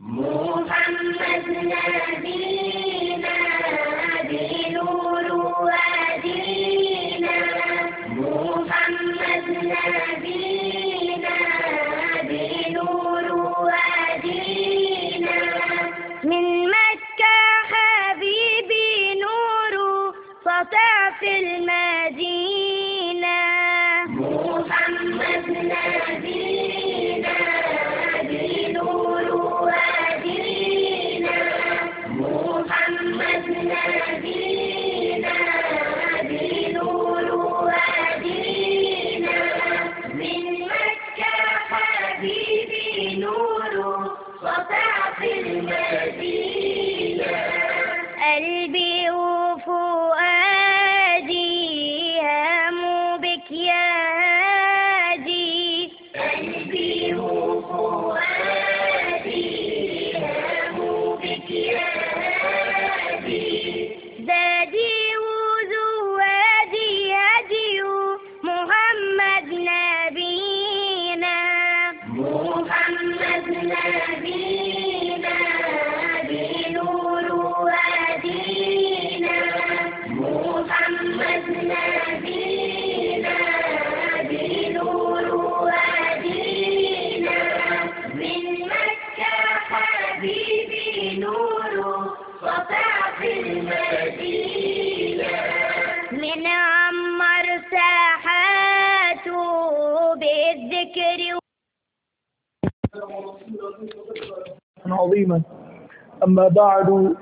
Muhammad Nabi أما بعد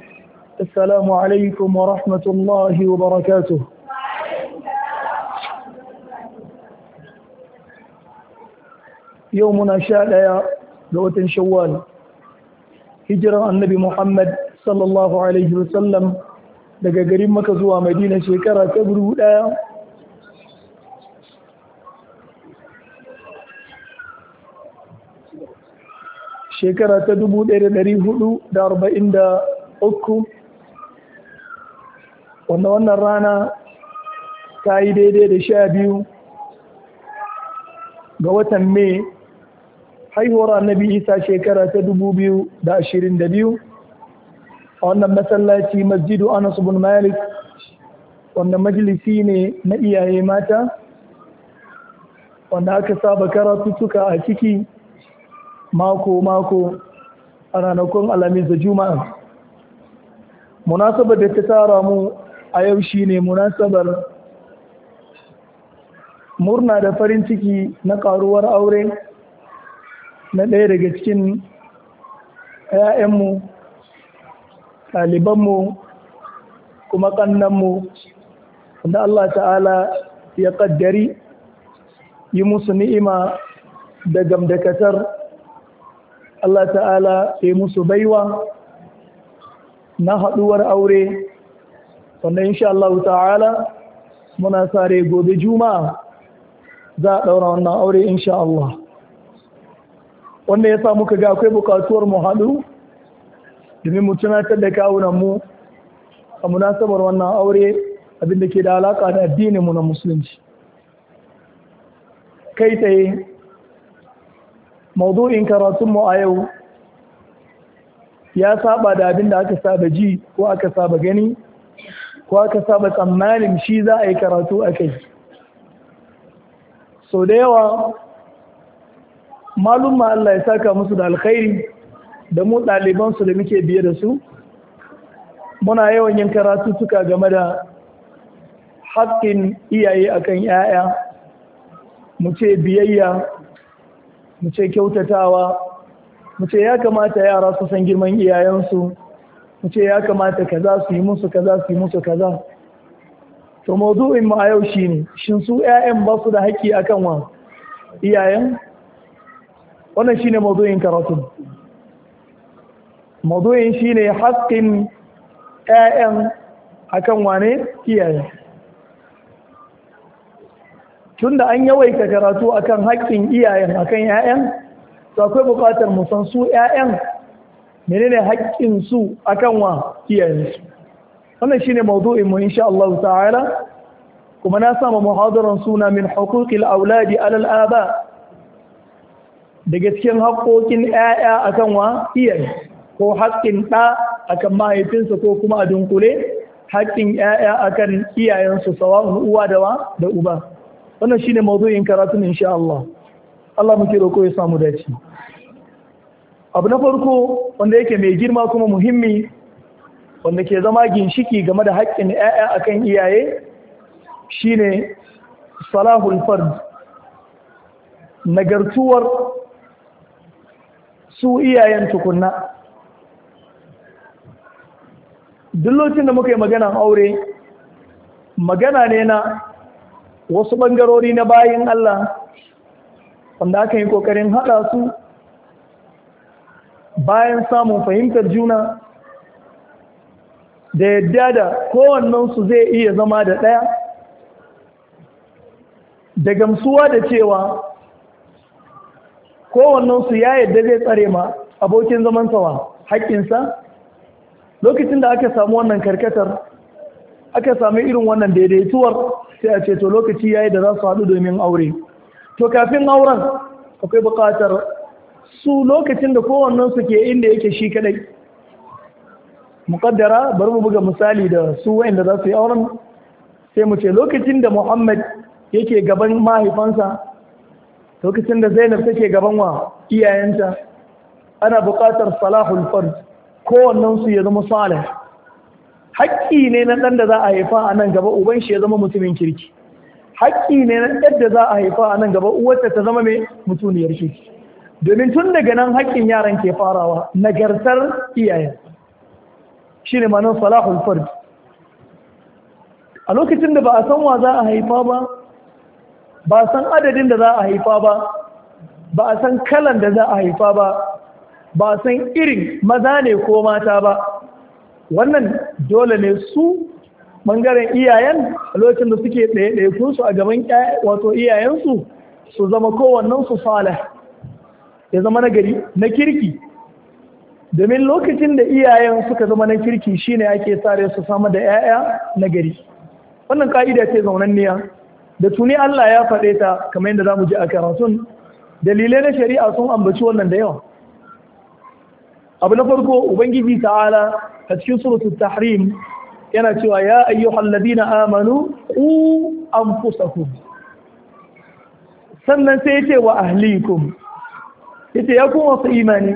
السلام عليكم ورحمة الله وبركاته يومنا شاد لوت شوال هجرة النبي محمد صلى الله عليه وسلم daga garin maka zuwa madina shekara ta shekara ta da 1443 wanda wannan rana ta yi daidai da sha biyu ga watan mai haihuwar annabi isa shekara ta 2022 a wannan masallaci masjidu anas bin malik wanda majalisi ne na iyaye mata wanda aka saba karatuttuka a ciki mako-mako a ranakun alamis da juma'a munasabar da ta tara mu a yau shine munasabar murna da farin ciki na karuwar aure na ɗaya daga cikin 'ya'yanmu ɗalibanmu kuma ƙannanmu da Allah ta'ala ya ƙaddari yi musu ni'ima da gamdakatar Allah ta'ala sai musu baiwa na haɗuwar aure wanda insha Allah ta'ala muna sare gobe juma'a za a ɗaura wannan aure insha Allah wanda ya sa muka ga akwai bukatuwar mu haɗu domin mu tunatar da kawunan mu a munasabar wannan aure abinda ke da alaka da addinin mu na musulunci kai tsaye maudu'in karatunmu a yau ya saba da abin da aka saba ji ko aka saba gani ko aka saba tsammanin shi za a yi karatu a kai sau da yawa malumma Allah ya saka musu da alkhairi da mu ɗalibansu da muke biye da su muna yawan yin karatu suka game da haƙƙin iyaye akan 'ya'ya mu ce biyayya mu ce kyautatawa mu ce ya kamata yara su san girman iyayensu mu ce ya kamata kaza su yi musu kaza su yi musu kaza to mawdu'in mu a yau ne, shin su 'ya'yan ba su da haƙƙi akan wa iyayen wannan shi ne shine karatu, karatun shi ne haƙƙin ƴaƴan akan wane iyayen tunda an yawaita karatu akan haƙƙin iyayen akan 'ya'yan to akwai buƙatar mu san su 'ya'yan menene haƙƙin su akan wa iyayen su wannan shine mawdu'in mu insha Allah ta'ala kuma na sama muhadaran suna min huquqil auladi alal aba daga cikin haƙoƙin 'ya'ya akan wa iyaye ko haƙƙin ɗa akan mahaifinsa ko kuma a dunkule haƙƙin 'ya'ya akan iyayensu sawa'un uwa da wa da uba wannan shine mawdu'in karatun insha Allah Allah muke roko ya samu dace abu na farko wanda yake mai girma kuma muhimmi wanda ke zama ginshiki game da haƙƙin ‘ya'ya akan iyaye shine salahul fard nagartuwar su iyayen tukunna duk da muka yi maganan aure magana ne na wasu ɓangarori na bayin Allah wanda aka yi ƙoƙarin haɗa su bayan samun fahimtar juna da yadda da kowannensu zai iya zama da ɗaya da gamsuwa da cewa kowannensu ya yadda zai tsare ma abokin zamantawa haƙƙinsa lokacin da aka samu wannan karkatar aka sami irin wannan daidaituwar sai a ce to lokaci yayi da za su haɗu domin aure to kafin auren akwai buƙatar su lokacin da kowannen su ke inda yake shi kadai muƙaddara bari mu buga misali da su wa'inda za su yi auren sai mu ce lokacin da Muhammad yake gaban mahaifansa lokacin da Zainab take gaban wa iyayenta ana buƙatar salahul fard kowannen su ya zama salih haƙƙi ne na ɗan da za a haifa a nan gaba uban shi ya zama mutumin kirki haƙƙi ne na ɗan da za a haifa a nan gaba uwarta ta zama mai mutuniyar kirki domin tun daga nan haƙƙin yaran ke farawa nagartar iyayen ne manon salahul fard a lokacin da ba a san wa za a haifa ba ba a san adadin da za a haifa ba ba a san kalan da za a haifa ba ba a san irin maza ne ko mata ba wannan dole ne su bangaren iyayen lokacin da suke ɗaya su a gaban wato iyayensu su zama kowannen su fala ya zama na gari na kirki domin lokacin da iyayen suka zama na kirki shine ake sare su samar da 'ya'ya na gari wannan ka'ida ce zaunanniya da tuni Allah ya faɗe ta kamar yadda za mu ji a karatun dalilai na shari'a sun ambaci wannan da yawa abu na farko ubangiji ta'ala a cikin suratul tahrim yana cewa ya ayyuhal ladina amanu qu anfusakum sannan sai yace wa ahlikum yace ya kuma su imani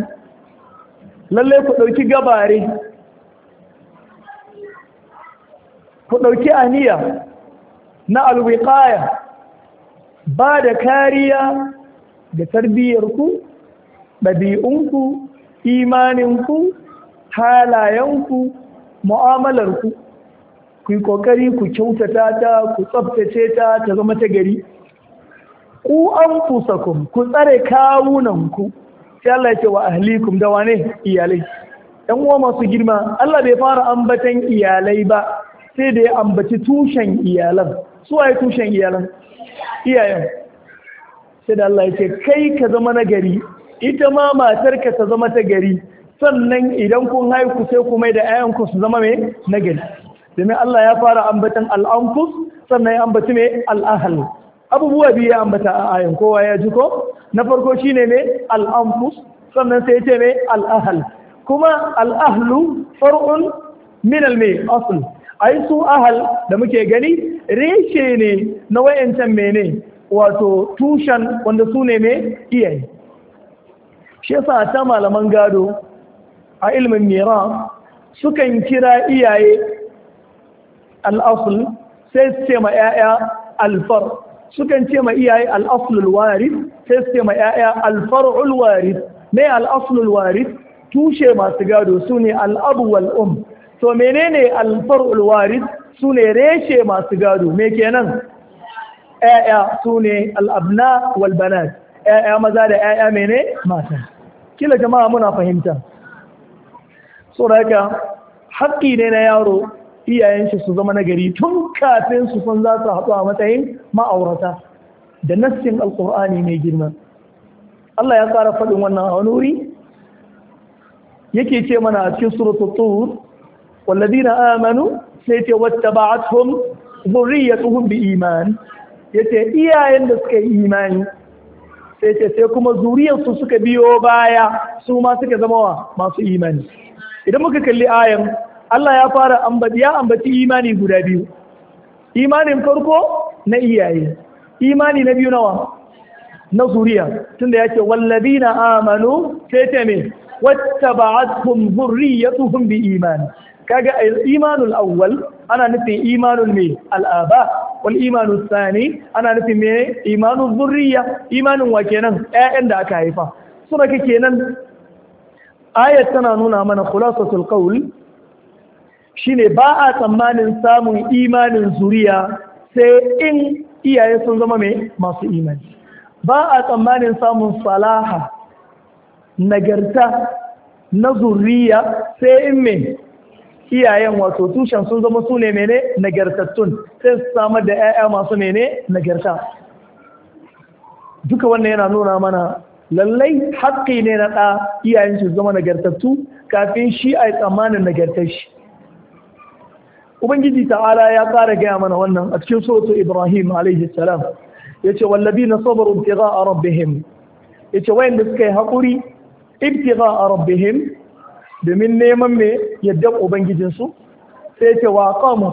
lalle ku dauki gabare ku dauki aniya na alwiqaya ba da kariya da tarbiyyarku ɗabi'unku imaninku halayenku mu'amalarku ku yi kokari ku kyautata ta ku tsabtace ta ta zama ta gari ku an fusakun ku tsare kawunanku sai Allah ya ce wa ahlikum da wane iyalai ɗan uwa masu girma Allah bai fara ambatan iyalai ba sai da ya ambaci tushen iyalan su waye tushen iyalan iyayen sai da Allah ya ce kai ka zama nagari ita ma matarka ta zama ta gari sannan idan kun haiku sai ku mai da ayanku su zama mai na gari domin Allah ya fara ambatan al'anku sannan ya ambaci mai al'ahal abubuwa biyu ya ambata a ayan kowa ya ji ko na farko shine mai al'anku sannan sai ce mai al'ahal kuma al'ahlu far'un min al mai asl ai su ahal da muke gani reshe ne na wayancan mene wato tushen wanda su ne mai iyaye shi yasa ta malaman gado a ilmin mira sukan kira iyaye al'asul sai su ce ma 'ya'ya alfar sukan ce ma iyaye al'asulul warid sai su ce ma 'ya'ya alfar'ul warid ne al'asulul warid tushe masu gado su ne al'abu wal'um to menene alfar'ul warid su ne reshe masu gado me kenan ‘ya'ya su ne al'abna walbanat ‘ya'ya maza da ‘ya'ya mene mata kila jama'a muna fahimta so da haka haƙƙi ne na yaro iyayen shi su zama nagari tun kafin su san za su haɗu a matsayin ma'aurata da nassin alƙur'ani mai girma Allah ya ƙara faɗin wannan a wani wuri yake ce mana a cikin suratul tur walladina amanu sai ce wattaba'atuhum zurriyatuhum bi iman yace iyayen da suka yi imani sai ce sai kuma zuriyarsu suka biyo baya su ma suka zama wa masu imani idan muka kalli ayan Allah ya fara ambaci ya ambaci imani guda biyu imanin farko na iyaye imani na biyu nawa na zuriya tunda yake wallazina amanu sai ta me wattaba'atuhum zurriyatuhum bi imani kaga imanul awwal ana nufin imanul mai al'aba wal imanul sani ana nufin mai imanul zurriya imanin wa kenan ya'yan da aka haifa suna ka nan, ayat tana nuna mana khulasatul qawl shine ba a tsammanin samun imanin zuriya sai in iyaye sun zama mai masu imani ba a tsammanin samun salaha nagarta na zuriya sai in mai iyayen wato tushen sun zama su ne mene nagartattun sai su samar da 'ya'ya masu mene nagarta duka wannan yana nuna mana lallai haƙƙi ne na ɗa iyayen su zama nagartattu kafin shi a yi tsammanin nagartar shi ubangiji ta'ala ya ƙara gaya mana wannan a cikin soto ibrahim alaihi salam ce wallabi na sabarun tiga a rabbihim yace wayanda suka yi haƙuri ibtiga a rabbihim domin neman me yaddan ubangijinsu sai ce wa qamu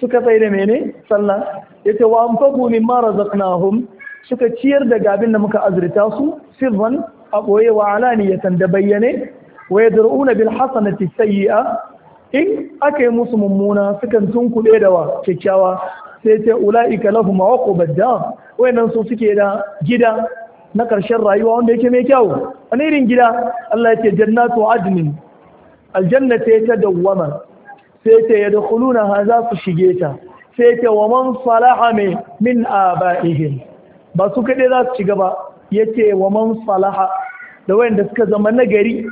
suka tsaye da mene sallah ce wa anfaqu mimma razaqnahum suka ciyar da gabin da muka azurta su sirran a boye wa alaniyatan da bayyane wa yad'una bil hasanati sayyi'a in aka yi musu mummuna sukan kuɗe da wa kyakkyawa sai ce ula'ika lahum uqbad dar wayannan su suke da gida na ƙarshen rayuwa wanda yake mai kyau wani irin gida Allah ya ce jannatu adnin aljanna ta ta dawwama sai ta yadkhuluna ha za su shige ta sai ta wa man salaha min abaihim ba su kaɗai za su shiga ba yace wa man salaha da wayanda suka zama nagari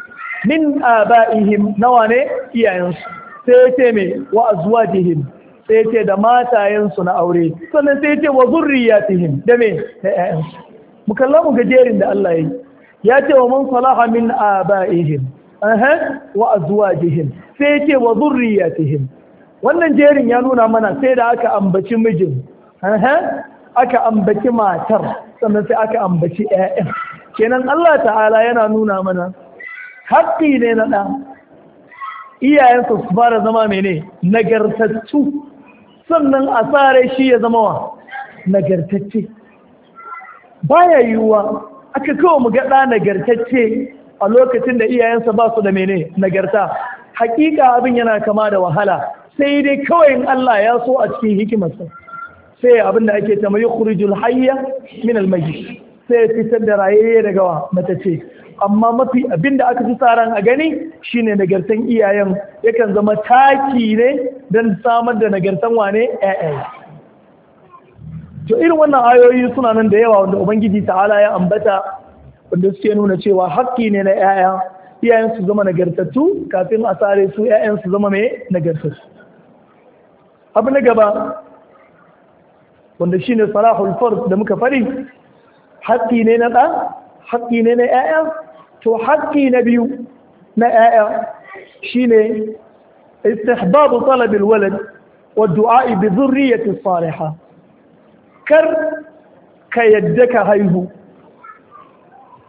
min abaihim nawa ne iyayensu sai mai me wa azwajihim sai yace da matayensu na aure sannan sai ta wa zurriyatihim da me da iyayensu mu kalla mu ga jerin da Allah yi. ya ce wa man salaha min abaihim aha wa azwajihim sai ya ce wa zurriyatihim wannan jerin ya nuna mana sai da aka ambaci mijin aha aka ambaci matar sannan sai aka ambaci ƴaƴan kenan Allah ta'ala yana nuna mana haƙƙi ne na ɗa iyayensa su fara zama mene nagartattu sannan a tsare shi ya zama wa nagartacce baya yiwuwa aka kawo mu gaɗa nagartacce a lokacin da iyayensa ba su da mene nagarta hakika abin yana kama da wahala sai dai kawai in Allah ya so a cikin hikimarsa sai abin da ake tamayi kuri'jul, hayya min al sai ya fitar da rayayye daga gawa, matace amma mafi abin da aka fi tsaron a gani shine nagartan iyayen yakan zama taki ne don samar da nagartan wane 'ya'ya. to irin wannan ayoyi suna nan da yawa wanda ubangiji ta'ala ya ambata wanda suke nuna cewa haƙƙi ne na 'ya'ya iyayen su zama nagartattu kafin a sare su 'ya'yan su zama mai nagartattu abu na gaba wanda shine salahul fard da muka fari haƙƙi ne na ɗa haƙƙi ne na 'ya'ya to haƙƙi na biyu na 'ya'ya shine istihbabu talabil walad wa du'a bi dhurriyyati salihah kar ka yadda ka haihu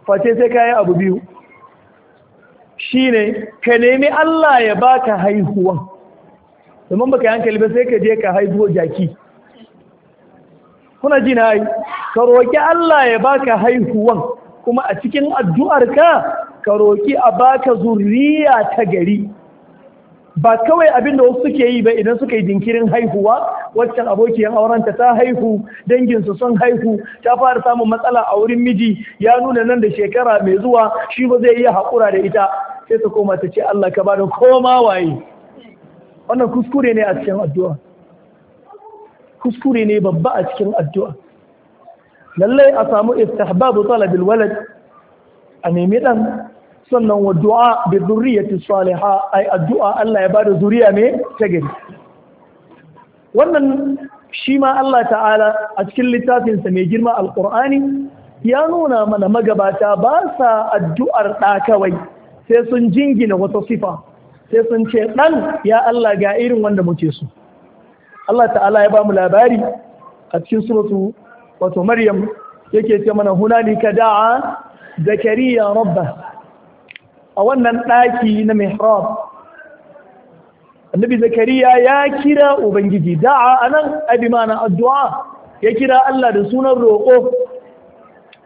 face sai ka yi abu biyu Shi ne, ka nemi Allah ya baka haihuwa domin baka hankali ba sai ka je ka haihuwa jaki kuna ji na ka roƙi Allah ya baka haihuwan kuma a cikin addu'arka ka roƙi a baka zurriya ta gari ba kawai abin da wasu suke yi ba idan suka yi jinkirin haihuwa waccan abokiyar aurenta ta haihu danginsu sun haihu ta fara samun matsala a wurin miji ya nuna nan da shekara mai zuwa shi ba zai iya haƙura da ita sai ta koma ta ce Allah ka bada koma waye wannan kuskure ne a cikin addu'a kuskure ne babba a cikin addu'a lallai a samu istihbabu talabil walad a nemi dan sannan wa du'a bi dhurriyyati saliha ai addu'a Allah ya bada zuriya ne ta gari wannan shi ma Allah ta'ala a cikin littafinsa mai girma alqur'ani ya nuna mana magabata ba sa addu'ar ɗa kawai sai sun jingina wata sifa sai sun ce ɗan ya Allah ga irin wanda muke so Allah ta'ala ya ba mu labari a cikin suratu wato Maryam yake ce mana hunalika da'a zakariya rabba a wannan ɗaki na mihrab annabi zakariya ya kira ubangiji da'a anan abi mana addu'a ya kira Allah da sunan roƙo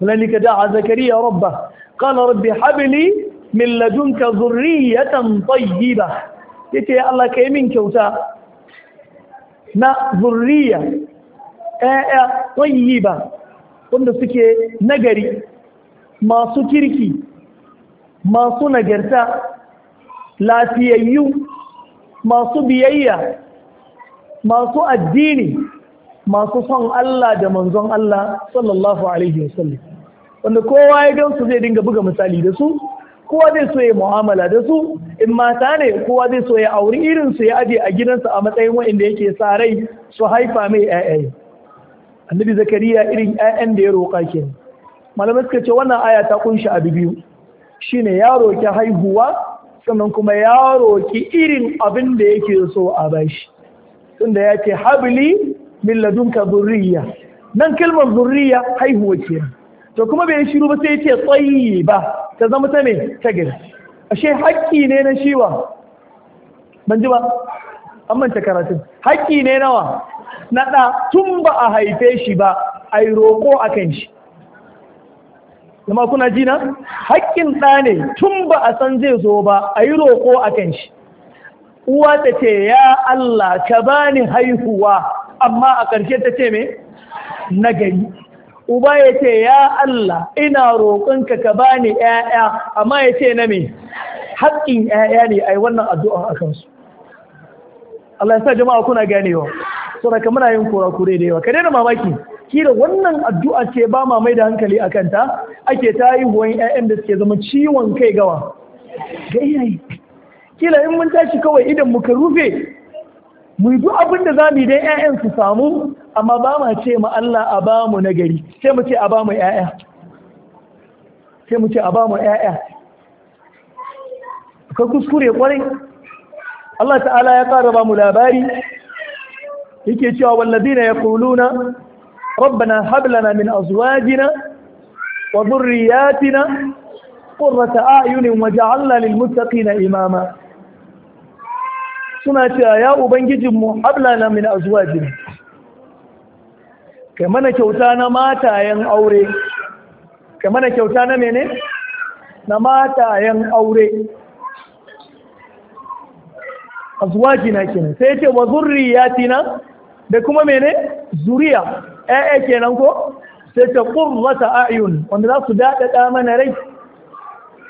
lalika da'a zakariya rabba qala rabbi habli min ladunka zurriyatan tayyiba yace Allah kai min kyauta na zurriya ƴaƴa tayyiba wanda suke nagari masu kirki masu nagarta lafiyayyu masu biyayya masu addini masu son Allah da manzon Allah sallallahu alaihi wasallam wanda kowa ya gansu zai dinga buga misali da su kowa zai so ya mu'amala da su in mata ne kowa zai so ya auri irin su ya aje a gidansa a matsayin wanda yake rai su haifa mai ƴaƴa annabi zakariya irin ƴaƴan da ya roƙa kenan malamai suka ce wannan aya ta kunshi abu biyu shine ya roki haihuwa sannan kuma ya roki irin abin da yake so a bashi tunda ya ce habili min ladunka zurriya nan kalmar zurriya haihuwa ce to kuma bai shiru ba sai ya ce tsayi ba ta zama ta me ta gari ashe haƙƙi ne na shiwa ban ji ba an manta karatun haƙƙi ne nawa na ɗa tun ba a haife shi ba a yi roƙo a kan shi kuma kuna ji haƙƙin ɗa ne tun ba a san zai zo ba a yi roƙo a kan shi uwa ta ce ya Allah ka bani haihuwa amma a ƙarshe ta ce me na gari uba ya ce ya Allah ina roƙonka ka bani ƴaƴa amma ya ce na me haƙƙin ƴaƴa ne ai wannan addu'a a kansu Allah ya sa jama'a kuna ganewa saboda muna yin kura-kure da yawa ka daina mamaki kira wannan addu'a ce ba ma mai da hankali a kanta ake ta haihuwan 'ya'yan da suke zama ciwon kai gawa ga iyaye kila in mun tashi kawai idan muka rufe mu yi abin da za mu yi don 'ya'yan su samu amma ba ma ce ma Allah a ba mu nagari sai mu ce a ba 'ya'ya sai mu ce a ba mu 'ya'ya ka kuskure kwarai Allah ta'ala ya ƙara ba mu labari yake cewa wallazina yaquluna ربنا هب لنا من أزواجنا وذرياتنا قرة أعين وجعلنا للمتقين إماما سنة يا أبن جمه هب لنا من أزواجنا كما نكوتانا ما تاين أوري كما نكوتانا مني نما تاين أوري أزواجنا سيتي وذرياتنا da kuma mene ‘ya'ya kenan ko sai ta ƙurrata ayun wanda za su daɗaɗa mana rai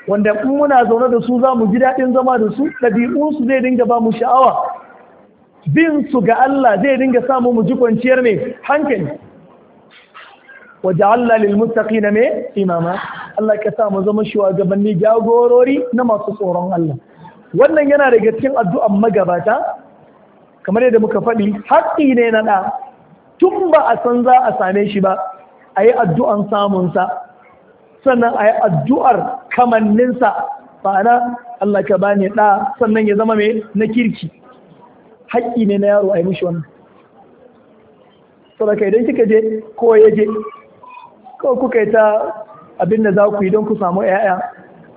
wanda in muna zaune da su za mu ji daɗin zama da su ɗabi'unsu zai dinga ba mu sha'awa bin su ga Allah zai dinga samu mu ji kwanciyar mai hankali waje Allah lil muttaqina mai imama Allah ka sa mu zama shugabanni jagorori na masu tsoron Allah wannan yana daga cikin addu'an magabata kamar yadda muka faɗi haƙƙi ne na ɗa tun ba a san za a same shi ba a yi addu'an samunsa sannan a yi addu'ar kamanninsa ba'ana Allah ka bani ɗa sannan ya zama mai na kirki haƙƙi ne na yaro a yi mishi wannan Sadaka idan kika je ko ya je ko kuka yi ta abin da za ku yi don ku samu ‘ya'ya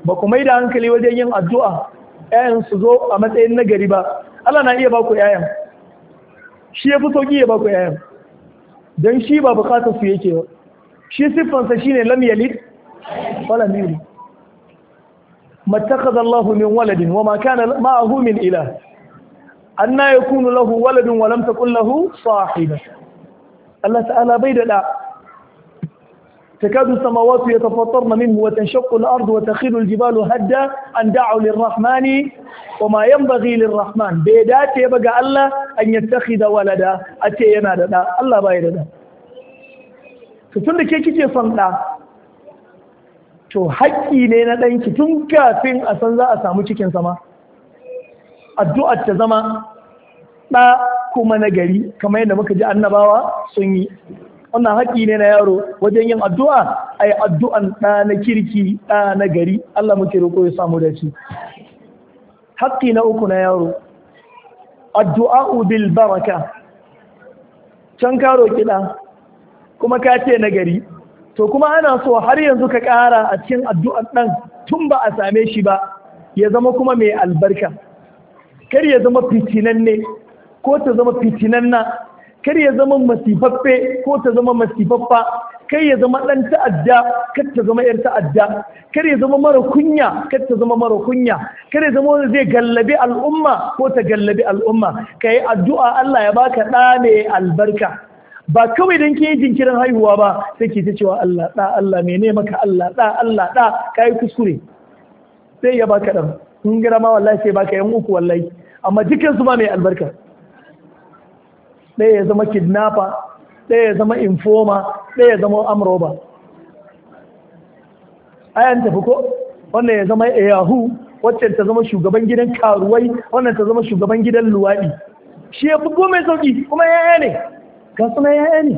ba ku mai da hankali wajen yin addu'a ‘ya'yan su zo a matsayin nagari ba Allah na iya ba ku ‘ya'yan shi ya fi sauƙi ya ba ku ‘ya'yan don shi ba bukatar su yake ba shi siffansa shine lam yalid wala yulid mattakhadha Allah min waladin wa ma kana ma'ahu min ilah na yakunu lahu waladun wa lam takun lahu sahiba Allah ta'ala bai da تكاد السماوات يتفطرن منه وتنشق الأرض وتخيل الجبال هدا أن دعوا للرحمن وما ينبغي للرحمن بيدات يبقى الله أن يتخذ ولدا أتي ينادنا الله بايدنا tun da ke kike son ɗa to haƙƙi ne na ɗanki tun kafin a san za a samu cikin sama addu'ar ta zama ɗa kuma na gari kamar yadda muka ji annabawa sun yi wannan haƙi ne na yaro wajen yin addu'a a yi addu'an ɗa na kirki ɗa na gari Allah muke roƙo ya samu da shi haƙi na uku na yaro addu'a bil baraka can ka roƙi kuma ka ce na gari to kuma ana so har yanzu ka ƙara a cikin addu'an ɗan tun ba a same shi ba ya zama kuma mai albarka kar ya zama fitinanne ko ta zama fitinanna kar ya zama masifaffe ko ta zama masifaffa kar ya zama ɗan ta'adda kar ta zama ‘yar ta'adda kar ya zama mara kunya kar ta zama mara kunya kar ya zama wanda zai gallabe al'umma ko ta gallabe al'umma ka yi addu'a Allah ya baka ɗa mai albarka ba kawai don ke jinkirin haihuwa ba sai ke ta cewa Allah ɗa Allah mene maka Allah ɗa Allah ɗa ka yi kuskure sai ya baka ɗan in gira ma wallahi sai baka yan uku wallahi amma dukansu ba mai albarka ɗaya ya zama kidnapper ɗaya ya zama informer ɗaya ya zama amroba ayan tafi ko wannan ya zama yahu waccan ta zama shugaban gidan karuwai wannan ta zama shugaban gidan luwaɗi shi ya fi mai sauki kuma ya ne ga suna ya ne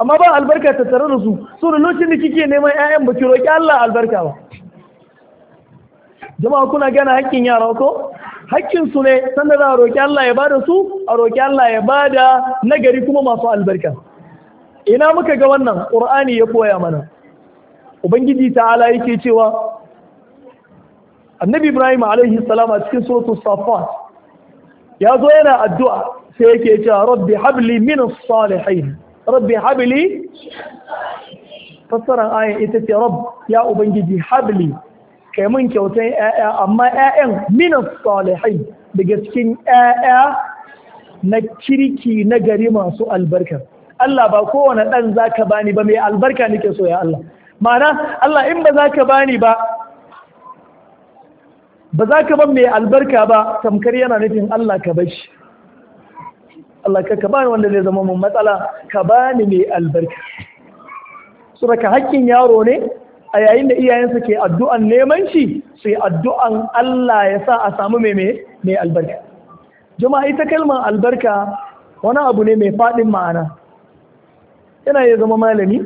amma ba albarka ta tare da su su da lokacin da kike neman yayan ba ki roƙi Allah albarka ba jama'a kuna gane haƙƙin yara ko hakkin su ne sannan za a roƙi Allah ya bada su a roƙi Allah ya bada nagari kuma masu albarka ina muka ga wannan ƙur'ani ya koya mana ubangiji ta'ala yake cewa annabi ibrahim alaihi a cikin suratu safat ya zo yana addu'a sai yake cewa rabbi habli min as-salihin rabbi habli fassaran ayan ita ce rabb ya ubangiji habli kai mun kyautan ‘ya'ya amma ‘ya'yan minas salihai daga cikin ‘ya'ya na kirki na gari masu albarka Allah ba kowane ɗan za ka bani ba mai albarka nake so ya Allah ma'ana Allah in ba za ka bani ba ba za ka ban mai albarka ba tamkar yana nufin Allah ka shi. Allah ka ka bani wanda zai zama mun matsala ka bani mai albarka su ka hakkin yaro ne a yayin da iyayensa ke addu'an neman shi sai addu'an Allah ya sa a samu mai mai albarka jama'a ita kalmar albarka wani abu ne mai faɗin ma'ana yana ya zama malami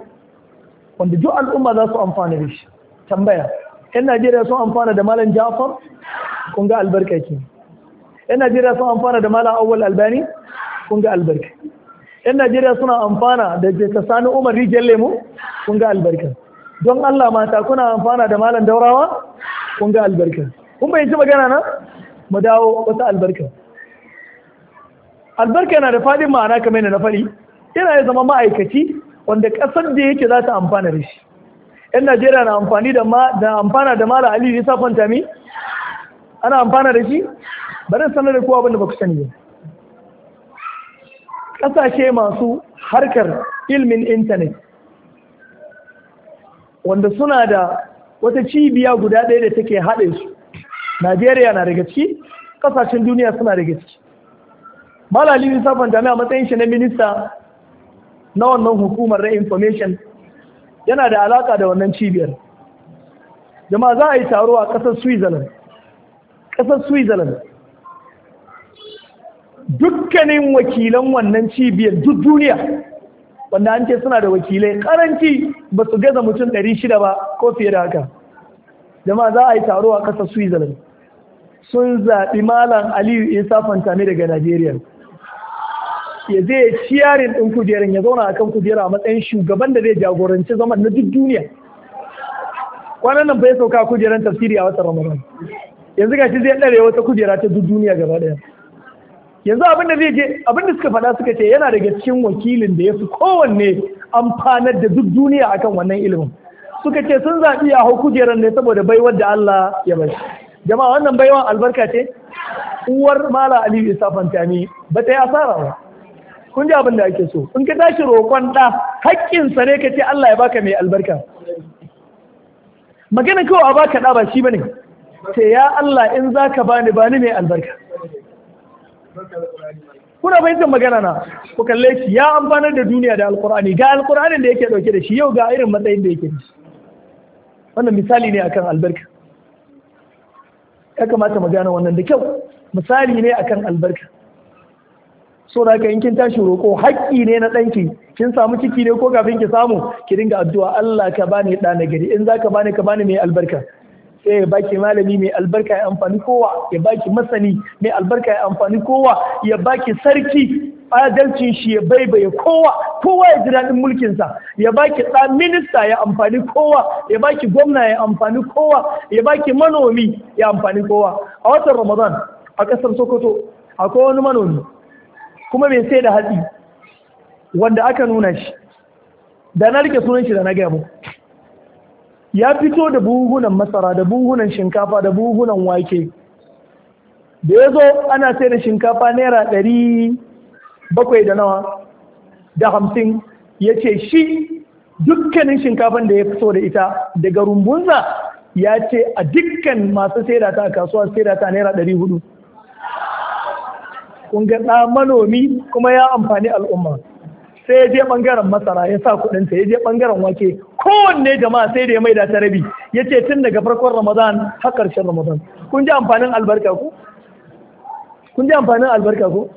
wanda duk al'umma za su amfana da shi tambaya yan najeriya sun amfana da malam jafar kun ga albarka ke yan najeriya sun amfana da malam awwal albani kun ga albarka yan najeriya suna amfana da jeka sani umar rijiyar lemu kun ga albarka don Allah mata kuna amfana da malam daurawa kun ga albarka kun bayyanci magana na mu dawo wata albarka albarka yana da fadin ma'ana kamar yadda na faɗi yana ya zama ma'aikaci wanda ƙasar da yake za ta amfana da shi yan najeriya na amfani da amfana da malam aliyu isa mi ana amfana da shi bari sanar da kowa abin da ba ku sani ba ƙasashe masu harkar ilmin intanet wanda suna da wata cibiya guda ɗaya da take haɗe su najeriya na daga ciki ƙasashen duniya suna daga ciki malali lissafin jami'a matsayin shi na minista na wannan hukumar na information yana da alaƙa da wannan cibiyar ma za a yi taro a ƙasar switzerland ƙasar switzerland dukkanin wakilan wannan cibiyar duk duniya wanda an ce suna da wakilai karanci ba su gaza mutum 600 ba ko fiye da haka jama'a za a yi taro a ƙasar switzerland sun zaɓi malam aliyu isa fantane daga najeriya ya zai ciyarin ɗin kujerin ya zauna a kan kujera a matsayin shugaban da zai jagoranci zaman na duk duniya kwanan nan bai sauka kujerar tafsiri a watan ramadan yanzu shi zai ɗare wata kujera ta duk duniya gaba ɗaya yanzu abin da zai je abin da suka faɗa suka ce yana daga cikin wakilin da ya fi kowanne amfanar da duk duniya akan wannan ilimin suka ce sun zaɓi a hau kujerar ne saboda baiwar da Allah ya bai jama'a wannan baiwar albarka ce uwar mala aliyu isa fantani ba ta yi asara ba kun ji abin da ake so in ka tashi roƙon ɗa haƙƙinsa ne ka ce Allah ya baka mai albarka magana kawai a baka ɗa ba shi bane ce ya Allah in za ka bani bani mai albarka kuna fahimtar magana na ku kalle shi ya amfanar da duniya da alkur'ani ga alkur'anin da yake dauke da shi yau ga irin matsayin da yake da shi wannan misali ne akan albarka ya kamata mu gane wannan da kyau misali ne akan albarka so da ka kin tashi roƙo haƙƙi ne na ɗanki kin samu ciki ne ko kafin ki samu ki dinga addu'a Allah ka bani ɗa na gari in zaka bani ka bani mai albarka sai eh, ya baki malami mai albarka ya amfani kowa ya baki masani mai albarka ya amfani kowa ya baki sarki adalcin shi ya baibaye kowa kowa ya ji daɗin mulkinsa ya baki ɗan minista ya amfani kowa ya baki gwamna ya amfani kowa ya baki manomi ya amfani kowa a watan ramadan a ƙasar sokoto akwai wani manomi kuma mai sai da hatsi wanda aka nuna shi da na rike sunan shi da na gaya muku ya fito da buhunan masara da buhunan shinkafa da buhunan wake da ya zo ana sai da shinkafa naira ɗari bakwai da nawa da hamsin ya ce shi dukkanin shinkafan da ya fito da ita daga rumbunza ya ce a dukkan masu saida ta a kasuwa saida ta naira ɗari hudu kun ga manomi kuma ya amfani al'umma sai ya je bangaren masara ya sa kuɗin sa ya je bangaren wake kowanne jama'a sai da ya maida ta rabi ya ce tun daga farkon ramadan har ƙarshen ramadan kun ji amfanin albarka ko kun ji amfanin albarka ku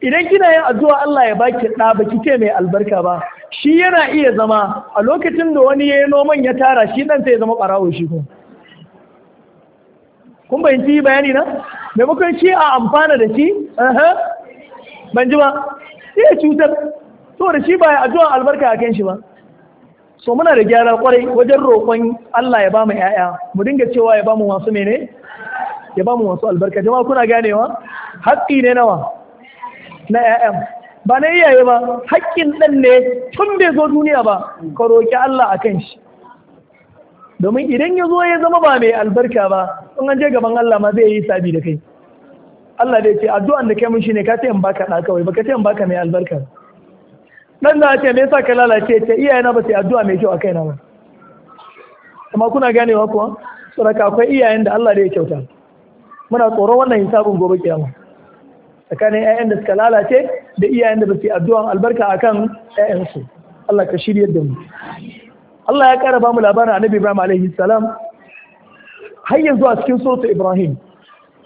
idan kina yin addu'a Allah ya baki ɗa baki ce mai albarka ba shi yana iya zama a lokacin da wani ya yi noman ya tara shi ɗan sai ya zama ɓarawo shi ko kun bayyanci bayani na maimakon shi a amfana da shi ban ji ba sai cutar saboda shi ba addu'a albarka a kan shi ba so muna da gyara kwarai wajen roƙon Allah ya bamu 'ya'ya mu dinga cewa ya bamu masu mene ya bamu masu albarka jama'a kuna ganewa haƙƙi ne nawa na 'ya'ya? ba na iyaye ba haƙƙin ɗan ne tun bai zo duniya ba ka roƙi Allah a kan shi domin idan ya zo ya zama ba mai albarka ba in an je gaban Allah ma zai yi sabi da kai Allah dai ce addu'an da kai mun ne ka ce in baka ɗa kawai baka ce in baka mai albarka dan da ce me yasa ka lalace ce iyayena ba su addu'a mai kyau a kaina ba amma kuna ganewa kuwa saboda akwai iyayen da Allah da ya kyauta muna tsoron wannan hisabin gobe kiyama tsakanin ƴaƴan da suka lalace da iyayen da ba su addu'a albarka akan ƴaƴansu Allah ka shiryar da mu Allah ya kara ba mu labarin Annabi Ibrahim alaihi salam har yanzu a cikin suratul Ibrahim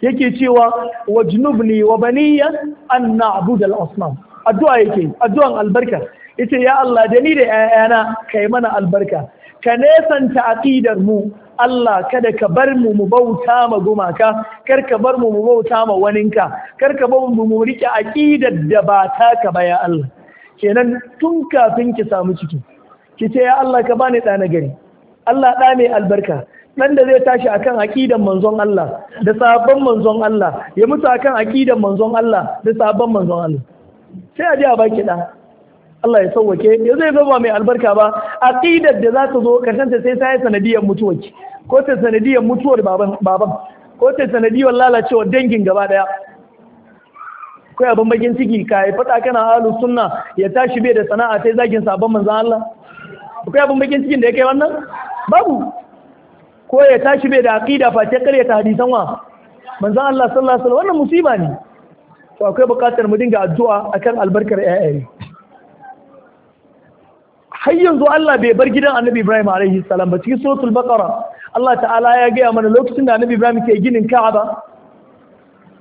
yake cewa wajnubni wa baniya an na'budal asnam addu'a yake addu'an albarka yace ya Allah da ni da ƴaƴana kai mana albarka ka nesanta aqidar mu Allah kada ka bar mu mu bauta ma gumaka kar ka bar mu mu bauta ma waninka kar ka bar mu mu rike aqidar da ba taka ba ya Allah kenan tun kafin ki samu ciki ki ce ya Allah ka bani ɗa na gari Allah ɗa mai albarka ɗan da zai tashi akan aƙidan manzon Allah da sabon manzon Allah ya mutu akan aƙidan manzon Allah da sabon manzon Allah sai a ji a baki ɗa Allah ya sauwake ya zai zama mai albarka ba ƙidar da za ta zo karshen ta sai ta yi sanadiyar ki? ko ta sanadiyar mutuwar baban ko ta sanadiyar lalacewar dangin gaba daya kai abin bakin ciki ka yi fada kana halu sunna ya tashi bai da sana'a sai zagin sabon manzan Allah kai abin bakin cikin da ya kai wannan babu ko ya tashi bai da aqida ta kare ta hadisan wa manzan Allah sallallahu alaihi wasallam wannan musiba ne to akwai buƙatar mu dinga addu'a akan albarkar ƴaƴaye har yanzu Allah bai bar gidan Annabi Ibrahim alaihi salam ba cikin suratul baqara Allah ta'ala ya gaya mana lokacin da Annabi Ibrahim ke ginin Ka'aba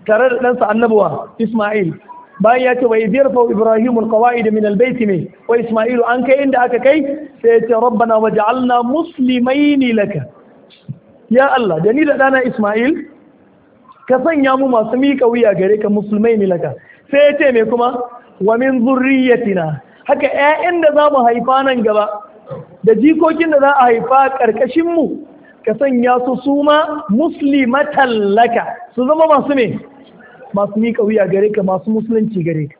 tare da ɗansa annabuwa Ismail bayan ya ce wa idh yarfa ibrahim alqawaid min albayt min wa ismailu an kai inda aka kai sai ya ce rabbana waj'alna muslimain laka ya Allah da ni da dana Ismail ka sanya mu masu miƙa wuya gare ka musulmai milaka sai ya ce mai kuma wa min zurriyatina haka ƴaƴan da za mu haifa nan gaba da jikokin da za a haifa ƙarƙashin mu ka sanya su suma muslimatan laka su zama masu me masu miƙa wuya gare ka masu musulunci gare ka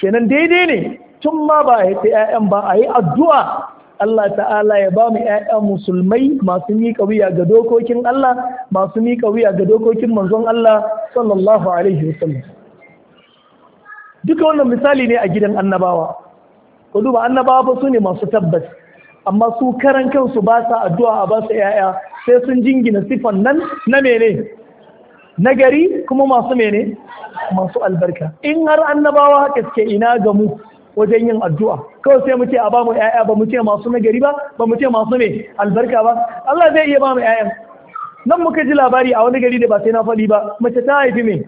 kenan daidai ne tun ma ba a ta ƴaƴan ba a yi addu'a Allah ta'ala ya ba mu ‘ya'ya musulmai masu miƙa wuya ga dokokin Allah masu miƙa wuya ga dokokin manzon Allah sallallahu alaihi wasallam duka wannan misali ne a gidan annabawa ku duba annabawa ba su ne masu tabbas amma su karan kansu ba sa addu'a a ba su ‘ya'ya sai sun jingina sifan nan na mene na gari kuma masu mene masu albarka in har annabawa haka suke ina ga mu wajen yin addu'a kawai sai mu ce a bamu mu ‘ya'ya ba mu ce masu nagari ba ba mu ce masu mai albarka ba Allah zai iya bamu mu ‘ya'yan nan muka ji labari a wani gari da ba sai na faɗi ba mace ta haifi mai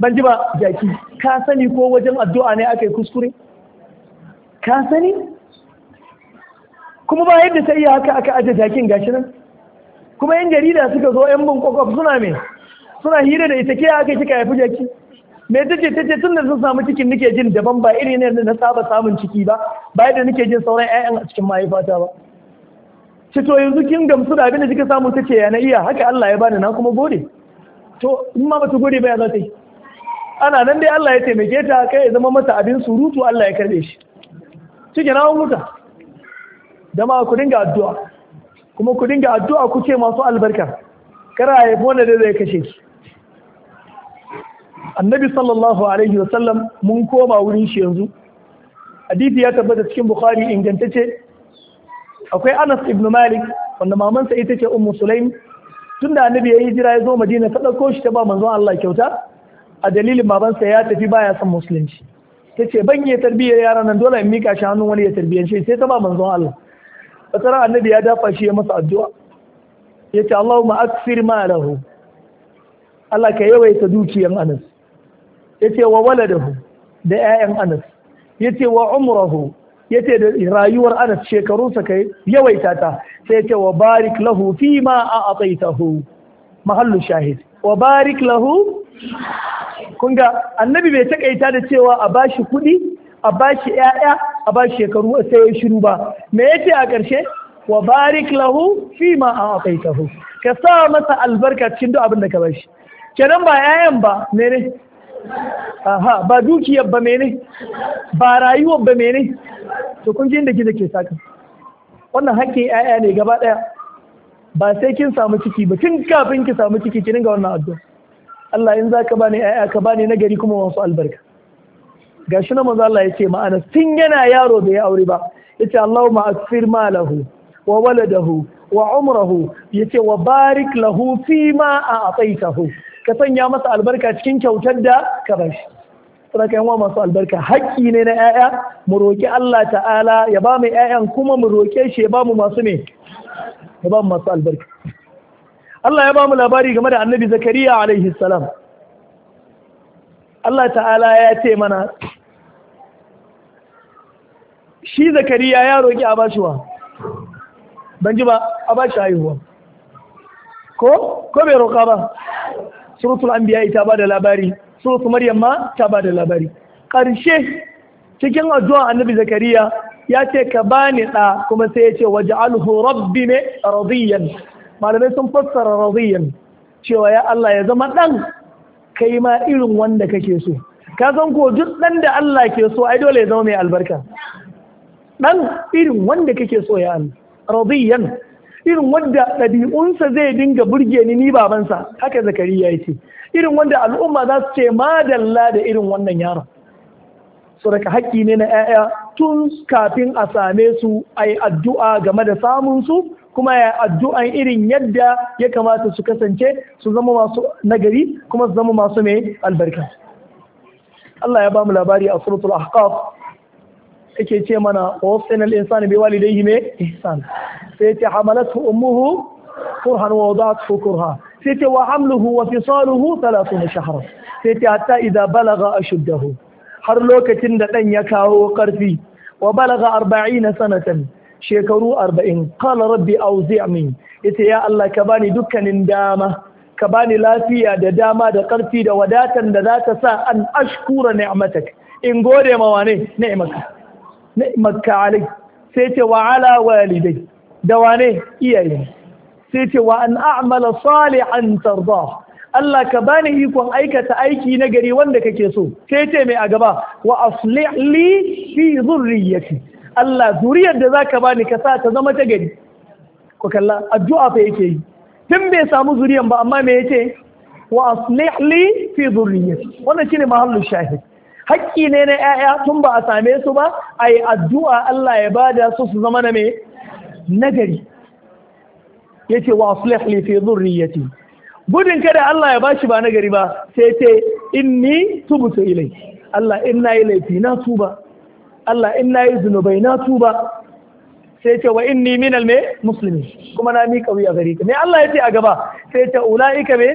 ban ji ba jaki ka sani ko wajen addu'a ne aka yi kuskure ka sani kuma ba yadda ta iya haka aka aje jakin gashi nan kuma yan jarida suka zo yan bin kwakwaf suna mai suna hira da ita ke aka kika haifi jaki me ta ce tun da sun samu cikin nake jin daban ba iri ne da na saba samun ciki ba ba yadda nake jin sauran ƴaƴan a cikin mahaifata ba ce to yanzu kin gamsu da abin da kika samu ce ya na iya haka Allah ya bani na kuma gode to in ma bata gode ba ya za ta yi ana nan dai Allah ya taimake ta kai ya zama mata abin surutu Allah ya karbe shi cikin hawan da dama ku dinga addu'a kuma ku dinga addu'a ku ce masu albarka kar a haifi wanda zai kashe ki annabi sallallahu alaihi wa sallam mun koma wurin shi yanzu hadisi ya tabbata cikin bukhari ingantacce akwai anas ibn malik wanda mamansa ita ce ummu sulaim tunda annabi ya yi jira ya zo madina ta dauko shi ta ba manzo allah kyauta a dalilin babansa ya tafi baya son musulunci ta ce ban yi tarbiyyar yaran nan dole in mika shi hannun wani ya tarbiyyar shi sai ta ba manzo allah fasara annabi ya dafa shi ya masa addu'a ya ce allahumma aksir ma lahu allah ka yawaita dukiyan anas yace wa waladahu da 'ya'yan Anas yace wa umrahu yace da rayuwar Anas shekarunsa kai yawaita ta sai yace wa barik lahu fi ma a a'taitahu mahallu shahid wa barik lahu kun ga annabi bai takaita da cewa a bashi kuɗi a bashi ƴaƴa a bashi shekaru a sayo shiru ba me yace a ƙarshe wa barik lahu fi ma a a'taitahu ka sa masa albarka cikin duk abin da ka bashi kenan ba ƴaƴan ba ne aha ba dukiyar ba mene ba rayuwar ba mene to kun ji inda gizo ke saka wannan hakkin yaya ne gaba ɗaya ba sai kin samu ciki ba tun kafin ki samu ciki ki dinga wannan addu'a Allah in zaka bani yaya ka bani na gari kuma wasu albarka gashi na manzo Allah ce ma'ana tun yana yaro bai aure ba yace Allahumma asfir malahu wa waladahu wa umrahu yace wa barik lahu fi ma a'taitahu ka sanya masa albarka cikin kyautar da ka bashi sadaka yan masu albarka haƙƙi ne na 'ya'ya mu roƙi Allah ta'ala ya ba mu 'ya'yan kuma mu roƙe shi ya ba mu masu me ya ba mu masu albarka Allah ya ba mu labari game da Annabi Zakariya alaihi salam Allah ta'ala ya ce mana shi zakariya ya roƙi a bashiwa ban ji ba a bashi haihuwa ko ko bai roƙa ba suratul anbiya ta bada labari suratul maryam ma ta bada labari Ƙarshe cikin addu'a annabi zakariya ya ce ka bani da kuma sai ya ce waj'alhu rabbi ne radiyan malamai sun fassara radiyan cewa ya Allah ya zama dan kai ma irin wanda kake so ka san ko duk dan da Allah ke so ai dole ya zama mai albarka dan irin wanda kake so ya Allah radiyan irin wanda ɗabi'unsa zai dinga burge ni ni babansa haka Zakari ya yi ce irin wanda al'umma za su ce madalla da irin wannan yaron su daga haƙƙi ne na 'ya'ya tun kafin a same su a yi addu'a game da samun su kuma ya addu'an irin yadda ya kamata su kasance su zama masu nagari kuma su zama masu mai albarka Allah ya ba mu labari a suratul ahqaf ake ce mana wa insani bai insana dai yi mai ihsan sai ce hamalatu ummuhu kurhan wa wadatu kurha sai ce wa hamluhu wa fisaluhu 30 shahra sai ce hatta idza balaga ashuddahu har lokacin da ɗan ya kawo karfi wa balaga 40 sanatan shekaru 40 qala rabbi awzi'ni yace ya Allah ka bani dukkanin dama ka bani lafiya da dama da karfi da wadatan da za ta sa an ashkura ni'matak in gode ma wane ni'maka ni'maka sai ce wa ala walidai da wane iyaye sai ce wa an a'mala salihan tarda Allah ka bani ikon aikata aiki na gari wanda kake so sai ce mai a gaba wa aslih li fi dhurriyyati Allah zuriyar da zaka bani ka sa ta zama ta gari ko kalla addu'a fa yake yi tun bai samu zuriyar ba amma me yace wa aslih li fi dhurriyyati wannan shine mahallu shahid hakki ne na 'ya'ya tun ba a same su ba ai addu'a Allah ya bada su su zama na me nagari ce wa fi dhurriyyati gudun kada Allah ya bashi ba nagari ba sai ce inni tubtu ilai Allah in yi laifi na tuba Allah in nayi zunubai na tuba sai ce wa inni minal me musulmi, kuma na miƙa wuya gare ka me Allah ya ce a gaba sai ce ulaika me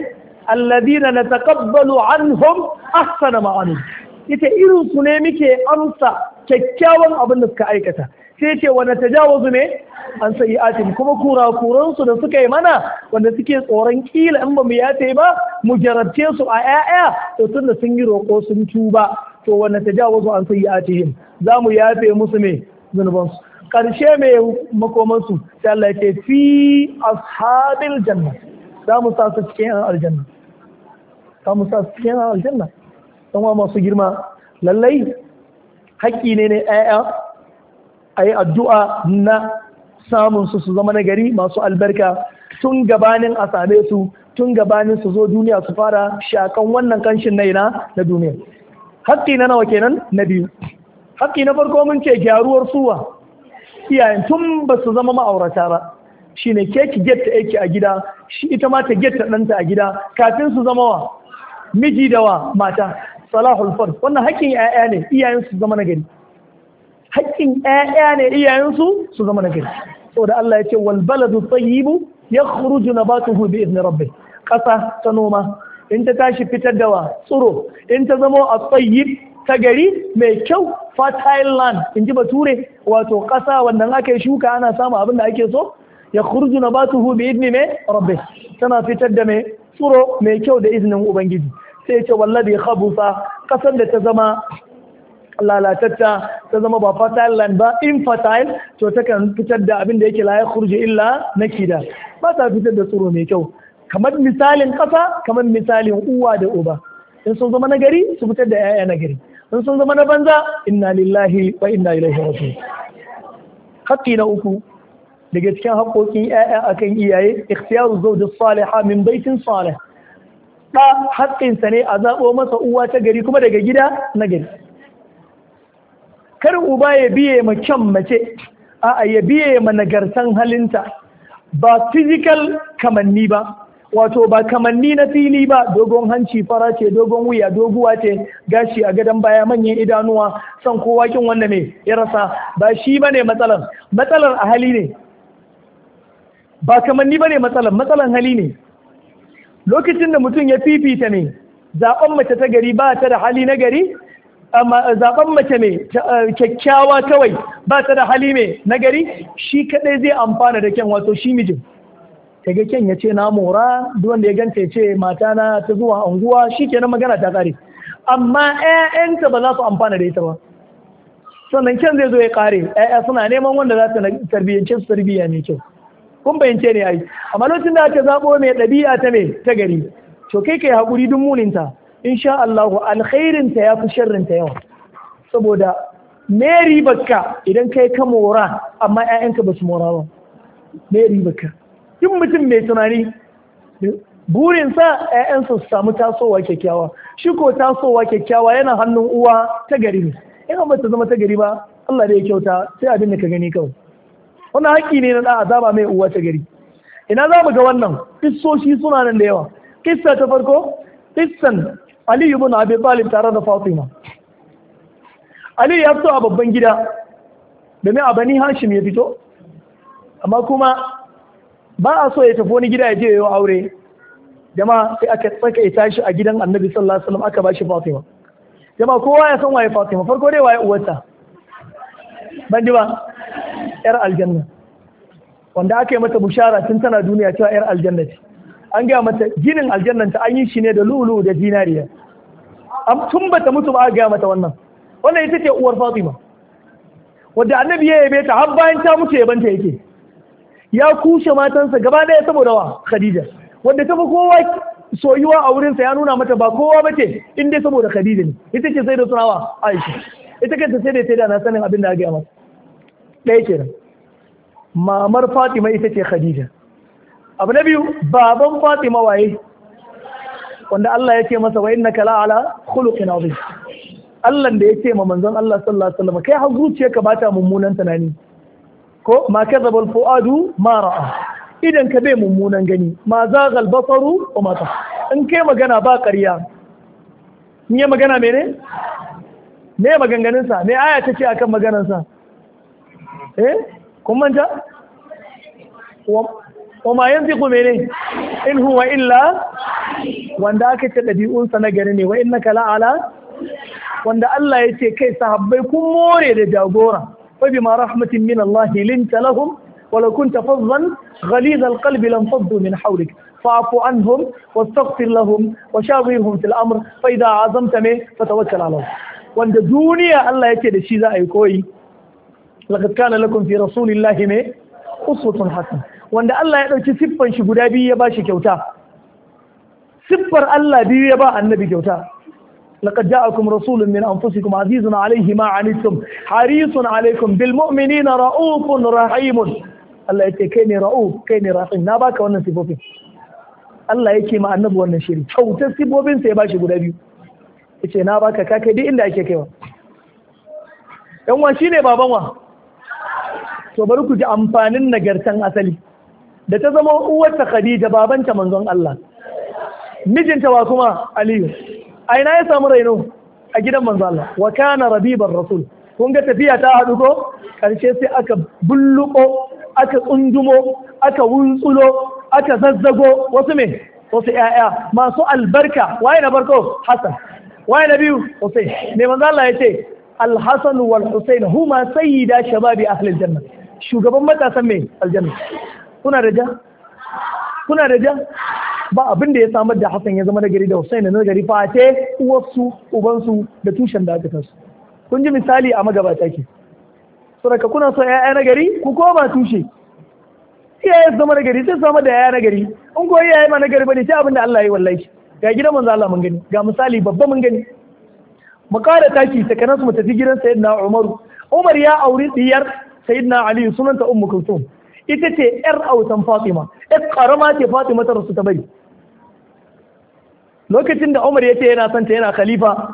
alladina nataqabbalu anhum ahsana ma amilu ita irin su ne muke amsa kyakkyawan abin da suka aikata sai ce wanda wasu ne an sai atin kuma kura kuransu da suka yi mana wanda suke tsoron kila in ba mu yafe ba mu jarabce su a 'ya'ya to tunda sun yi roƙo sun tuba to wanda wasu an sai atihim za mu yafe musu me zunubansu su mai me makoman su sai Allah ya fi ashabil janna za mu sa su cikin aljanna za mu sa su cikin aljanna dan wa masu girma lallai haƙƙi ne ne 'ya'ya a yi addu'a na samun su su zama nagari masu albarka tun gabanin a same su tun gabanin su zo duniya su fara shakan wannan kanshin na ina na duniya Hakki na nawa kenan na biyu Hakki na farko mun ce gyaruwar suwa iyayen tun ba su zama ma'aurata ba Shi ne ke ki ta aiki a gida shi ita ma ta get ta ɗanta a gida kafin su zama wa miji da wa mata salahul fard wannan haƙƙin 'ya'ya ne iyayen su zama nagari. gari haƙƙin ƴaƴa ne iyayensu su zama na gari da Allah ya ce wal baladu tayyibu yakhruju nabatuhu bi idni rabbih ƙasa ta noma in ta tashi fitar da wa tsiro in ta zama a tsayyib ta gari mai kyau fertile land in ji bature wato ƙasa wannan ake shuka ana samu abin da ake so ya kurju na bi idni mai, rabbi tana fitar da mai tsiro mai kyau da izinin ubangiji sai ce wallabi khabusa ƙasar da ta zama lalatatta ta zama ba fertile land ba infertile to takan fitar da abin da yake la ya khurju illa nakida ba ta fitar da tsoro mai kyau kamar misalin ƙasa kamar misalin uwa da uba in sun zama na gari su fitar da 'ya'ya na gari in sun zama na banza inna lillahi wa inna ilaihi raji'un haƙƙi na uku daga cikin haƙƙoƙin 'ya'ya akan iyaye ikhtiyaru zawjis salihah min baitin salih da haƙƙinsa ne a zaɓo masa uwa ta gari kuma daga gida na gari kar uba ya biye ma kyan mace a'a ya biye ma nagartan halinta ba physical kamanni ba wato ba kamanni na fili ba dogon hanci fara ce dogon wuya doguwa ce gashi a gadon baya manyan idanuwa son kowa kin wanda ya rasa ba shi bane matsalar matsalar a hali ne ba kamanni bane matsalar matsalar hali ne lokacin da mutum ya fifita ne zaɓen mace ta gari ba ta da hali na gari zaben mace mai eh, kyakkyawa kawai ba ta da hali mai nagari shi kadai zai amfana da kyan wato shi mijin ga kyan ya ce na mora wanda ya ganta ya ce mata na ta zuwa anguwa shikenan magana ta kare amma ƴaƴanta ba za su amfana da ita ba sannan kyan zai zo ya kare ƴaƴa suna neman wanda za su tarbiyyance su tarbiyya mai kyau kun bayance ne ai amma lokacin da aka zabo mai ɗabi'a ta mai ta gari to kai kai hakuri duk muninta insha Allah alkhairinta ya fi sharrinta yawa saboda me baka idan kai ka mora amma ƴaƴanka ba su mora ba me baka duk mutum mai tunani burin sa ƴaƴansa su samu tasowa kyakkyawa shi ko tasowa kyakkyawa yana hannun uwa ta gari ne in ba ta zama ta gari ba Allah da ya kyauta sai abin da ka gani kawai wannan haƙƙi ne na da azaba mai uwa ta gari ina za mu ga wannan kissoshi suna nan da yawa kissa ta farko kissan Ali muna abin balin tare da Fatima Ali ya fito a babban gida domin a bani Hashim ya fito amma kuma ba a so ya tafi wani gida ya je yau aure jama'a sai aka tsaka ya tashi a gidan Annabi sallallahu alaihi wasallam aka bashi Fatima jama'a kowa ya san waye Fatima farko dai waye uwarta ban ji ba yar aljanna wanda aka yi mata bushara tun tana duniya cewa yar aljanna ce an gaya mata ginin aljannan ta an yi shi ne da lulu da zinariya am tun bata mutu ba a gaya mata wannan wannan ita ce uwar fatima wadda annabi ya yabe ta har bayan ta mutu banta yake ya kushe matansa gaba daya saboda wa khadija wadda ta fi kowa soyuwa a wurinsa ya nuna mata ba kowa ba ce in dai saboda khadija ne ita ce sai da sunawa aisha ita kanta sai da sai da na sanin abin da a gaya mata ɗaya kenan mamar fatima ita ce khadija abu na biyu baban fatima waye wanda Allah ya ce masa wa innaka ala khuluqin azim Allah da ce ma manzon Allah sallallahu alaihi wasallam kai har zuciyarka ba ta mummunan tunani ko ma kadhaba al-fuadu ma ra'a idan ka bai mummunan gani ma zagal basaru wa ma ta in kai magana ba ƙarya ni magana mene me maganganun sa me aya ta ce akan maganansa eh kun manta وما ينطق منه إن هو إلا وانداك الذي أنسى نجرني وإنك لا على وان الله يتي كي صحبكم موري لجاغورا فبما رحمة من الله لنت لهم ولو كنت فظا غليظ القلب لانفضوا من حولك فاعف عنهم واستغفر لهم وشاورهم في الأمر فإذا عظمت منه فتوكل على الله وان دنيا الله يتي دشي زاي لقد كان لكم في رسول الله مي أسوة حسنة wanda Allah ya ɗauki siffan shi guda biyu ya ba shi kyauta siffar Allah biyu ya ba annabi kyauta لقد جاءكم رسول من أنفسكم عزيز عليه ما عنتم حريص عليكم بالمؤمنين رؤوف رحيم Allah yake kai ne ra'uf kai ne rahim na baka wannan sifofin Allah yake ma annabi wannan shiri kyautar sifofin sa ya bashi guda biyu yace na baka ka kai duk inda ake kaiwa yan wa shine baban wa to bari ku ji amfanin nagartan asali da ta zama uwarta khadija babanta manzon Allah mijinta wa kuma aliyu a ina ya samu raino a gidan manzon Allah wa kana rabiban rasul kun ga tafiya ta haɗu ko karshe sai aka bulluko aka tsundumo aka wuntsulo aka zazzago wasu me wasu ƴaƴa masu albarka waye na barko hasan waye na biyu hussein me manzo Allah yace al-hasan wal husain huma sayyida shababi ahli al-janna shugaban matasan me aljanna kuna da ja kuna da ja ba abin da ya samar da Hassan ya zama na gari da Hussein na gari fate uwarsu ubansu da tushen dakatarsu kun ji misali a magabata ke saboda kuna so ya'ya na gari ku koma tushe iyaye zama na gari sai samar da ya'ya na gari in ko iyaye ma na gari bane sai abin da Allah ya wallahi ga gidan manzo Allah mun gani ga misali babba mun gani mu kara taki tsakanin mu tafi gidan sayyidina Umar Umar ya auri diyar sayyidina Ali sunanta ummu kulthum ita ce ‘yar autan Fatima, ‘yar ƙarama ce Fatima ta rasu ta bari. Lokacin da Umar ya ce yana son ta yana khalifa,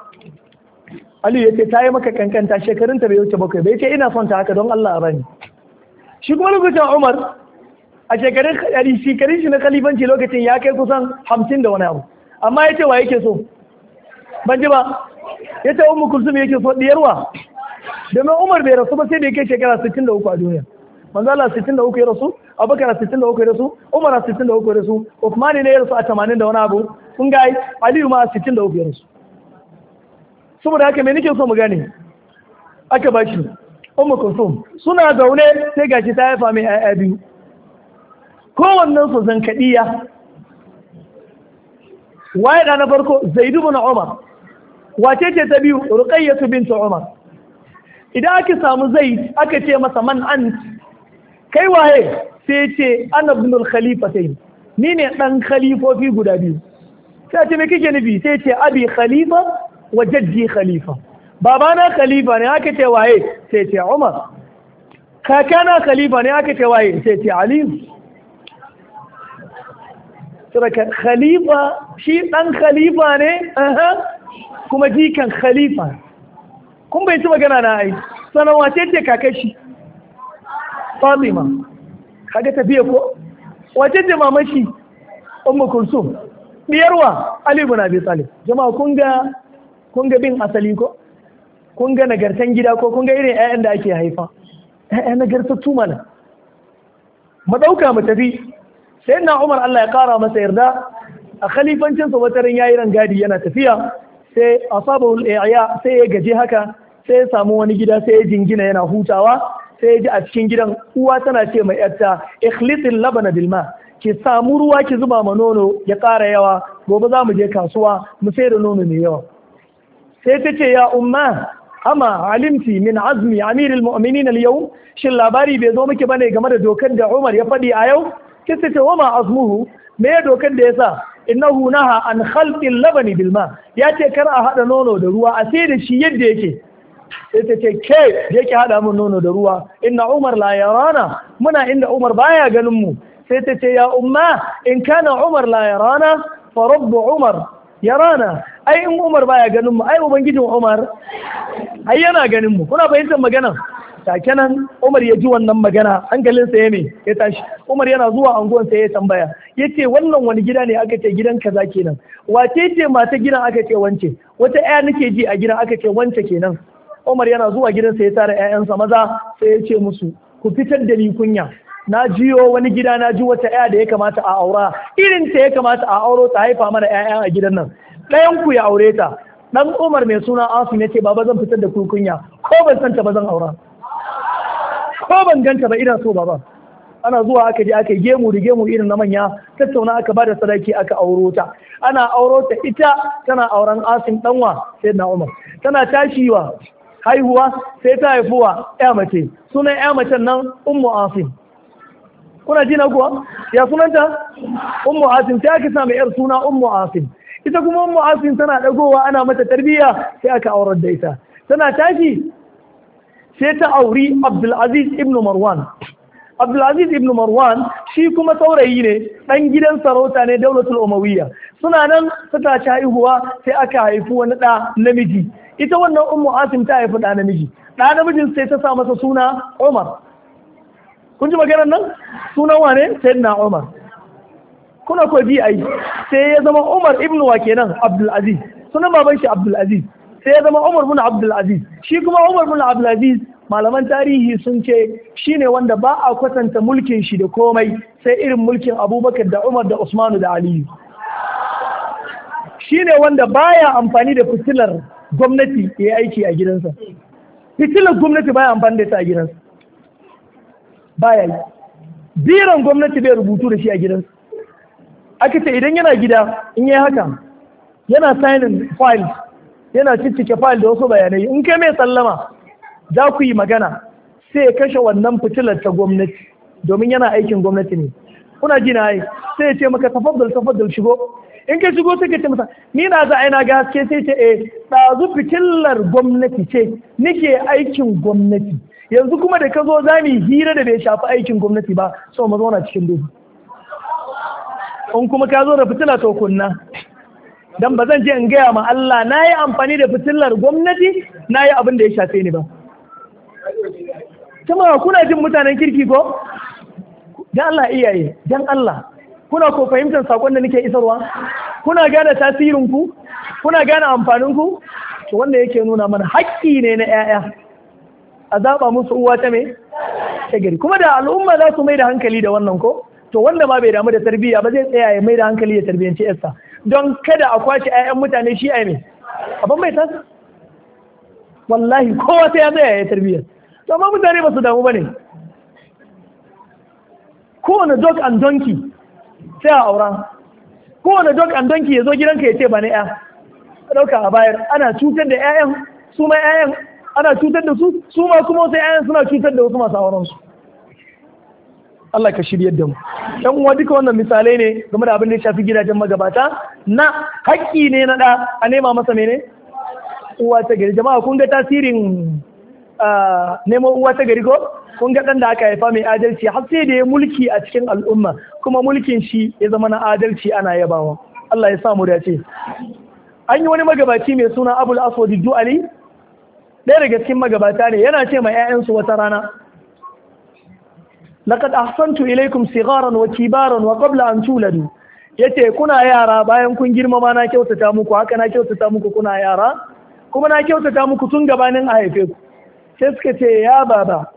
Ali ya ce ta yi maka kankanta shekarunta bai wuce bakwai bai ce ina son ta haka don Allah a bani. Shi kuma lokacin Umar a shekarun shekarun shi na khalifanci lokacin ya kai kusan hamsin da wani abu. Amma ya ce wa yake so? Ban ji ba. Ya ce Ummu Kulsum yake so diyarwa. Domin Umar bai rasu ba sai da yake kai shekara sittin da uku a duniya. manzo Allah 63 ya rasu Abubakar 63 ya rasu Umar 63 ya rasu Uthman ne ya rasu a 80 da wani abu sun ga Aliyu ma 63 ya rasu saboda haka me nake so mu gane aka ba shi Ummu Kulthum suna zaune sai gashi ta haifa mai ayya biyu kowannen su zankadiya waye da na farko Zaidu ibn Umar wace ce ta biyu Ruqayyah bint Umar idan aka samu zai aka ce masa man ant kai waye sai ce ana Khalifa sai ni ne dan khalifofi guda biyu sai ce me kike nufi sai ce abi khalifa wa jaddi khalifa baba na khalifa ne aka ce waye sai ce umar na khalifa ne aka ce waye sai ce ali saboda khalifa shi dan khalifa ne kuma jikan khalifa kun bai ci magana na ai sanawa ce ce kakashi Fatima kaga tafiya ko wace jama'a mashi? ummu kulsum diyarwa ali ibn abi talib jama'a kun ga kun ga bin asali ko kun ga nagartan gida ko kun ga irin ƴaƴan da ake haifa ƴaƴan nagartattu mana mu dauka mu tafi sai na Umar Allah ya kara masa yarda a khalifancin sa watarin yayi rangadi yana tafiya sai asabul iya sai ya gaji haka sai ya samu wani gida sai ya jingina yana hutawa sai ji a cikin gidan uwa tana ce mai yarta ikhlisin labana bilma ki samu ruwa ki zuba ma nono ya ƙara yawa gobe za mu je kasuwa mu sai da nono mai yawa sai ta ce ya umma amma alimti min azmi amirul mu'minin al yau shin labari bai zo miki bane game da dokar da Umar ya faɗi a yau Ki ta ce wama azmuhu me dokar da yasa innahu naha an khalqil labani bilma ya ce kar a hada nono da ruwa a sai da shi yadda yake sai ta ce ke je ki hada mun nono da ruwa inna umar la yarana muna inda umar baya ganin mu sai ta ce ya umma in kana umar la yarana fa rabbu umar yarana ai in umar baya ganin mu ai ubangijin umar ai yana ganin mu kuna fahimtar magana ta nan Umar ya ji wannan magana hankalinsa ya ne ya tashi Umar yana zuwa sa ya tambaya yace wannan wani gida ne aka ce gidan kaza kenan wace ce mata gidan aka ce wance wata ɗaya nake ji a gidan aka ce wance kenan Umar yana zuwa gidansa ya tara 'yayansa maza sai ya ce musu ku fitar da ni kunya na jiyo wani gida na ji wata ya da ya kamata a aura irin ta ya kamata a auro ta haifa mana 'yaya a gidan nan ɗayan ku ya aure ta dan Umar mai suna Asu ne ce baba zan fitar da ku kunya ko ban san ta ba zan aura ko ban ganta ba ina so baba ana zuwa aka je aka gemu da gemu irin na manya tattauna aka ba da sadaki aka auro ta ana auro ta ita tana auren asin danwa sai na umar tana tashi wa haihuwa sai ta haifuwa ya mace sunan ya macen nan ummu asim kuna jina kuwa ya sunanta ummu asim sai aka sa yar suna ummu asim ita kuma ummu asim tana dagowa ana mata tarbiyya sai aka aurar da ita tana tashi sai ta auri abdulaziz ibn marwan abdulaziz ibn marwan shi kuma saurayi ne dan gidan sarauta ne daulatul umawiyya suna nan suka ci haihuwa sai aka haifi wani ɗa namiji ita wannan ummu asim ta haifi ɗa namiji ɗa namijin sai ta sa masa suna umar kun ji maganar nan sunan wane na umar kuna ko bi ai sai ya zama umar ibnu wa kenan abdul aziz sunan baban shi abdul aziz sai ya zama umar ibn abdul shi kuma umar ibn abdul malaman tarihi sun ce shi ne wanda ba a kwatanta mulkin shi da komai sai irin mulkin abubakar da umar da usmanu da aliyu Shi ne wanda baya amfani da fitilar gwamnati ya yi aiki a gidansa fitilar gwamnati baya amfani da ta a gidansa baya yi biran gwamnati bai rubutu da shi a gidansa aka ce idan yana gida in yi haka yana signing file yana ciccike file da wasu bayanai in kai mai sallama za ku yi magana sai ya kashe wannan fitilar ta gwamnati domin yana aikin gwamnati ne kuna ji na sai ya ce maka tafaddal tafaddal shigo in ka shigo sai ce masa ni na za a ina ga haske sai ce eh ɗazu fitilar gwamnati ce nike aikin gwamnati yanzu kuma da ka zo za mu hira da bai shafi aikin gwamnati ba sau mu zauna cikin duhu in kuma ka zo da fitila to kunna dan ba zan je in gaya ma Allah na yi amfani da fitilar gwamnati na yi abin da ya shafe ni ba jama'a kuna jin mutanen kirki ko dan Allah iyaye dan Allah kuna ko fahimtar sakon da nake isarwa kuna gane tasirin kuna gane amfanin ku to wanda yake nuna mana haƙƙi ne na ƴaƴa a zaba musu uwa ta me ta gari kuma da al'umma za su mai da hankali da wannan ko to wanda ma bai damu da tarbiyya ba zai tsaya ya mai da hankali ya tarbiyyanci yarsa don kada a kwace ƴaƴan mutane shi ai me abin mai tasa wallahi kowa sai ya tsaya ya tarbiyya to amma mutane ba su damu ba ne? kowane dog and donkey sai a aura kowane dog and donkey ya zo gidanka ya ce ba na ya ɗauka a bayar ana cutar da 'ya'yan su ma 'ya'yan ana cutar da su su ma kuma sai 'ya'yan suna cutar da wasu masu auren su Allah ka shiryar da mu Yan uwa duka wannan misalai ne game da abin da ya shafi gidajen magabata na haƙƙi ne na ɗa a nema masa mene uwa ta gari jama'a kun ga tasirin ah, nemo uwa ta gari ko kun ga ɗan da aka haifa mai adalci har sai da ya mulki a cikin al'umma kuma mulkin shi ya zama na adalci ana yabawa Allah ya sa dace an yi wani magabaci mai suna Abul aswadi Du'ali ɗaya daga cikin magabata ne yana ce ma ƴaƴansu wata rana laqad ahsantu ilaykum sigaran wa kibaran wa qabla an tuladu yace kuna yara bayan kun girmama na kyautata muku haka na kyautata muku kuna yara kuma na kyautata muku tun gabanin a haife ku sai suka ce ya baba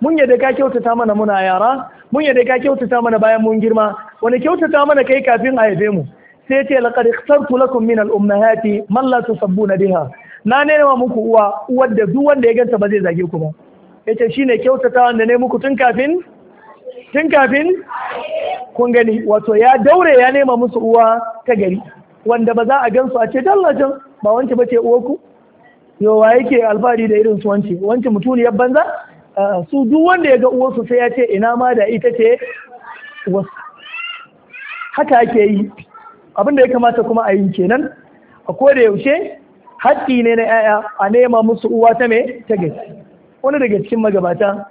mun yadda ka kyautata mana muna yara mun yadda ka kyautata mana bayan mun girma wani kyautata mana kai kafin a yabe mu sai ce laqad ikhtartu lakum min al ce, man la tusabbuna biha na nema muku uwa uwar da duk wanda ya ganta ba zai zage ku ba yace shine kyautata wanda ne muku tun kafin tun kafin kun gani wato ya daure ya nema musu uwa ta gari wanda ba za a gansu a ce dallajin ba wance ce uwarku yo wa yake alfahari da irin su wance wance mutuniyar banza Eh, su duk wanda ya ga uwarsu sai ya ce ina ma da ita ce wasu haka ake yi abinda ya kamata kuma a yi kenan a koda yaushe haƙƙi ne na 'ya'ya a nema musu uwa ta me ta wani daga cikin magabata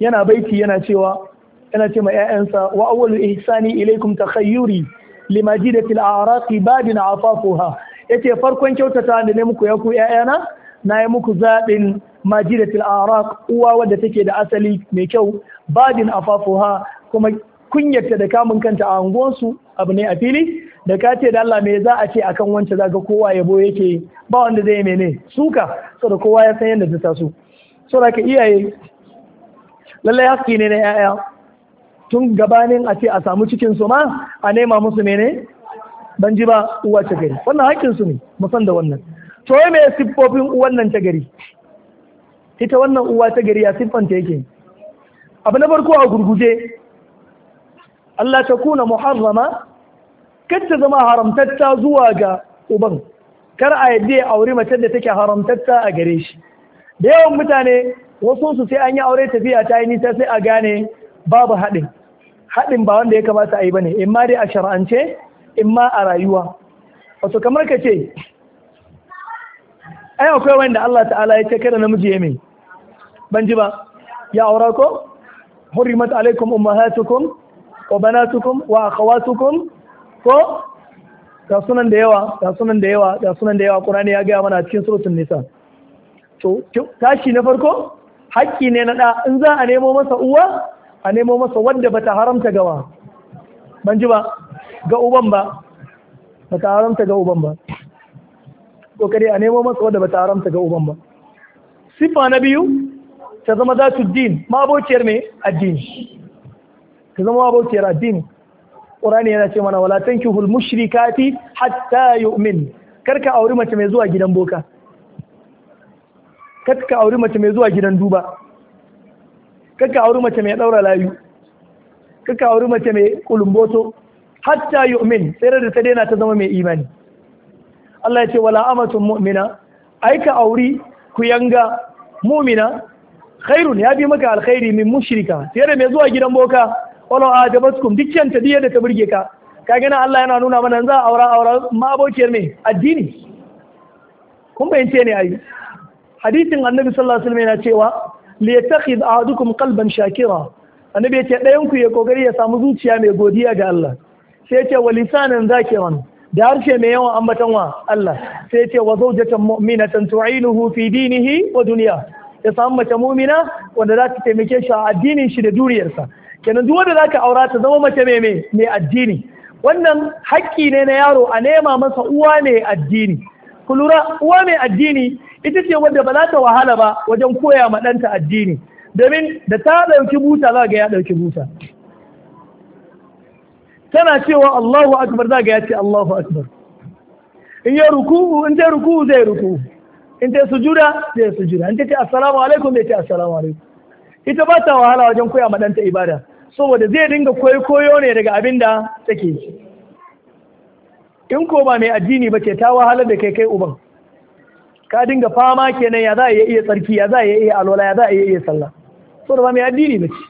yana baiti yana cewa yana ce ma 'ya'yansa wa awwalu ihsani ilaikum takhayyuri limajidati al-a'raqi badin afafuha yace farkon kyautata da ne muku ya ku 'ya'yana na yi muku zaɓin majidatul araq uwa wadda take da asali mai kyau badin afafuha kuma kunyarta da kamun kanta a anguwansu abu ne a fili da ka ce da Allah me za a ce akan wance zaga kowa yabo yake ba wanda zai mene suka saboda kowa ya san yadda ta taso saboda ka iyaye lallai haƙƙi ne na yaya tun gabanin a ce a samu cikin su ma a nema musu mene ban ji ba uwa ta gari wannan hakkin su ne mu da wannan to me siffofin uwan nan ta gari ita wannan uwa ta gari ya siffanta yake abu na farko a gurguje Allah ta kuna muharrama kar ta zama haramtatta zuwa ga uban kar a yadda ya auri mace da take haramtatta a gare shi da yawan mutane wasu su sai an yi aure tafiya ta yi nisa sai a gane babu haɗin haɗin ba wanda ya kamata a yi ne, in ma dai a shar'ance in ma a rayuwa wato kamar ka ce ai akwai wanda Allah ta'ala ya ce kada namiji ya mai ban ji ba ya aura ko hurrimat alaikum ummahatukum wa banatukum wa akhawatukum ko ga sunan da yawa ga sunan da yawa ga sunan da yawa qur'ani ya gaya mana cikin suratul nisa to tashi na farko haƙƙi ne na da in za a nemo masa uwa a nemo masa wanda bata haramta gawa ban ji ba ga uban ba bata haramta ga uban ba kokari a nemo masa wanda bata haramta ga uban ba sifa na biyu ta zama za su din abokiyar mai addini ta zama abokiyar addini ƙurani yana ce mana wala tankihul mushrikati hatta yu'min karka auri mace mai zuwa gidan boka karka auri mace mai zuwa gidan duba karka auri mace mai ɗaura layu karka auri mace mai kulumboto hatta yu'min sai da ta daina ta zama mai imani Allah ya ce wala amatun mu'mina aika auri ku yanga mu'mina khairun ya bi maka alkhairi min mushrika fiye da mai zuwa gidan boka walau a jabatkum duk kyanta diya da ta burge ka ka gina Allah yana nuna mana za a aura aura ma abokiyar me addini kun bayyance ne ayi hadisin annabi sallallahu alaihi wasallam yana cewa li yattakhid ahadukum qalban shakira annabi yace ɗayan ku ya kokari ya samu zuciya mai godiya ga Allah sai yace wa lisanan zakiran da harshe mai yawan ambaton wa Allah sai yace wa zawjatan mu'minatan tu'inuhu fi dinihi wa dunyahi ya samu mace mumina wanda za ta taimake shi a addinin shi da duriyarsa kenan duk wanda zaka aura ta zama mace mai mai addini wannan haƙƙi ne na yaro a nema masa uwa mai addini ku lura uwa mai addini ita ce wanda ba za ta wahala ba wajen koya ma ɗanta addini domin da ta ɗauki buta za ga ya ɗauki buta tana cewa Allahu akbar za ga ya ce Allahu akbar in ya ruku in ta ruku zai ruku in ta sujuda ta yi sujuda in ta ce assalamu alaikum ta ce assalamu alaikum ita ba ta wahala wajen koya ma ɗanta ibada saboda zai dinga koyo koyo ne daga abin da take yi in ko ba mai addini ba ce ta wahalar da kai kai uban ka dinga fama kenan ya za a iya tsarki ya za a iya alwala ya za a iya sallah saboda ba mai addini ba ce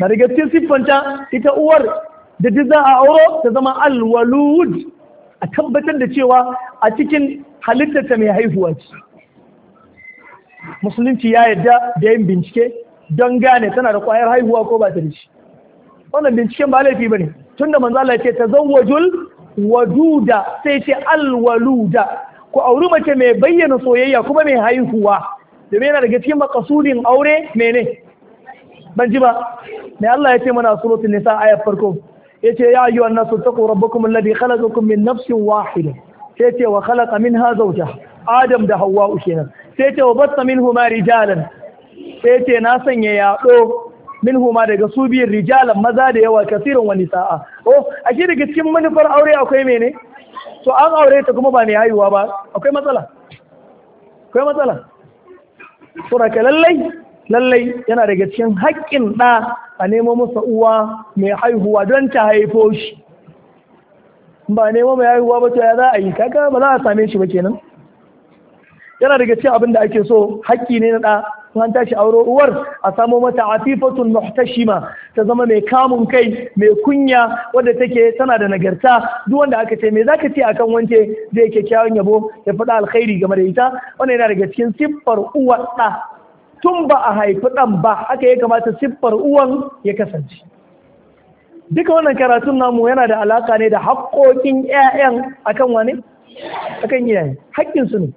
na daga cikin siffanta ita uwar da ta za a auro ta zama alwalud a tabbatar da cewa a cikin halittarta mai haihuwa ce musulunci ya yadda da yin bincike don gane tana da kwayar haihuwa ko ba ta da shi wannan binciken ba laifi ba ne. tunda manzo Allah ya ce tazawwajul waduda sai ce alwaluda ku auri mace mai bayyana soyayya kuma mai haihuwa domin yana daga cikin makasudin aure mene ban ji ba mai Allah ya ce mana suratul nisa ayar farko yace ya ayyuhan nasu taqu rabbukum alladhi khalaqakum min nafsin wahidah sai ce wa khalaqa minha zawjaha adam da hawwa kenan sai ce wa batta minhuma rijalan sai ce na sanya yaɗo minhuma daga su biyun rijalan maza da yawa kasirin wani sa'a oh a ke daga cikin manufar aure akwai mene to an aure ta kuma ba mai haihuwa ba akwai matsala akwai matsala to lallai lallai yana daga cikin haƙƙin ɗa a nemo masa uwa mai haihuwa don ta haifo shi ba nemo mai haihuwa ba to ya za a yi kaga ba za a same shi ba kenan yana daga cikin abin da ake so haƙƙi ne na ɗa an tashi auro uwar a samo mata afifatun muhtashima ta zama mai kamun kai mai kunya wadda take tana da nagarta duk wanda aka ce me zaka ce akan wance zai kyakkyawan yabo ya faɗa alkhairi game da ita wannan yana daga cikin siffar uwar ɗa tun ba a haifi ɗan ba aka yi kamata siffar uwan ya kasance duka wannan karatun namu yana da alaka ne da haƙoƙin 'ya'yan akan wane akan iyaye haƙƙin su ne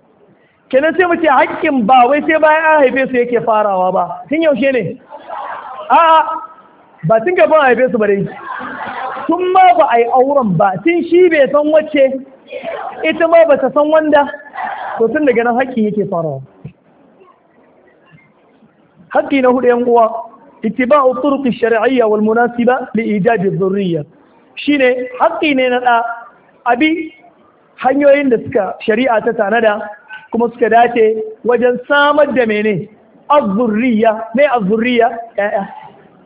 kenan sai mu ce haƙƙin ba wai sai bayan an haife su yake farawa ba tun yaushe ne a'a ba tun gaban a haife su ba dai tun ma ba a yi auren ba tun shi bai san wacce ita ma ba ta san wanda to tun daga nan haƙƙi yake farawa haƙƙi na hudu yan uwa ittiba'u turuq ash-shar'iyya wal munasiba li ijad dhurriyya shine haƙƙi ne na da abi hanyoyin da suka shari'a ta tanada kuma suka dace wajen samar da mene azzurriya mai azzurriya ya'ya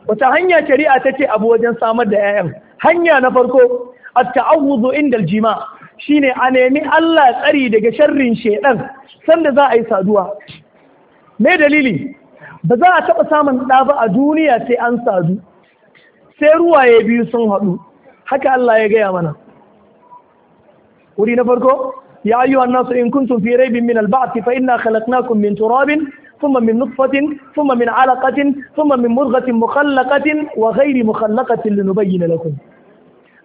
wata hanya shari'a ta ce abu wajen samar da ya'yan hanya na farko at-ta'awudhu inda jima shine a nemi Allah tsari daga sharrin shedan sanda za a yi saduwa me dalili ba za a taɓa samun ɗa ba a duniya sai an sadu sai ruwaye biyu sun haɗu haka Allah ya gaya mana wuri na farko ya ayyuha nasu in kuntum fi raibin min al-ba'th fa inna khalaqnakum min turabin ثم من نطفة ثم من علقة ثم من مرغة مخلقة وغير مخلقة لنبين لكم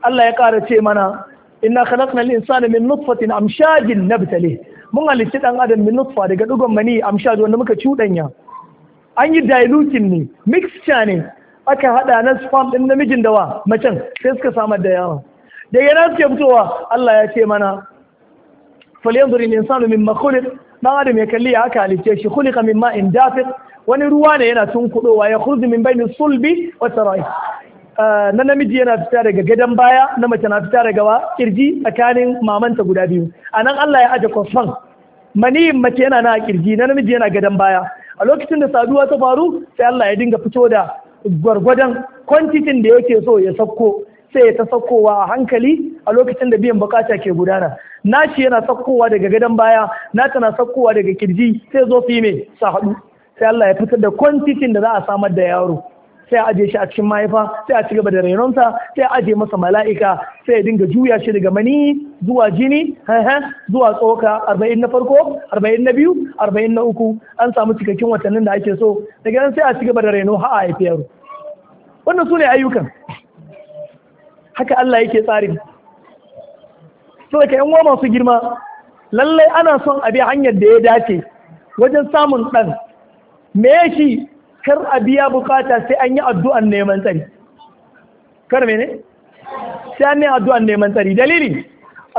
الله يقال منا إنا خلقنا الإنسان من نطفة أمشاج نبتله mun halitti dan adam min nutfa daga dugon mani amshad wanda muka cuɗanya an yi dilutin ne mixture ne aka hada na sperm din namijin da wa macen sai suka samar da yawa da yana suke fitowa Allah ya ce mana falyanzur al-insanu min khuliq dan adam ya kalli aka halice shi khuliqa min in dafiq wani ruwa ne yana tunkudowa ya khurzu min baini sulbi wa tarai ah, na namiji yana fita daga gadon baya na mace na fita daga wa kirji tsakanin mamanta guda biyu anan Allah ya aje kofan maniyin mace yana na kirji na namiji yana gadan baya a lokacin da saduwa ta faru sai Allah ya dinga fito da gwargwadon kwantitin da yake so ya sauko sai ya ta saukowa a hankali a lokacin da biyan bukata ke gudana Na nashi yana saukowa daga gadon baya nata na saukowa daga kirji sai zo fi mai sa haɗu sai Allah ya fitar da kwantitin da za a samar da yaro sai a aje shi a cikin mahaifa sai a ci gaba da rainonsa sai a ajiye masa mala'ika sai ya dinga juya shi daga mani zuwa jini zuwa tsoka arba'in na farko arba'in na biyu arba'in na uku an samu cikakken watannin da ake so daga nan sai a ci gaba da raino har a haifi yaro wannan su ne ayyukan haka Allah yake tsari so da yan uwa masu girma lallai ana son abi hanyar da ya dace wajen samun ɗan me shi kar a biya bukata sai an yi addu'an neman tsari kar mene sai an yi addu'an neman tsari dalili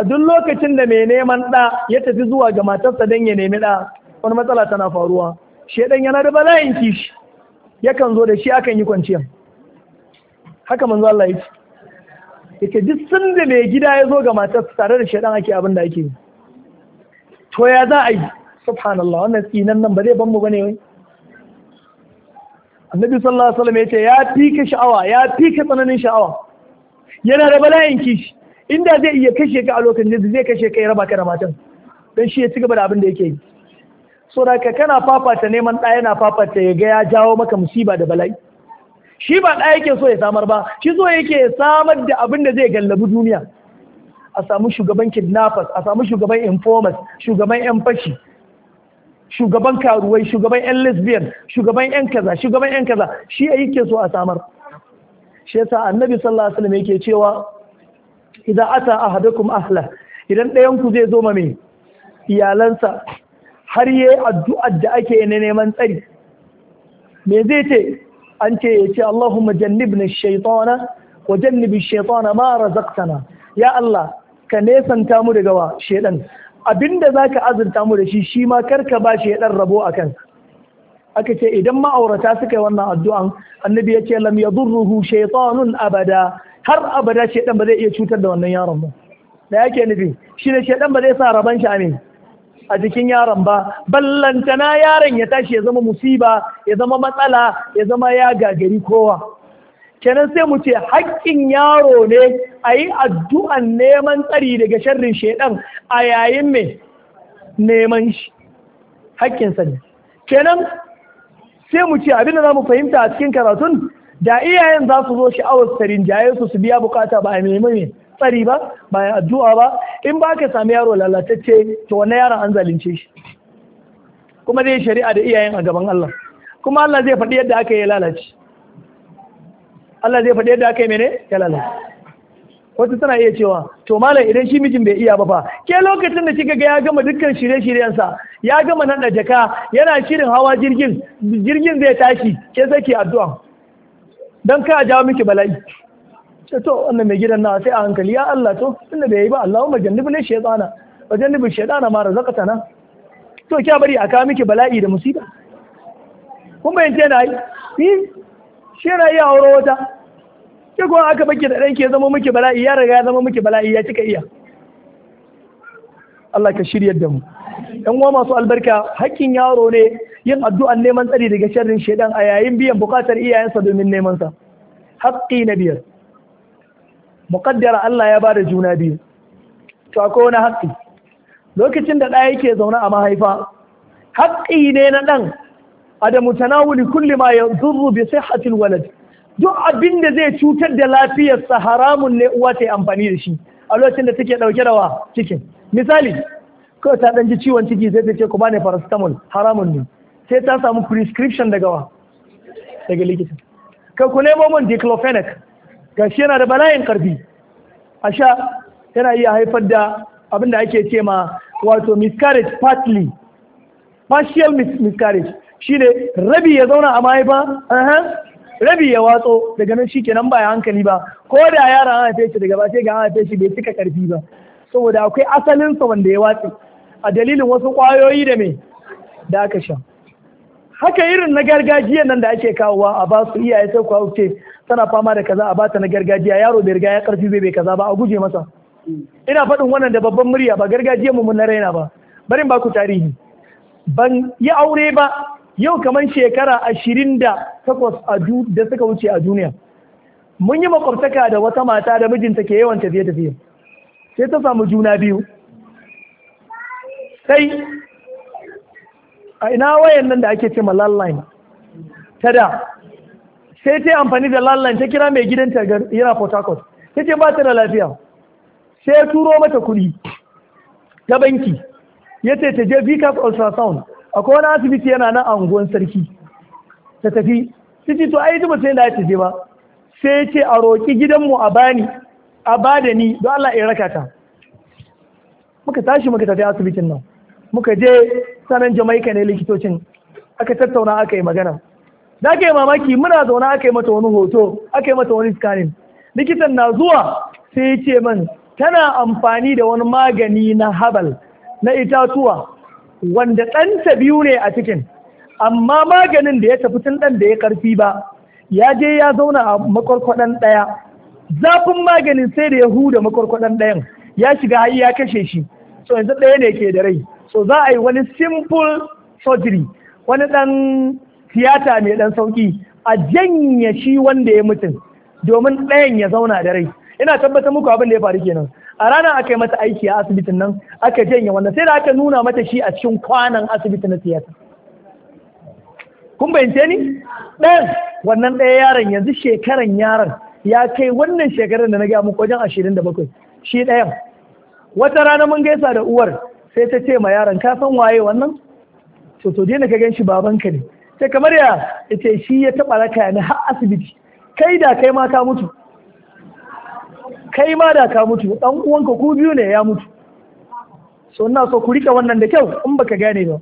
a duk lokacin da mai neman ɗa ya tafi zuwa ga matarsa don ya nemi ɗa wani matsala tana faruwa shedan yana da bala'in kishi yakan zo da shi akan yi kwanciya haka manzo Allah ya ce duk sun mai gida ya zo ga tare da shedan ake abin da ake yi to ya za a yi subhanallah wannan tsinan nan ba zai ban mu ne wai annabi sallallahu alaihi wasallam yace ya fika sha'awa ya fika tsananin sha'awa yana da bala'in kishi inda zai iya kashe ka a lokacin da zai kashe ka ya raba ka da matan dan shi ya ci gaba da abin da yake yi so da ka kana fafata neman ɗaya yana fafata ya ga ya jawo maka musiba da bala'i shi ba ɗaya yake so ya samar ba shi so yake ya samar da abin da zai gallabi duniya a samu shugaban kidnappers a samu shugaban informers shugaban yan fashi shugaban karuwai shugaban yan lesbian shugaban yan kaza shugaban yan kaza shi ya yake so a samar shi yasa annabi sallallahu alaihi wasallam yake cewa idan ata ahadakum ahla idan ɗayan ku zai zo ma mai iyalansa har yi addu'ar da ake na neman tsari me zai ce an ce ya ce Allahumma jannibna shaytana wa jannibi shaytana ma razaqtana ya Allah ka nesanta mu daga wa shedan abinda za ka azurta mu da shi shi ma karka ba shi ya ɗan rabo a aka ce idan ma'aurata suka yi wannan addu'an annabi ya ce lam yadurruhu shaytanun abada har abada shaytan ba zai iya cutar da wannan yaron ba da yake nufi shi ne shaytan ba zai sa raban shi ne a jikin yaron ba ballantana yaron ya tashi ya zama musiba ya zama matsala ya zama ya gagari kowa kenan sai mu ce haƙƙin yaro ne a yi addu'an neman tsari daga sharrin shaidan a yayin mai neman shi haƙƙinsa ne kenan sai mu ce abinda za mu fahimta a cikin karatun da iyayen za su zo sha'awar tsarin jaye su su biya bukata ba a nemi tsari ba ba a addu'a ba in ba ka sami yaro lalatacce to wannan yaron an zalunce shi kuma zai shari'a da iyayen a gaban Allah kuma Allah zai faɗi yadda aka yi lalace Allah zai faɗi yadda aka yi mene ya lalace wata tana iya cewa to malam idan shi mijin bai iya ba fa ke lokacin da kika ga ya gama dukkan shirye-shiryensa ya gama nan da jaka yana shirin hawa jirgin jirgin zai tashi ke saki addu'a dan ka jawo miki bala'i ce to wannan mai gidan na sai a hankali ya Allah to tunda bai yi ba Allahumma jannibna shaytana wa jannibna shaytana ma razaqtana to kya bari a kawo miki bala'i da musiba kun bayyana ai shi shi rayuwa wata ke kuma aka baki da ɗanki ya zama miki bala'i ya riga ya zama miki bala'i ya cika iya Allah ka shirya da mu ɗan uwa masu albarka hakkin yaro ne yin addu'an neman tsari daga sharrin shaidan a yayin biyan bukatar iyayensa domin neman sa haƙƙi na biyar muƙaddara Allah ya bada juna biyu to akwai wani haƙƙi lokacin da ɗaya yake zaune a mahaifa haƙƙi ne na ɗan Adamu, tanawuli mutanawuli kulli ma ya zurru bi sihhatil walad duk abin da zai cutar da lafiyarsa haramun ne uwa ta yi amfani da shi a lokacin da take ɗauke da wa cikin misali kawai ta ɗan ji ciwon ciki zai ta ce ku bani paracetamol haramun ne sai ta samu prescription daga wa daga likita ka ku nemo mun diclofenac ga shi yana da bala'in karfi a sha yana iya haifar da abin da ake ce ma wato miscarriage partly partial miscarriage shine rabi ya zauna a mahaifa uh-huh, rabi ya watso daga nan shikenan ba ya hankali ba ko da yara an haife shi daga ba ga an haife shi bai cika karfi ba saboda akwai asalin sa wanda ya watse a dalilin wasu kwayoyi da me da aka sha haka irin na gargajiya nan da ake kawowa a ba su iyaye sai ku uke tana fama da kaza a bata na gargajiya yaro bai riga ya karfi bai bai kaza ba a guje masa ina faɗin wannan da babban murya ba gargajiyar mu na raina ba barin ba ku tarihi ban yi aure ba yau kamar shekara ashirin da takwas da suka wuce a duniya mun yi makwabtaka da wata mata da mijinta ke yawan tafiye-tafiye sai ta samu juna biyu sai a ina wayan nan da ake ce ma landline ta da sai ta amfani da landline ta kira mai gidanta yana port harcourt ta ce ba ta da lafiya sai turo mata kuɗi ta banki ya ce ta je vcap ultrasound akwai wani asibiti yana nan anguwan sarki ta tafi sai to ai ba sai da ta je ba sai ce a roƙi gidanmu a bani a bada ni don Allah ya raka ta muka tashi muka tafi asibitin nan muka je sanan jamaika ne likitocin aka tattauna aka yi magana da ke mamaki muna zauna aka yi mata wani hoto aka yi mata wani scanning likitan na zuwa sai ya ce man tana amfani da wani magani na habal na itatuwa wanda ɗansa biyu ne a cikin amma maganin da ya tafi tun ɗan da ya ƙarfi ba ya je ya zauna a makwarkwaɗan ɗaya zafin maganin sai da ya huda makwarkwaɗan ɗayan ya shiga har ya kashe shi so yanzu ɗaya ne ke da rai so za a yi wani simple surgery wani ɗan tiyata mai ɗan sauƙi a janye shi wanda ya mutum domin ɗayan ya zauna da rai ina tabbatar muku abin da ya faru kenan a ranar aka yi mata aiki a asibitin nan aka janye wanda sai da aka nuna mata shi a cikin kwanan asibiti na tiyata. kun bayyance ni ɗayan wannan ɗaya yaron yanzu shekaran yaron ya kai wannan shekarar da na gaya muku wajen ashirin da bakwai shi ɗayan wata rana mun gaisa da uwar sai ta ce ma yaron ka san waye wannan to to dai ka gan shi babanka ne sai kamar ya ita shi ya taɓa raka ni har asibiti kai da kai ma ka mutu kai ma da ka mutu dan uwanka ku biyu ne ya mutu so ina so ku rika wannan da kyau in baka gane ba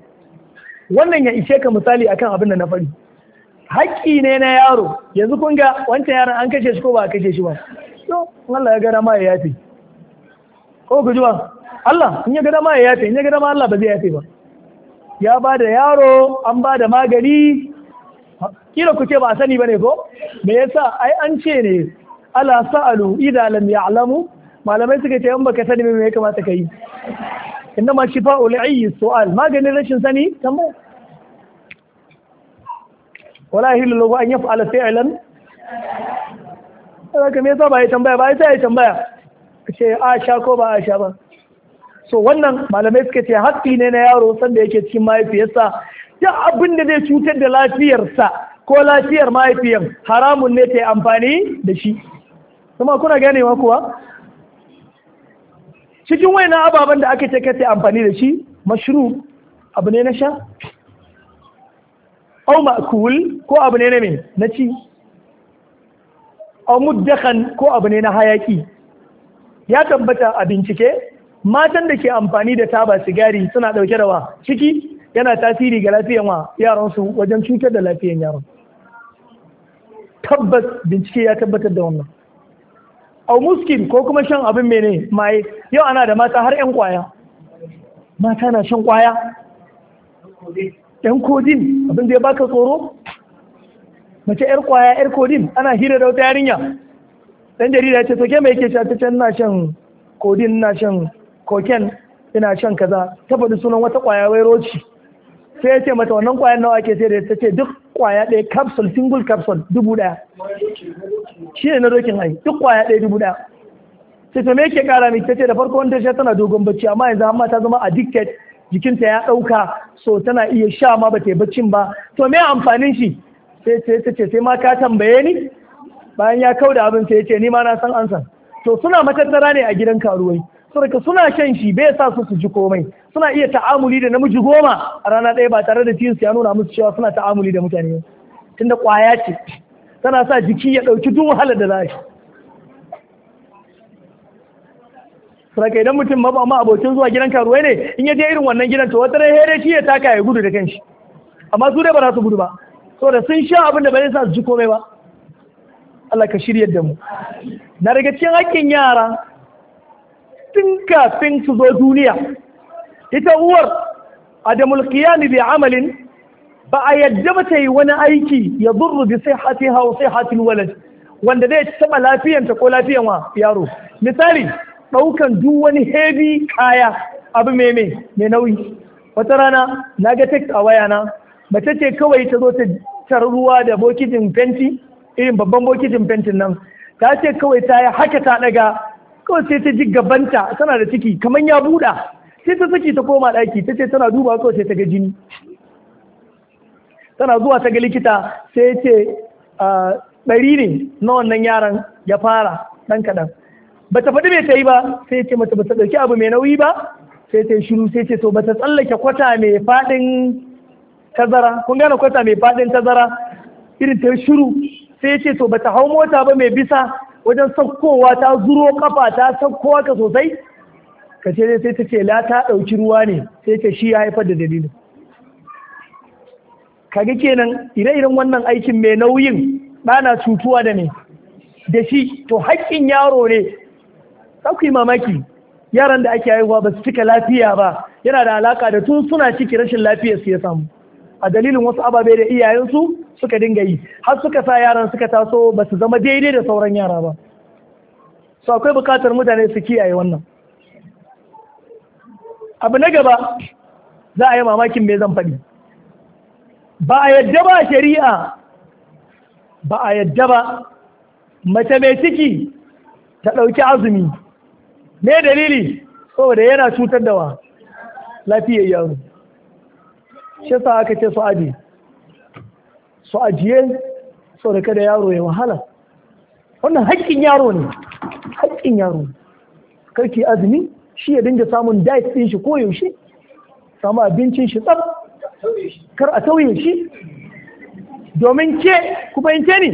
wannan ya ishe ka misali akan abin da na faɗi haƙƙi ne na yaro yanzu kun ga wancan yaron an kashe shi ko ba a kashe shi ba to Allah ya gada ma ya yafe ko ku ji ba Allah in ya gada ma ya yafe in ya gada ma Allah ba zai yafe ba ya ba da yaro an ba da magani kila ku ce ba a sani ba ne ko me yasa ai an ce ne ala sa'alu idan lam ya'lamu malamai suka ce in baka sani me ya kamata ka yi inna ma shifa'u li'ayyi su'al maganin rashin sani tambaya wala hilu lahu an yaf'ala fi'lan haka me yasa ba yi tambaya ba sai ya tambaya ce a sha ko ba a sha ba so wannan malamai suka ce hakki ne na yaro sanda yake cikin mahaifiyarsa duk abin da zai cutar da lafiyarsa ko lafiyar mahaifiyar haramun ne ta yi amfani da shi kuma kuna wa kuwa cikin na ababen da aka ce amfani da shi mashru abu ne na sha au ma'kul ko abu ne na me na ci au muddakan ko abu ne na hayaki ya tabbata a bincike matan da ke amfani da taba sigari suna dauke da wa ciki yana tasiri ga lafiyan wa yaransu wajen cutar da lafiyan yaron tabbas bincike ya tabbatar da wannan au muskin ko kuma shan abin mene maye yau ana da mata har 'yan kwaya mata na shan kwaya 'yan kodin abin da ya baka tsoro mace 'yar kwaya 'yar kodin ana hira da wata yarinya Ɗan jarida ya ce to ke mai yake sha can na shan kodin na shan koken ina shan kaza ta faɗi sunan wata kwaya wai roci sai ya ce mata wannan kwayan nawa ke sai da ta ce duk kwaya ɗaya capsule single capsule dubu ɗaya shi ne na dokin ai duk kwaya ɗaya dubu ɗaya sai to me yake kara mai ce da farko wanda shi tana dogon bacci amma yanzu amma ta zama addicted jikinta ya ɗauka so tana iya sha ma ba ta yi baccin ba to me amfanin shi sai ta ce sai ma ka tambaye ni bayan ya kau da abin sai ya ce ni ma na san ansa to suna matattara ne a gidan karuwai saboda suna shan shi bai sa su su ji komai suna iya ta'amuli da namiji goma a rana ɗaya ba tare da tinsu ya nuna musu cewa suna ta'amuli da mutane tunda kwaya ce tana sa jiki ya ɗauki duk wahalar da za shi Saka idan mutum ma ba abokin zuwa gidan karuwai ne in ya je irin wannan gidan to wata rai here shi ya taka ya gudu da kanshi amma su dai ba za su gudu ba saboda sun sha abin da ba zai sa su ji komai ba Allah ka shirya da mu na daga cikin hakkin yara tun kafin su zo duniya ita uwar adamul qiyam bi amalin ba a yadda ba ta yi wani aiki ya burru bi sai hati hau sai hatin walad wanda zai taɓa lafiyanta ko lafiyan wa yaro misali ɗaukan duk wani heavy kaya abu mai mai nauyi wata rana na ga tek a wayana mace ce kawai ta zo ta tar ruwa da bokitin fenti irin babban bokitin fentin nan ta ce kawai ta yi haka ta daga kawai sai ta ji gabanta tana da ciki kamar ya buɗa sai ta saki ta koma ɗaki ta ce tana duba kawai sai ta ga jini tana zuwa ta ga likita sai ya ce ɗari ne na wannan yaran ya fara ɗan kaɗan ba ta faɗi mai ta yi ba sai ya ce mata ba ta ɗauki abu mai nauyi ba sai ta yi shiru sai ce to ba ta tsallake kwata mai faɗin tazara kun gane kwata mai faɗin tazara irin ta shiru sai ce to ba ta hau mota ba mai bisa wajen sakkowa ta zuro kafa ta sakkowa ka sosai ka ce sai ta ce la ta ɗauki ruwa ne sai ce shi ya haifar da dalilin kaga kenan ire-iren wannan aikin mai nauyin ɗana cutuwa da ne da shi to haƙƙin yaro ne za mamaki yaran da ake haihuwa ba su cika lafiya ba yana da alaka da tun suna ciki rashin lafiya su ya samu a dalilin wasu ababe da iyayensu suka dinga yi har suka sa yaran suka taso ba su zama daidai da sauran yara ba so akwai bukatar mutane su kiyaye wannan abu na gaba za a yi mamakin me zan faɗi ba a yadda ba shari'a ba a yadda ba mace mai ciki ta ɗauki azumi ne dalili saboda yana cutar da wa lafiyar yaro shi sa aka ce su aji su ajiye saboda kada yaro ya wahala wannan haƙƙin yaro ne haƙƙin yaro karki azumi shi ya dinga samun diet ɗin shi koyaushe samu abincin shi tsar kar a sauye shi domin ke ku fahimce ni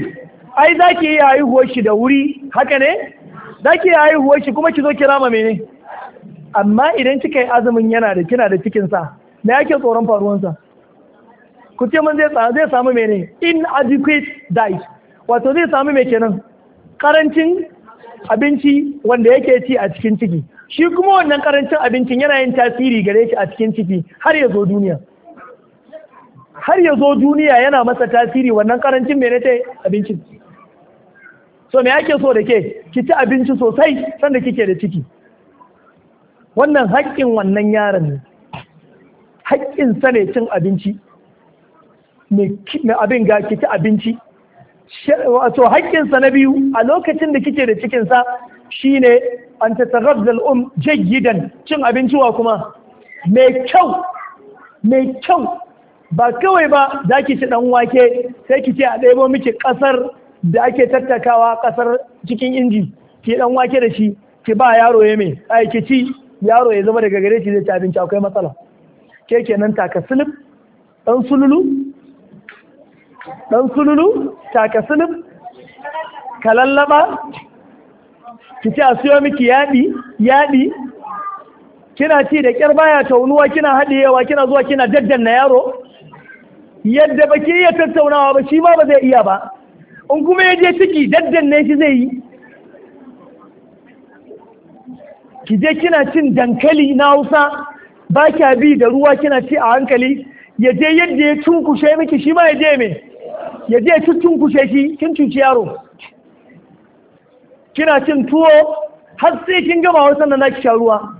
ai za ki iya haihuwar shi da wuri haka ne za ki iya haihuwar shi kuma ki zo kira ma mene amma idan kika yi azumin yana da kina da cikin sa me yake tsoron faruwansa ku ce mun zai zai samu mene inadequate diet wato zai samu me kenan karancin abinci wanda yake ci a cikin ciki shi kuma wannan karancin abincin yana yin tasiri gare shi a cikin ciki har ya zo duniya har ya zo duniya yana masa tasiri wannan karancin mene ta abincin so me ake so da ke ki ci abinci sosai sanda kike da ciki wannan haƙƙin wannan yaron ne haƙƙin sa ne cin abinci mai abin ga ki ci abinci so haƙƙin sa na biyu a lokacin da kike da cikin sa shine an tatarabza al'um jayyidan cin abinci wa kuma mai kyau mai kyau ba kawai ba za ki ci dan wake sai ki ce a ɗebo miki ƙasar da ake tattakawa ƙasar cikin inji ki dan wake da shi ki ba yaro ya mai ai ki ci yaro ya zama daga gare shi zai ci abinci akwai matsala ke kenan taka sulub ɗan sululu dan sululu taka sulub ka lallaba ki ce a siyo miki yaɗi yaɗi kina ci da kyar baya taunuwa kina haɗiyewa kina zuwa kina daddanna yaro yadda ba ke iya tattaunawa ba shi ba ba zai iya ba in kuma ya je ciki daddanne shi zai yi ki je kina cin dankali na hausa ba kya bi da ruwa kina ci a hankali ya je yadda ya cunkushe miki shi ma ya je me ya je ci cunkushe shi kin cuci yaro kina cin tuwo har sai kin gama hausa na naki sha ruwa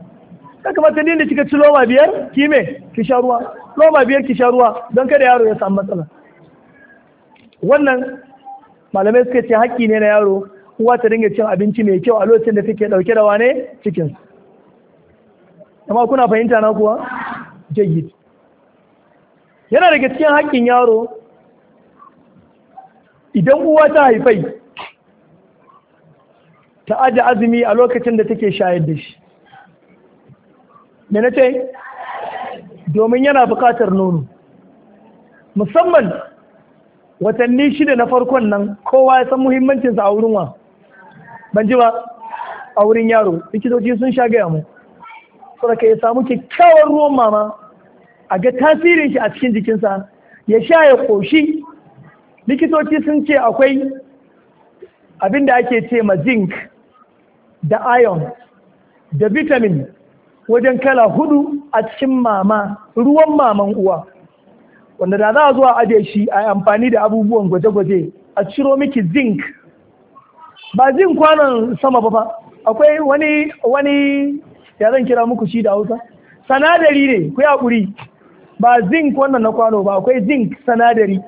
kaka kamata ni da kika ci loma biyar ki me ki sha ruwa loma biyar ki sha ruwa don kada yaro ya samu matsala wannan malamai suka ce haƙƙi ne na yaro uwa ta dinga cin abinci mai kyau a lokacin da take dauke da wane cikin amma kuna fahimta na kuwa jayyid yana daga cikin haƙƙin yaro idan uwa ta haifai ta aje azumi a lokacin da take shayar da shi Me na ce domin yana bukatar nono musamman watanni shida na farkon nan kowa ya san muhimmancinsa a wurin wa ban ji ba a wurin yaro likitoci sun sha gaya mu saboda ya samu kyakkyawar ruwan mama a ga tasirin shi a cikin jikinsa ya sha ya ƙoshi likitoci sun ce akwai abin da ake ce ma zinc da iron da vitamin wajen kala hudu a cikin mama ruwan maman uwa wanda da za a zuwa ajiye shi a amfani da abubuwan gwaje-gwaje a ciro miki zinc ba zinc kwanon sama ba fa akwai wani wani ya zan kira muku shi da hausa sanadari ne ku hakuri ba zinc wannan na kwano ba akwai zinc sanadari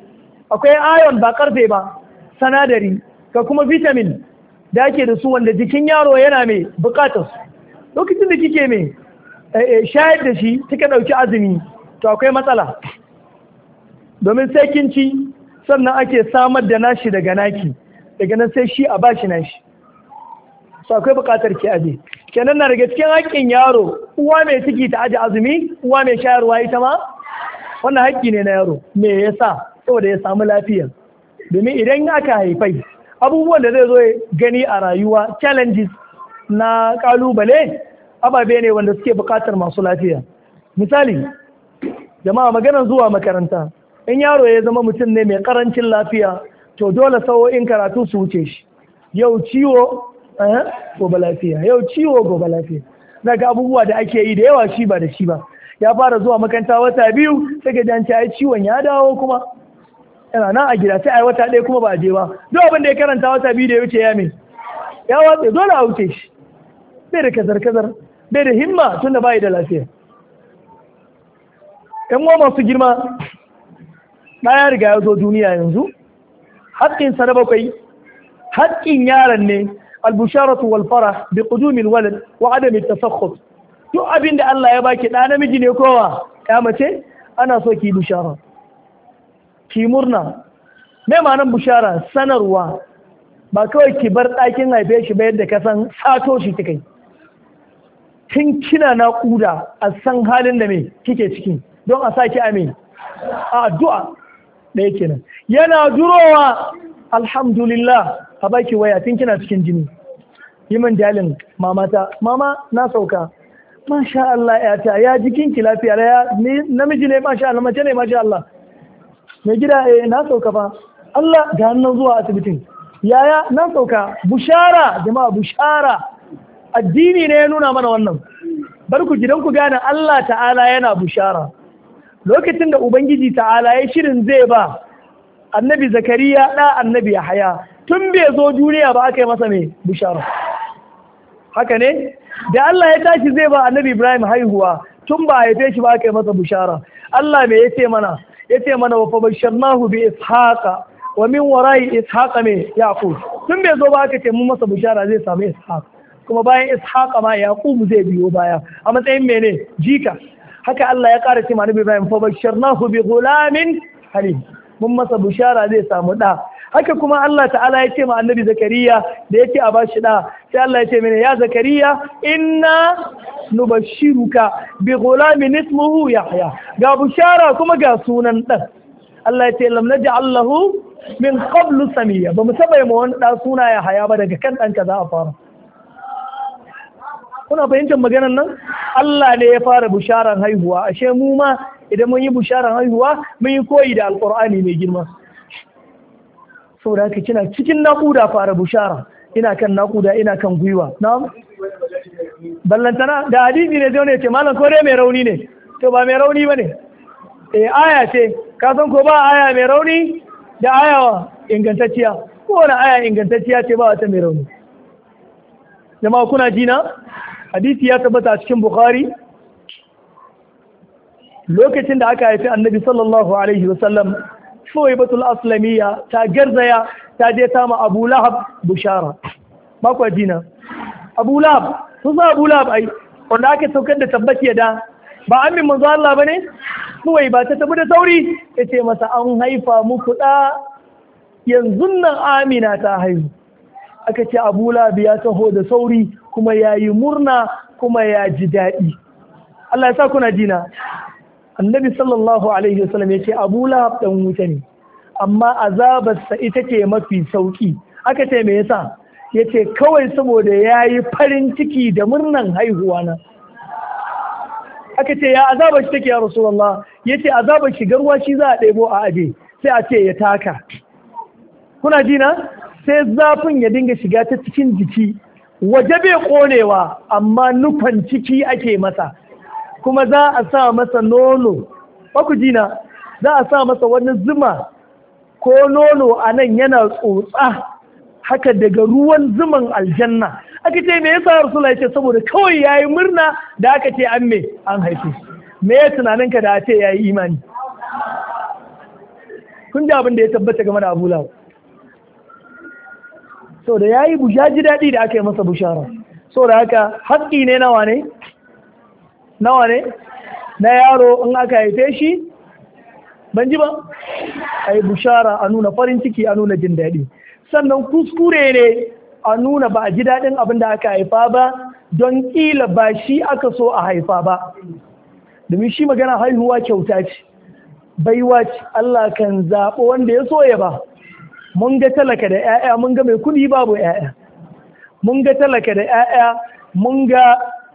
akwai ayon ba karfe ba sanadari ga kuma vitamin da ake da su wanda jikin yaro yana mai bukatar lokacin da kike mai Eh, eh, shayar da shi kika ɗauki azumi to akwai matsala domin sai kin sannan ake samar da nashi daga naki daga nan sai shi a bashi nashi so akwai buƙatar ki aje kenan na daga cikin haƙƙin yaro uwa mai ciki ta aje azumi uwa mai shayarwa ita ma wannan haƙƙi ne na yaro me yasa saboda ya samu lafiya domin idan aka haifai abubuwan da zai zo gani a rayuwa challenges na ƙalubale. ababe ne wanda suke buƙatar masu lafiya misali jama'a maganar zuwa makaranta in yaro ya zama mutum ne mai karancin lafiya to dole sawo'in karatu su wuce shi yau ciwo eh, gobe lafiya yau ciwo gobe lafiya ga abubuwa da ake yi da yawa shi ba da shi ba ya fara zuwa makaranta wata biyu sai ga janci ai ciwon ya dawo kuma yana nan a gida sai ai wata ɗaya kuma ba a je ba duk abin da ya karanta wata biyu da ya wuce ya me ya watsa dole a wuce shi bai da kazar-kazar bai da himma tun da bai da lafiya yan uwa masu girma ɗaya riga ya zo duniya yanzu haƙƙin sa na bakwai haƙƙin yaran ne albusharatu wal walfara, bi qudumil walad wa adam at duk abin da Allah ya baki ɗa namiji ne kowa ya mace ana so ki bushara ki murna me ma'anar bushara sanarwa ba kawai ki bar ɗakin haife shi ba yadda ka san sato shi ta kai tun kina naƙuda a san halin da me kike ciki don a sake amin a addu'a ɗaya kenan yana durowa alhamdulillah a baki waya tun kina cikin jini yi min jalin mamata mama na sauka masha Allah ta ya ki lafiya ya namiji ne masha Allah mace ne masha Allah mai gida eh na sauka fa Allah ga hannun zuwa asibitin yaya na sauka bushara jama'a bushara addini ne ya nuna mana wannan bar ku gidan ku gane Allah ta'ala yana bushara lokacin da ubangiji ta'ala ya shirin zai ba annabi zakariya da annabi yahaya tun bai zo duniya ba aka yi masa mai bushara haka ne da Allah ya tashi zai ba annabi ibrahim haihuwa tun ba a haife shi ba aka yi masa bushara Allah me yace mana yace mana wa fabasharnahu bi ishaqa wa min wara'i ishaqa me yaqub tun bai zo ba aka ce mun masa bushara zai samu ishaq kuma bayan ishaqa ma yaqub zai biyo baya a matsayin mene jika haka Allah ya ƙara ce manabi Ibrahim fa basharnahu bi ghulamin halim mun masa bushara zai samu da haka kuma Allah ta'ala ya ce ma annabi Zakariya da yake a bashi da sai Allah ya ce mene ya Zakariya inna nubashiruka bi ghulamin ismuhu Yahya ga bushara kuma ga sunan dan Allah ya ce lam naj'al min qablu samiya ba mu taba yi ma wani da suna haya ba daga kan dan za a fara kuna fahimtar maganar nan Allah ne ya fara bisharar haihuwa ashe mu ma idan mun yi bisharar haihuwa mun yi koyi da alqur'ani mai girma saboda haka kina cikin naƙuda fara bishara ina kan naƙuda ina kan gwiwa na'am ballantana da hadisi ne zai ne ce malam ko dai mai rauni ne to ba mai rauni bane eh aya ce ka san ko ba aya mai rauni da aya ingantacciya ko wani aya ingantacciya ce ba wata mai rauni jama'a kuna jina hadisi ya tabbata cikin bukhari lokacin da aka haifi annabi sallallahu alaihi wasallam shoyi batul aslamiya ta garzaya ta je ta ma abu lahab bushara makwa jina abu lahab sun sa abu lahab ai wanda aka saukar da tabbaci da ba an amin manzo Allah bane suwai ba ta tafi da sauri ya ce masa an haifa muku da yanzu nan amina ta haihu aka ce abu lahab ya taho da sauri kuma ya yi murna kuma ya ji daɗi Allah ya sa kuna jina annabi sallallahu alaihi wasallam ya ce abu lahab dan wuta ne amma azabarsa ita ce mafi sauƙi? aka ce me yasa ya ce kawai saboda ya yi farin ciki da murnan haihuwa na aka ce ya azabar shi take ya rasulullah ya ce azabar shi garwa shi za a ɗebo a aje sai a ce ya taka kuna jina sai zafin ya dinga shiga ta cikin jiki waje bai konewa amma nufan ciki ake masa kuma za a sa masa nono jina za a sa masa wani zuma ko nono a nan yana tsotsa haka daga ruwan zuman aljanna aka ce me yasa ya ce saboda kawai yayi murna da aka ce an me an haifi me ya tunaninka da a ce yayi imani kun ji abin da ya tabbata game da Abu ya yi yayi ji daɗi da aka yi masa bushara da haka haƙƙi ne nawa ne nawa ne na yaro in aka haife shi ban ji ba a yi bushara a nuna farin ciki a nuna jin daɗi sannan kuskure ne a nuna ba a ji daɗin abin da aka haifa ba don ƙila ba shi aka so a haifa ba domin shi magana haihuwa kyauta ce baiwa ce Allah kan zaɓo wanda ya soya ba mun ga talaka da 'ya'ya mun ga mai kuɗi babu 'ya'ya mun ga talaka da 'ya'ya mun ga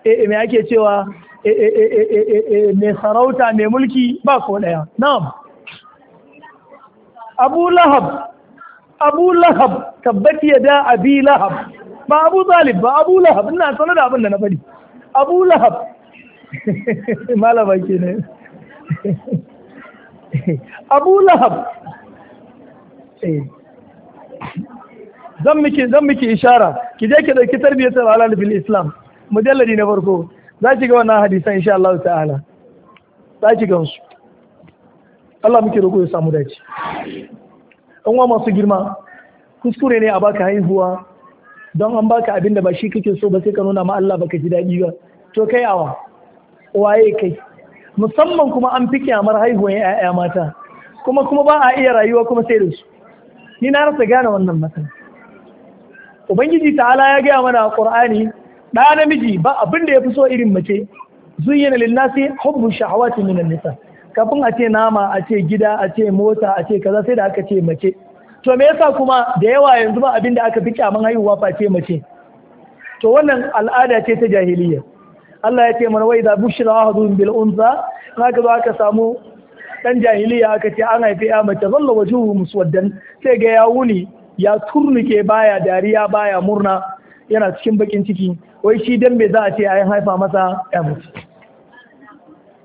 eh, eh, me ake cewa eh, mai sarauta mai mulki ba ko ɗaya na'am abu lahab abu lahab tabbati ya da abi lahab ba abu zalib ba abu lahab ina sanar da abin da na faɗi abu lahab malama ke ne abu lahab zan miki zan miki ishara ki je ki dauki tarbiyatul halal fil islam mujalladi na farko za ki ga wannan hadisan insha Allah ta'ala za ki su. Allah muke roƙo ya samu dace an wa masu girma kuskure ne a baka haihuwa don an baka abin da ba shi kake so ba sai ka nuna ma Allah baka ji daɗi ba to kai awa waye kai musamman kuma an fi kyamar haihuwar 'ya'ya mata kuma kuma ba a iya rayuwa kuma sai da su ni na rasa gane wannan matsala ubangiji ta'ala ya gaya mana a ƙur'ani ɗa namiji ba abin da ya fi so irin mace zuyyana linnasi hubbu shahawati minan nisa kafin a ce nama a ce gida a ce mota a ce kaza sai da aka ce mace to me yasa kuma da yawa yanzu ba abin da aka fi kyaman haihuwa face mace to wannan al'ada ce ta jahiliya Allah ya ce mana wai da bushra ahadun bil unza ka zo aka samu dan jahiliya aka ce an haifi ya mace zalla wajuhu muswaddan sai ga ya wuni ya turnuke baya dariya baya murna yana cikin bakin ciki wai shi dan me za a ce yi haifa masa ya mace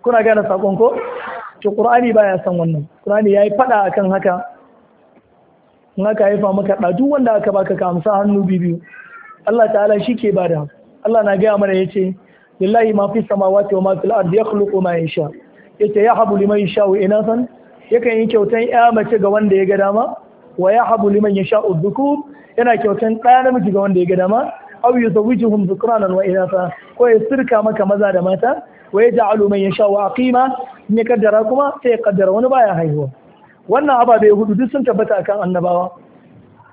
kuna gane sakon ko to qur'ani baya san wannan qur'ani yayi fada akan haka in aka haifa maka da wanda aka baka ka amsa hannu biyu Allah ta'ala shi ke bada Allah na gaya mana ya lillahi ma fi samawati wa ma fil ardi yakhluqu ma yasha' yake ya habu liman sha'u inasan yakan yi kyautan ya mace ga wanda ya ga dama wa ya habu liman ya sha'u dhukur yana kyautan ɗaya namiji ga wanda ya ga dama aw yuzawijuhum dhukranan wa inasa ko ya sirka maka maza da mata wa yaj'alu man yasha'u aqima in ya kaddara kuma sai ya kaddara wani baya haihuwa wannan ababe hudu duk sun tabbata akan annabawa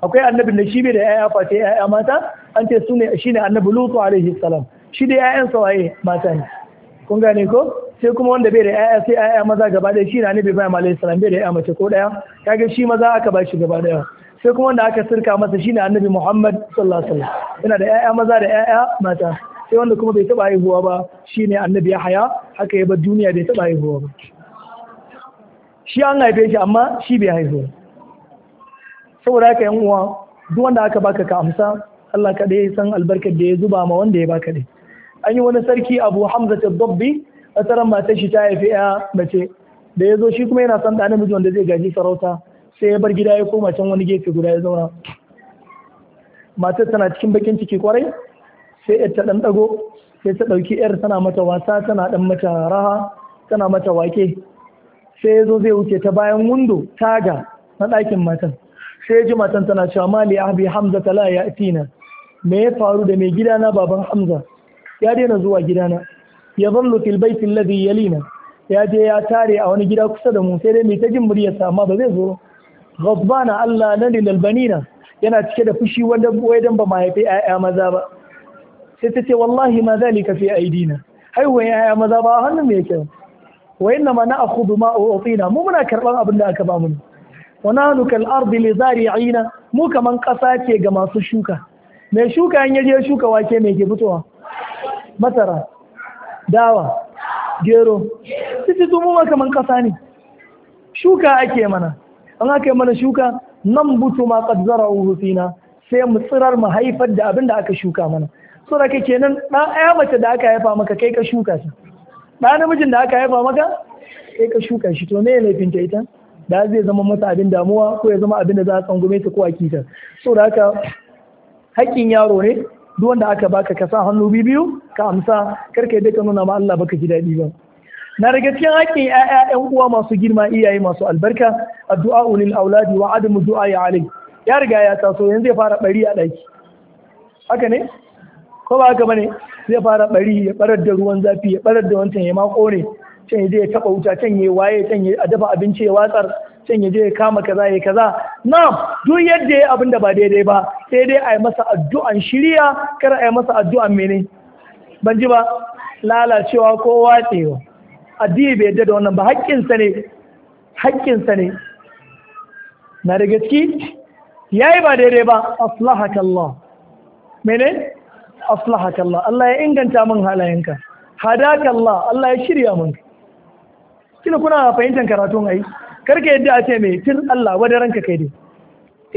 akwai annabin da shi bai da yaya face yaya mata an ce su ne shine annabi lutu alaihi salam shi da yayan sa waye mata ne kun gane ko sai kuma wanda bai da yaya sai yaya maza gaba ɗaya shi na bai bai alaihi salam bai da ƴaƴa mace ko ɗaya kage shi maza aka ba shi gaba ɗaya sai kuma wanda aka sirka masa shine annabi muhammad sallallahu alaihi wasallam yana da yaya maza da yaya mata sai wanda kuma bai taba haihuwa ba shine annabi haya haka ya bar duniya bai taba haihuwa ba shi an haife shi amma shi bai haihu saboda haka yan uwa duk wanda aka baka ka amsa Allah kaɗai ya san albarkar da ya zuba ma wanda ya baka dai an yi wani sarki abu hamza dabbi a tsaron matar shi ta haifi ya mace da ya zo shi kuma yana son ɗanin namiji wanda zai gaji sarauta sai ya bar gida ya koma can wani gefe guda ya zauna matar tana cikin bakin ciki kwarai sai ta ɗan ɗago sai ta ɗauki yar tana mata wasa tana ɗan mata raha tana mata wake sai ya zo zai wuce ta bayan wundo taga na ɗakin matan sai ya ji matan tana cewa mali abi hamza ta la ya tina me ya faru da mai gida na baban hamza ya daina zuwa gidana ya zallu fil baiti alladhi yalina ya je ya tare a wani gida kusa da mu sai dai mai ta jin muryarsa amma ba zai zo ghadbana Allah na lil albanina yana cike da fushi wanda boye dan ba mahaifi ayya maza ba sai ta ce wallahi ma zalika fi aidina haihuwa ayya maza ba hannun me yake wa inna ma na'khudhu ma u'tina mu muna karban abin da aka ba mu wa nahnu kal ardi li zari'ina mu kaman kasa ce ga masu shuka mai shuka in yaje shuka wake mai ke fitowa masara dawa gero duk su mu man kasa ne shuka ake mana an aka mana shuka nan butu ma kadzara zara'uhu fina sai mu tsirar mu haifar da abin da aka shuka mana sura ke kenan dan aya mace da aka haifa maka kai ka shuka shi dan namijin da aka haifa maka kai ka shuka shi to me ne ta ita da zai zama masa abin damuwa ko ya zama abin da za a tsangume ta ko a kitar so da haka haƙƙin yaro ne duk wanda aka baka ka sa hannu biyu ka amsa karka yadda ka nuna ma Allah baka ji daɗi ba na daga cikin haƙƙin ƴaƴa ƴan uwa masu girma iyaye masu albarka addu'a ulil auladi wa adamu du'a ya alai ya riga ya taso yanzu zai fara bari a ɗaki haka ne ko ba haka bane zai fara bari ya barar da ruwan zafi ya barar da wancan ya ma kone can ya je ya taba wuta can ya waye can ya dafa abinci ya watsar can ya je ya kama kaza ya kaza na duk yadda ya abin da ba daidai ba sai dai a yi masa addu'an shirya kar a yi masa addu'an mene ban ji ba lalacewa ko watsewa addini bai yadda da wannan ba sa ne sa ne na da gaske ya yi ba daidai ba aslahakallah mene aslahakallah Allah ya inganta min halayenka hadakallah Allah ya shirya min kina kuna fahimtar karatun ai karka yadda a ce mai tir Allah wadda ranka kai dai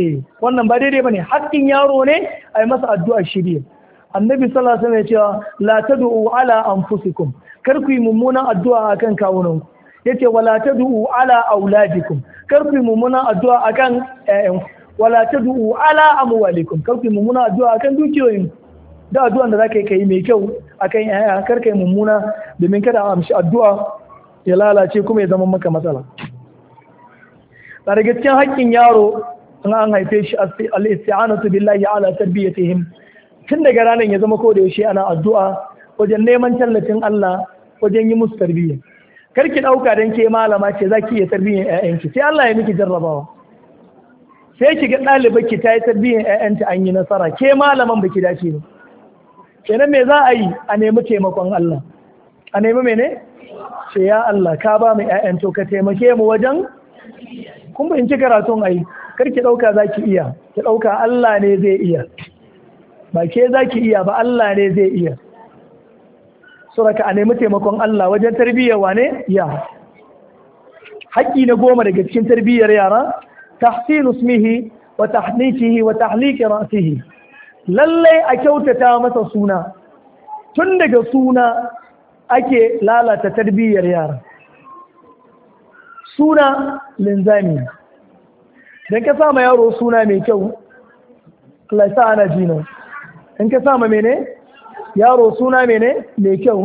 eh wannan ba daidai bane haƙƙin yaro ne a yi masa addu'a shirye annabi sallallahu alaihi wasallam ya ce la tad'u ala anfusikum kar ku yi mummunan addu'a akan kawunan ku yace wala tad'u ala auladikum kar ku yi mummunan addu'a akan ƴaƴan wala tad'u ala amwalikum kar ku yi mummunan addu'a akan dukiyoyin da addu'an da ka yi kai mai kyau akan ƴaƴa kar yi mummuna domin kada a amshi addu'a ya lalace kuma ya zama maka matsala na daga cikin haƙƙin yaro in an haife shi al-isti'anatu billahi ala tarbiyatihim tun daga ranar ya zama ko da yaushe ana addu'a wajen neman tallafin Allah wajen yi musu tarbiyya kar ki ɗauka don ke malama ce za ki iya tarbiyyar ‘ya'yanki sai Allah ya miki jarrabawa sai ki ga ɗalibai ki ta yi tarbiyyar ‘ya'yanta an yi nasara ke malaman ba ki dace ba kenan me za a yi a nemi taimakon Allah a nemi mene ce ya Allah ka ba mu ‘ya'yan to ka taimake mu wajen kun ci karatun ai karki ɗauka za ki iya ki ɗauka Allah ne zai iya ba ke za ki iya ba Allah ne zai iya suraka a nemi taimakon Allah wajen tarbiyyar wane ya haƙƙi na goma daga cikin tarbiyyar yara tahsin ismihi wa tahnikihi wa tahliki ra'sihi lallai a kyautata masa suna tun daga suna ake lalata tarbiyyar yara suna linzami don ka sama yaro suna mai kyau Allah ana jina in ka sama mene yaro suna mene mai kyau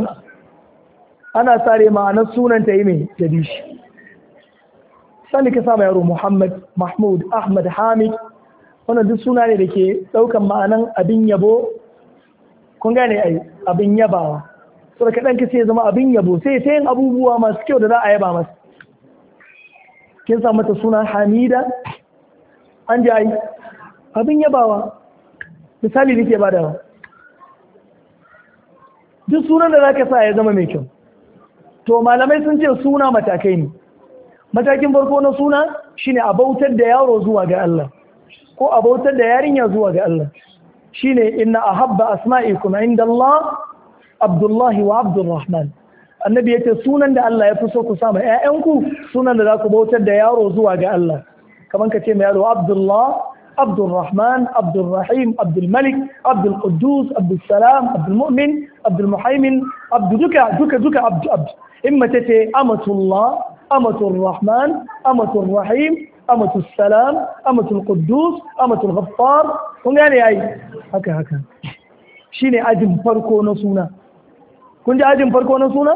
ana tsare ma'anar sunan ta yi mai jadi shi sani ka sama yaro Muhammad Mahmud Ahmad Hamid wannan duk suna ne da ke ɗaukan ma'anan abin yabo kun gane ai abin yabawa da kaɗan ka sai zama abin yabo sai ta yin abubuwa masu kyau da za a yaba masu kin sa mata suna hamida an ji ai abin yabawa misali nake badawa duk sunan da za ka sa ya zama mai kyau to malamai sun ce suna matakai ne matakin farko na suna shine a bautar da yaro zuwa ga Allah ko a bautar da yarinya zuwa ga Allah shine inna ahabba asma'ikum inda Allah Abdullahi wa Abdurrahman annabi ya ce sunan da Allah ya fi so ku samu ‘ya'yanku sunan da za ku bautar da yaro zuwa ga Allah kamar ka ce mai yaro Abdullah Abdulrahman Abdulrahim Abdulmalik Abdulquddus Abdulsalam Abdulmu'min Abdulmuhaimin Abdu duka duka duka Abdu Abdu in mace ce Amatullah Amatulrahman Amatulrahim Amatulsalam Amatulquddus Amatulghaffar kun gane yayi haka haka shine ajin farko na suna kun ji ajin farko na suna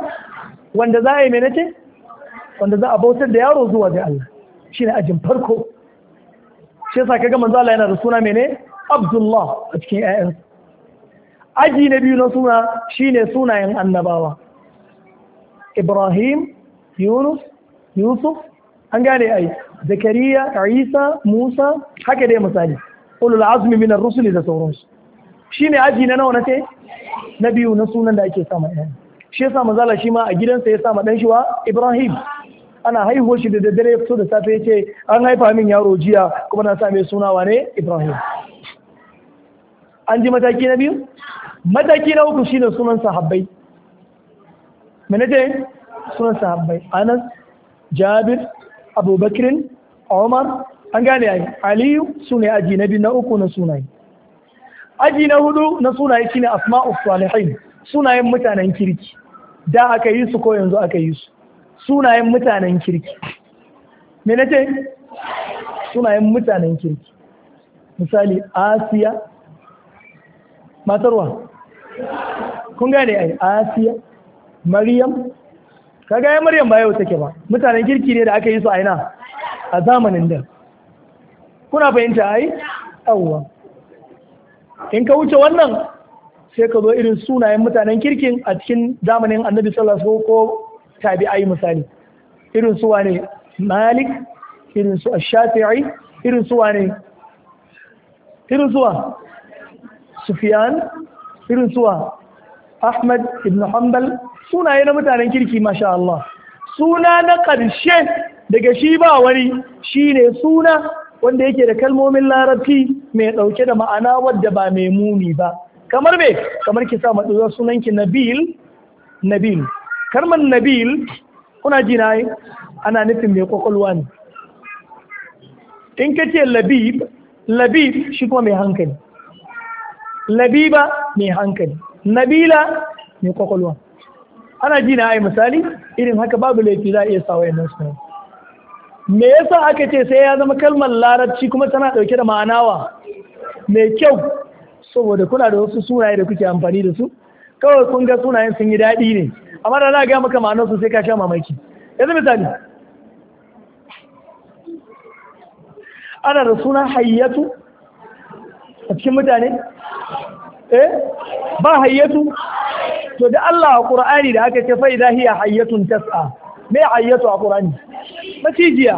wanda za a yi menace wanda za a bautar da yaro zuwa ga Allah ne ajin farko shi yasa kaga manzo Allah yana da suna mene Abdullah a cikin ƴaƴan aji na biyu na suna shine sunayen annabawa Ibrahim Yunus Yusuf an gane ai Zakariya Isa Musa haka dai misali ulul azmi min ar-rusul da sauransu Shi ne aji na nawa na ce na biyu na sunan da ake sama ɗaya eh. shi yasa zala shi ma a gidansa ya sama dan shi wa Ibrahim ana haihuwar shi da daddare ya fito da safe ya ce an haifa min yaro jiya kuma na sa mai suna ne Ibrahim an ji mataki na biyu mataki na uku shine sunan sahabbai ce? sunan sahabbai Anas Jabir Abubakar Umar an gane ai Aliyu ne aji na biyu na uku na sunaye aji na hudu na sunaye shine asma'u salihin sunayen mutanen kirki da aka yi su ko yanzu aka yi su sunayen mutanen kirki me nace sunayen mutanen kirki misali asiya matarwa kun gane ai asiya maryam kaga ya maryam ba yau take ba mutanen kirki ne da aka yi su a ina a zamanin da kuna fahimta ai yawwa in ka wuce wannan sai ka zo irin sunayen mutanen kirkin a cikin zamanin annabi sallallahu alaihi ko tabi'ai misali irin su wane malik irin su ash-shafi'i irin su wane irin suwa sufyan irin suwa ahmad ibn hanbal sunaye na mutanen kirki masha Allah suna na ƙarshe daga shi ba wani shine suna wanda yake da kalmomin larabci mai ɗauke da ma'ana wadda ba mai muni ba kamar me kamar ki sa maɗuwa sunanki nabil nabil kalmar nabil kuna ji na ana nufin mai kwakwalwa ne in ka ce labib labib shi kuma mai hankali labiba mai hankali nabila mai kwakwalwa ana ji na ai misali irin haka babu laifi za a iya sa wayannan sunan me yasa aka ce sai ya zama kalmar larabci kuma tana ɗauke da ma'anawa mai kyau saboda kuna da wasu sunaye da kuke amfani da su kawai kun ga sunayen sun yi daɗi ne amma da na ga maka ma'anar su sai ka sha mamaki yanzu misali ana da suna hayyatu a cikin mutane eh ba hayyatu to da Allah a Qur'ani da aka ce fa a a hayyatun tas'a me hayyatu a Qur'ani macijiya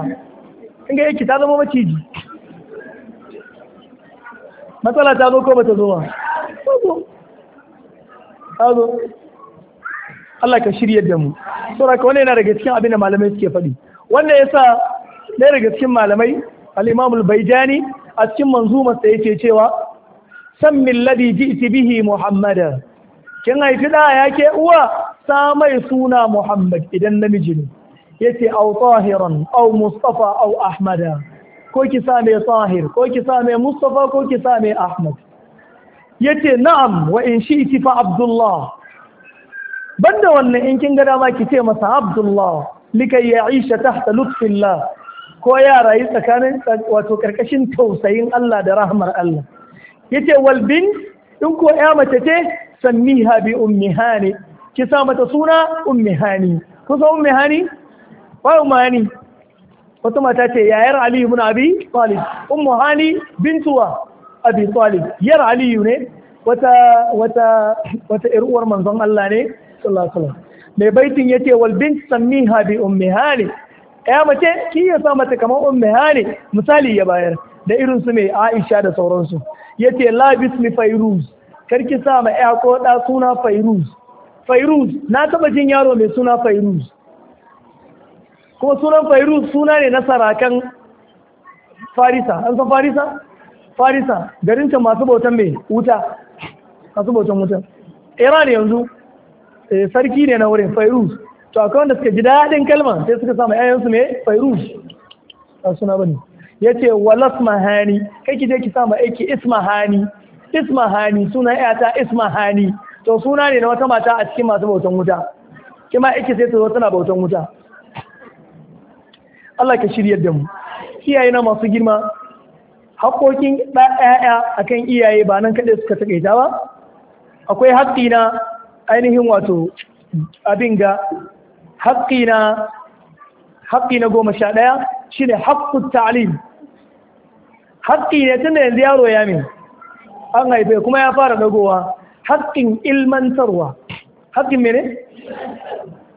in ga yake ta zama maciji matsala ta zo ko bata zo ba ta zo Allah ka shirya da mu saboda wannan yana daga cikin abin da malamai suke faɗi wannan yasa ne daga cikin malamai al-Imam al-Baijani a cikin manzumar sa yake cewa san min ladhi ji'ti bihi Muhammada kin haifi da yake uwa sa mai suna Muhammad idan namiji ne yace au tahiran au mustafa au ahmada ko ki same mai ko ki same mustafa ko ki same ahmad yace na'am wa in ki fa abdullah banda wannan in kin ga dama ki ce masa abdullah likai Aisha tahta lutfillah ko ya rayu tsakanin wato karkashin tausayin Allah da rahmar Allah yace wal bin in ko ya mace ce sammiha bi ummi ki sa mata suna umihani hani kusa ummi wa umma wata mata ce yayar aliyu bin abi talib ummu hani bintuwa abi talib yar aliyu ne wata yar uwar manzon Allah ne mai baitin yace wal bint sammiha bi ummi hani ya mace ki ya sa mata kamar ummi hani misali ya bayar da irin su mai Aisha da sauransu yace la bismi fairuz karki sa ma ya ko da suna fairuz fairuz na taba jin yaro mai suna fairuz kuma sunan fairuz suna ne na sarakan farisa an san farisa farisa garin can masu bautan mai wuta masu bautan wuta iran yanzu eh, sarki ne na wurin fairuz to a kawai da suka ji daɗin kalma sai suka samu su mai fairuz a suna bane ce walas mahani kai ki je ki samu aiki ismahani ismahani suna ta ismahani to suna ne na wata mata a cikin masu bautan wuta kima aiki sai ta zo tana bautan wuta Allah ka shirya da mu iyaye na masu girma haƙoƙin ɗaya kan iyaye ba nan kaɗai suka taƙaita ba akwai haƙƙi na ainihin wato abin ga haƙƙi na goma sha ɗaya Shin haƙƙun ta'alim haƙƙi ne tun da yanzu yaro ya min an haife kuma ya fara dagowa haƙƙin ilmantarwa haƙƙin mene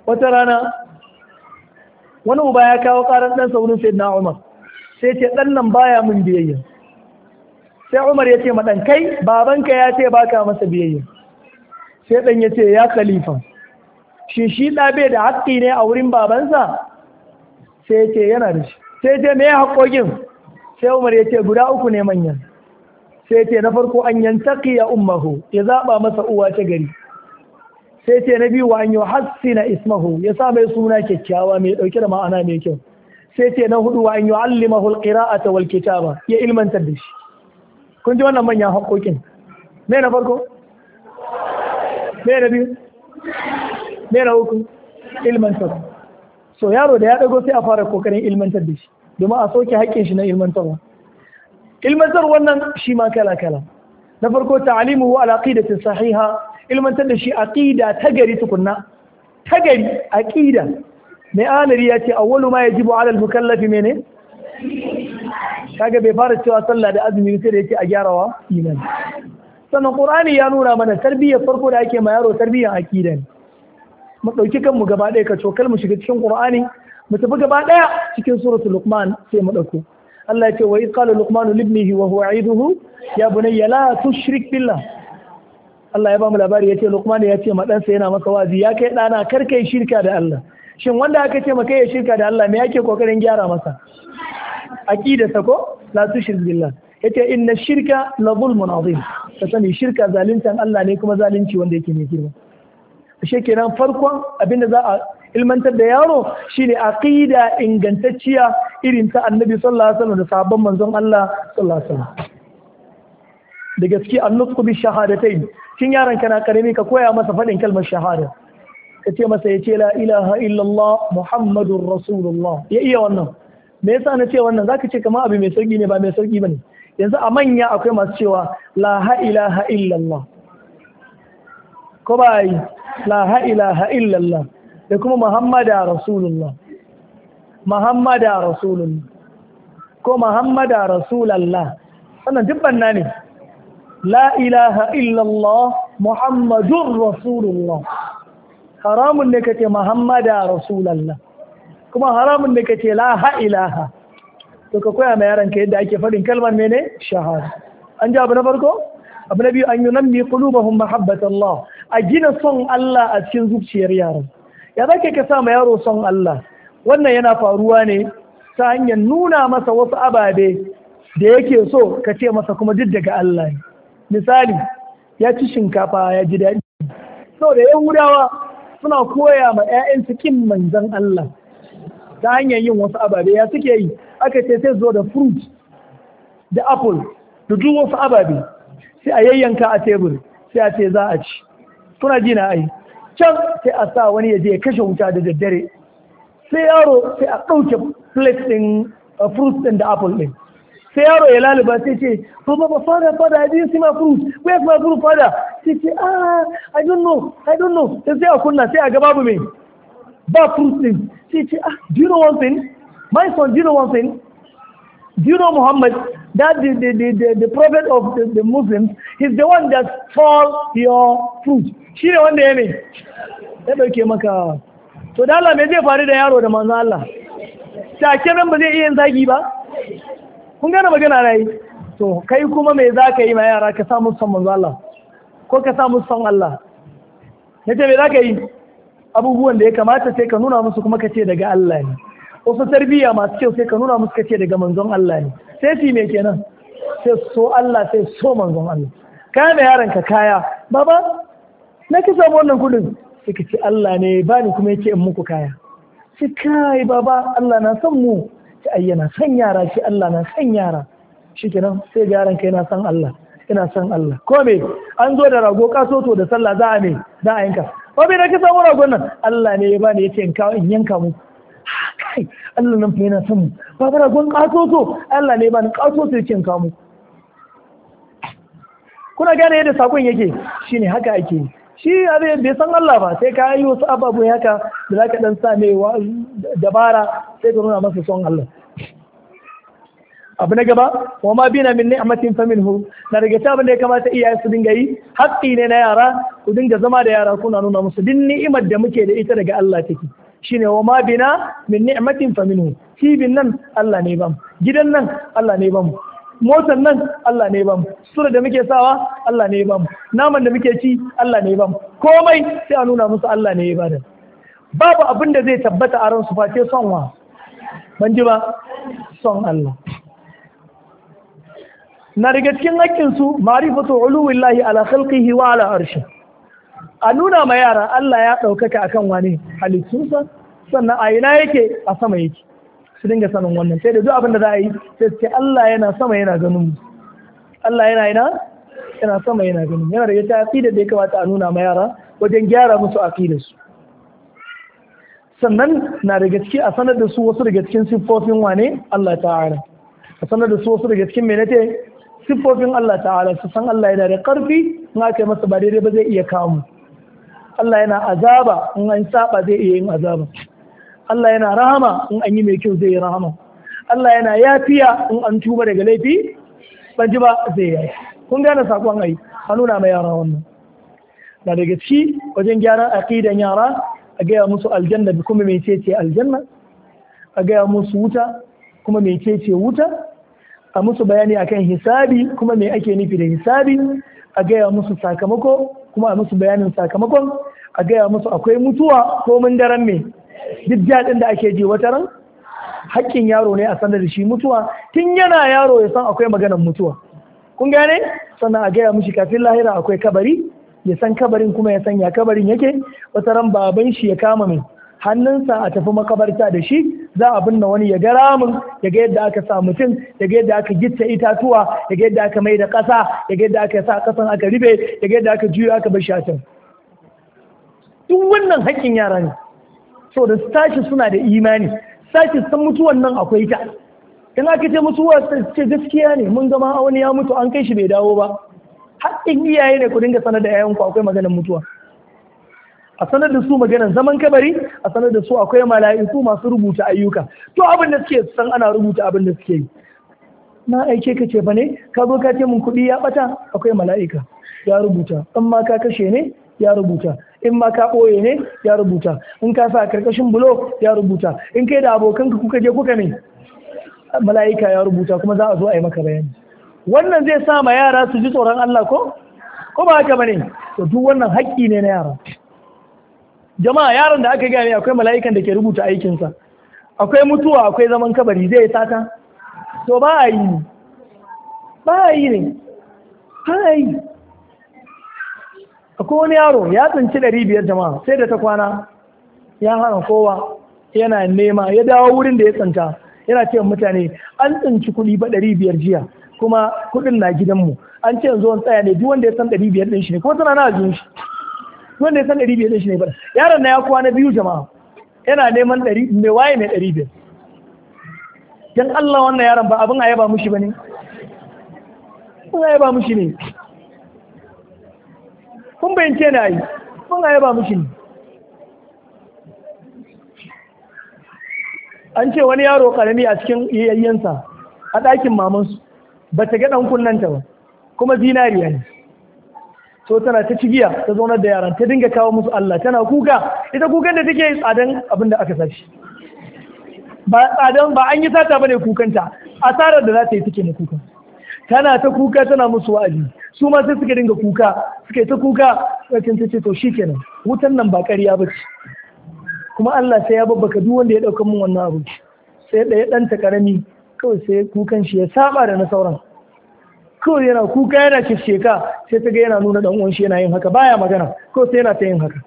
wata rana wani uba ya kawo karar ɗan saurin sai na umar sai ce ɗan nan baya min biyayya sai umar ya ce ma dan kai babanka ya ce baka masa biyayya sai ɗan ya ce ya khalifa shi shi da bai da haƙƙi ne a wurin babansa sai ya ce yana da shi sai ce me hakokin sai umar ya ce guda uku ne manyan sai ce na farko an yantaqiya ummuhu ya zaba masa uwa ta gari sai ce na biyu wa an ismahu ya sa mai suna kyakkyawa mai dauke da ma'ana mai kyau sai ce na hudu wa allimahu yuallimahu alqira'ata wal kitaba ya ilmanta da shi kun ji wannan manyan haƙoƙin me na farko me na biyu me na uku ilmanta so yaro da ya dago sai a fara kokarin ilmanta da shi domin a soke haƙƙin shi na ilmantarwa ilmantar wannan shi ma kala kala na farko ta'alimuhu ala tin sahiha ilmantar da shi aqida ta gari tukunna ta gari aqida mai alari ya ce awwalu ma yajibu ala al-mukallafi mene kaga bai fara cewa sallah da azumi sai da yace a gyarawa iman. sannan qur'ani ya nuna mana tarbiyyar farko da ake ma yaro tarbiyyar aqida ne mu dauki kanmu gaba ɗaya ka cokal mu shiga cikin qur'ani mu tafi gaba ɗaya cikin suratul luqman sai mu dauko Allah ya ce wa qala luqmanu libnihi wa huwa aiduhu ya bunayya la tushrik billah Allah ya ba mu labari ya ce luqman ya ce ma ɗansa yana maka wazi ya kai ɗana kar kai shirka da Allah shin wanda aka ce maka ya shirka da Allah me yake kokarin gyara masa aqidarsa ko la tushrik billah yace inna shirka la zulmun azim ka sani shirka zaluntan Allah ne kuma zalunci wanda yake mai girma ashe kenan farkon abinda za a ilmantar da yaro shine aqida ingantacciya irin ta annabi sallallahu alaihi wasallam da sabon manzon Allah sallallahu alaihi wasallam da gaske annutku bi shahadatain kin yaron kana karami ka koya masa fadin kalmar shahada ka ce masa ya ce la ilaha illallah muhammadur rasulullah ya iya wannan me yasa na ce wannan zaka ce kamar abu mai sauki ne ba mai sauki bane yanzu a manya akwai masu cewa la ilaha illallah ko ba yi la ilaha illallah da kuma muhammada rasulullah muhammada rasulullah ko muhammada rasulallah wannan duk na ne la ilaha illallah muhammadun rasulullah haramun ne kace muhammada rasulallah kuma haramun ne kace la ha ilaha to ka koya ma yaranka yadda ake faɗin kalmar mene shahada an ji abu na farko abu na biyu an yi nan mi qulubuhum mahabbatallah a gina son Allah a cikin zuciyar yaran ya zake ka sa ma yaro son Allah wannan yana faruwa ne ta hanyar nuna masa wasu ababe da yake so ka ce masa kuma duk daga Allah misali ya ci shinkafa ya ji daɗi saboda yahudawa suna koya ma 'ya'yansu kin manzon Allah ta hanyar yin wasu ababe ya suke yi aka ce sai zo da fruit da apple da duk wasu ababe sai a yayyanka a tebur sai a ce za a ci kuna ji na ai can sai a sa wani ya je ya kashe wuta da daddare sai yaro sai a ɗauke plate ɗin uh, fruit ɗin da apple ɗin sai yaro ya laliba sai ce baba ba fada fada I didn't see my fruit where's my fruit fada sai ce ah I don't know I don't know sai sai a kunna sai a ga babu mai ba fruit din sai ce ah do you know one thing my son do you know one thing do you know Muhammad that the the the, the, the prophet of the, the Muslims he's the one that stole your fruit shi ne wanda ya ne ya ɗauke maka to da Allah me zai faru da yaro da manzo Allah take nan ba zai iya yin zagi ba kun gane magana na yi to kai kuma me za ka yi ma yara ka samu son manzo Allah ko ka samu son Allah na ce me za ka yi abubuwan da ya kamata sai ka nuna musu kuma ka ce daga Allah ne wasu tarbiyya masu kyau sai ka nuna musu ka ce daga manzon Allah ne sai fi me kenan sai so Allah sai so manzon Allah kaya da yaron ka kaya baba na ka samu wannan kudin suka ce Allah ne ba ni kuma yake in muku kaya sai kai baba Allah na san mu ta ayyana san yara shi Allah na san yara Shi shikenan sai ga yaran kai na san Allah ina san Allah ko me an zo da rago kasoto da sallah za a ne za a yanka ko me na ka samu ragon nan Allah ne ba bani yake in kawo in yanka mu kai Allah nan fa yana san mu ba ragon kasoto Allah ne ya bani kasoto yake in kawo mu kuna gane yadda sakon yake shine haka ake yi shi abin bai san Allah ba sai ka yi wasu ababun haka da za ka dan sa mai dabara sai ka nuna masa son Allah abu na gaba wa ma bina min ni'matin fa minhu na daga ta abin da ya kamata iyaye su dinga yi haƙƙi ne na yara ku dinga zama da yara kuna nuna musu din ni'imar da muke da ita daga Allah take shine wa ma bina min ni'matin fa minhu shi nan Allah ne ba gidan nan Allah ne ba mu motar nan Allah ne ba mu sura da muke sawa Allah ne ba mu naman da muke ci Allah ne ba mu komai sai a nuna musu Allah ne ya bada babu abin da zai tabbata a ransu face son wa ban ji ba son Allah na daga cikin hakkin su ma'rifatu uluwillahi ala khalqihi wa ala arshi a nuna ma yara Allah ya ɗaukaka akan wani halittunsa sannan a ina yake a sama yake su dinga sanin wannan sai da duk abin da za a yi sai Allah yana sama yana ganin mu Allah yana yana yana sama yana ganin yana da ta aqida da ya kamata a nuna ma yara wajen gyara musu da su sannan na daga ciki a sanar da su wasu daga cikin siffofin wane Allah ta'ala a sanar da su wasu daga cikin menene siffofin Allah ta'ala su san Allah yana da karfi in aka yi masa ba daidai ba zai iya kamu Allah yana azaba in an saba zai iya yin azaba Allah yana rahama in an yi mai kyau zai yi rahama Allah yana yafiya in an tuba daga laifi ban ji ba zai yi kun gane sakon ai an nuna ma yara wannan na daga ci wajen gyaran aƙidan yara a gaya musu aljanna da kuma mai cece aljanna a gaya musu wuta kuma mai cece wuta a musu bayani akan hisabi kuma mai ake nufi da hisabi a gaya musu sakamako kuma a musu bayanin sakamakon a gaya musu akwai mutuwa ko mun daren me duk daɗin da ake ji wata ran haƙƙin yaro ne a sanar da shi mutuwa tun yana yaro ya san akwai maganar mutuwa kun gane sannan a gaya mishi kafin lahira akwai kabari ya san kabarin kuma ya sanya kabarin yake wata ran baban shi ya kama min hannunsa a tafi makabarta da shi za a binne wani ya gara min ya ga yadda aka sa mutum ya ga yadda aka gitta itatuwa ya ga yadda aka mai da ƙasa ya ga yadda aka sa ƙasan aka ribe ya ga yadda aka juyo aka bar shatin duk wannan haƙƙin yara ne saboda tashi suna da imani tashi sun mutuwan nan akwai ta in aka ce mutuwa ce gaskiya ne mun gama wani ya mutu an kai shi bai dawo ba haƙƙin iyaye ne ku dinga sanar da yayanku akwai maganar mutuwa a sanar da su maganar zaman kabari a sanar da su akwai mala'iku masu rubuta ayyuka to abin da suke san ana rubuta abin da suke yi na aike ka ce fa ne ka zo ka ce mun kuɗi ya ɓata akwai mala'ika ya rubuta in ka kashe ne ya rubuta in ma ka ɓoye ne ya rubuta in ka sa karkashin bulo ya rubuta in kai da abokanka kuka je kuka ne mala'ika ya rubuta kuma za a zo a yi maka bayani wannan zai sa ma yara su ji tsoron Allah ko ko ba haka bane to duk wannan haƙƙi ne na yara jama'a yaron da aka gane akwai mala'ikan da ke rubuta aikinsa akwai mutuwa akwai zaman kabari zai sata to ba a yi ba a yi ne ba a yi akwai wani yaro ya tsinci ɗari biyar jama'a sai da ta kwana ya hana kowa yana nema ya dawo wurin da ya tsinta yana ce mutane an tsinci kuɗi ba ɗari biyar jiya kuma kuɗin na gidanmu an ce yanzu wani tsaya ne duk wanda ya san ɗari biyar ɗin shi ne kuma tana na ajiyun shi duk wanda ya san ɗari biyar ɗin shi ne ba yaron na ya kwana biyu jama'a yana neman ɗari mai waye mai ɗari biyar dan Allah wannan yaron ba abin a yaba mushi ba ne? Abin a mushi ne. kun bayance na yi kun ayaba mushi ne an ce wani yaro karami a cikin yayyansa a ɗakin mamansu ba ta ga ɗan kunnanta ba kuma zinariya ne so tana ta cigiya ta zaunar da yaran ta dinga kawo musu Allah tana kuka ita kukan da take yi tsadan abin da aka sashi ba tsadan ba an yi sata bane kukanta asarar da za ta yi take na kuka tana ta kuka tana musu wa'azi su ma sai suka dinga kuka suka yi ta kuka sarkin ta ce to shi kenan. wutan nan ba ƙarya ba ce kuma Allah sai ya babbaka duk wanda ya ɗaukan min wannan abu sai ɗaya ɗanta ƙarami kawai sai kukan shi ya saba da na sauran kawai yana kuka yana sheka sai ta ga yana nuna ɗan uwan shi yana yin haka baya magana kawai sai yana ta yin haka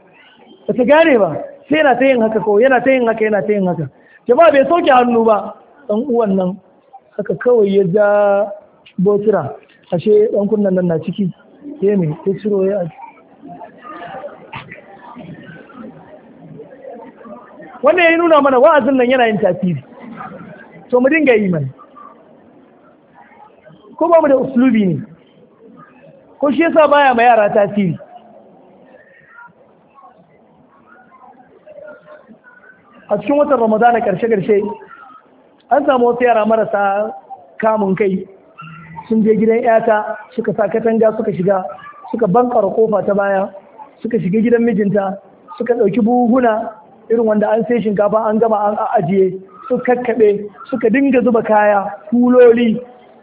ba ta gane ba sai yana ta yin haka kawai yana ta yin haka yana ta yin haka jama'a bai sauke hannu ba ɗan uwan nan haka kawai ya ja botira ashe ɗan kunnan nan na ciki ya mai ya ciro ya wannan ya nuna mana wa'azin nan yana yin tasiri to mu dinga yi mana ko ba mu da uslubi ne ko shi yasa baya ma yara tasiri a cikin watan ramadana karshe-karshe an samu wasu yara marasa kamun kai sun je gidan yata suka sa katanga suka shiga suka bankara kofa ta baya suka shiga gidan mijinta suka ɗauki buhuna irin wanda an sai shinkafa an gama an ajiye suka kakkaɓe suka dinga zuba kaya kuloli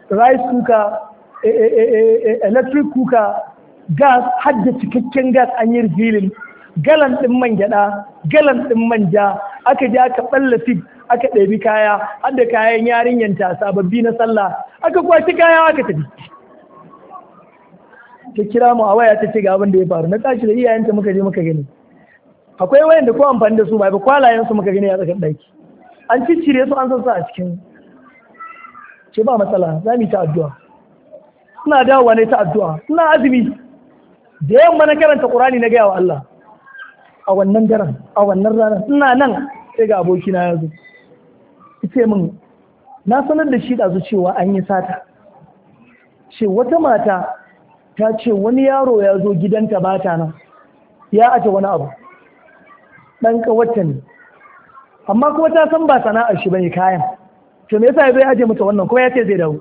rice cooker eh, eh, eh, electric cooker gas hadda cikakken gas an yi refilling galan ɗin man gyaɗa galan ɗin manja aka je aka ɓalla fig aka ɗabi kaya har da kayan yarinyar ta sababbi na sallah aka kwaci kaya aka tafi ta kira mu a waya ta ce ga abin da ya faru na tashi da iyayenta muka je muka gani akwai da ko amfani da su ba ba kwalayen su muka gani a tsakar ɗaki an ciccire su an sassa a cikin ce ba matsala za mu yi ta addu'a ina dawowa ne ta addu'a ina azumi da yamma na karanta qur'ani na gaya wa Allah a wannan daren a wannan ranar ina nan sai ga abokina ya zo ce min na sanar da shi ɗazu cewa an yi sata ce wata mata ta ce wani yaro ya zo gidanta ba ta nan ya aje wani abu ɗan ƙawarta ne amma kuma ta san ba sana'ar shi bane kayan to me yasa ya zo ya aje mata wannan kuma ya ce zai dawo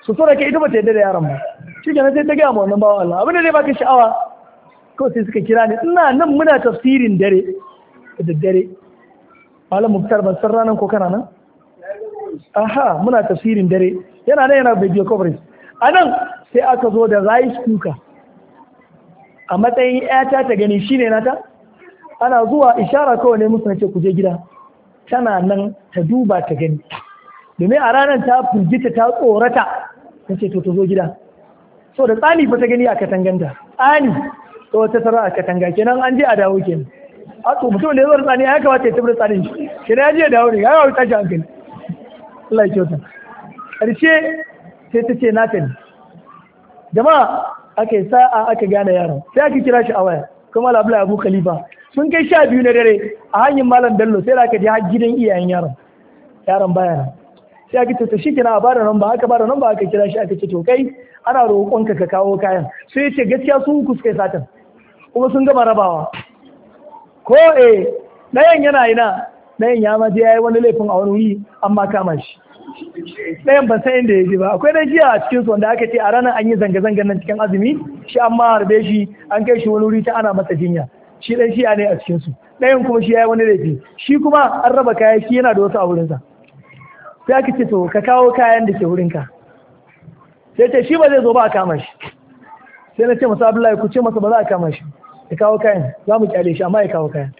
su so da ke ita ba ta yadda da yaron ba shi kenan sai ta gaya ma wannan bawa Allah abin da zai baka sha'awa kawai sai suka kira ni ina nan muna tafsirin dare da dare malam muftar ban san ranar ko kana nan aha muna tafsirin dare yana nan yana video coverage a nan sai aka zo da rice cooker a matsayin yata ta gani shine nata ana zuwa ishara kawai ne musu nace ku je gida tana nan ta duba ta gani domin a ranar ta firgita ta tsorata ce to ta zo gida so da tsani fa ta gani a tanganta. tsani ko wata tara a katanga kenan an je a dawo kenan a to mutum da ya zuwa tsani ya kamata ya tabbata tsanin shi kenan ya je ya dawo ne ya yawo tashi hankali Allah ya kyauta ƙarshe sai ta ce naka ne jama'a aka yi sa'a aka gane yaron sai aka kira shi a waya kuma labula abu khalifa sun kai sha biyu na dare a hanyar malam bello sai da aka je gidan iyayen yaron yaron baya nan sai aka tuta shi kina a bada nan ba aka bada nan ba aka kira shi aka ce to kai ana roƙonka ka kawo kayan sai ya ce gaskiya sun kuskai satan kuma sun gama rabawa ko e, ɗayan yana ina ɗayan ya maje ya yi wani laifin a wani wuri amma kama shi ɗayan ban san inda ya je ba akwai na jiya a cikin su wanda aka ce a ranar an yi zanga-zangar nan cikin azumi shi an ma harbe shi an kai shi wani wuri ta ana masa jinya shi ɗan ne a cikin su ɗayan kuma shi ya yi wani laifi shi kuma an raba kaya shi yana da wasu a wurinsa sai aka ce to ka kawo kayan da ke wurinka sai ce shi ba zai zo ba a kama shi sai na ce masa abdullahi ku ce masa ba za a kama shi ya kawo kayan za mu kyale shi amma ya kawo kayan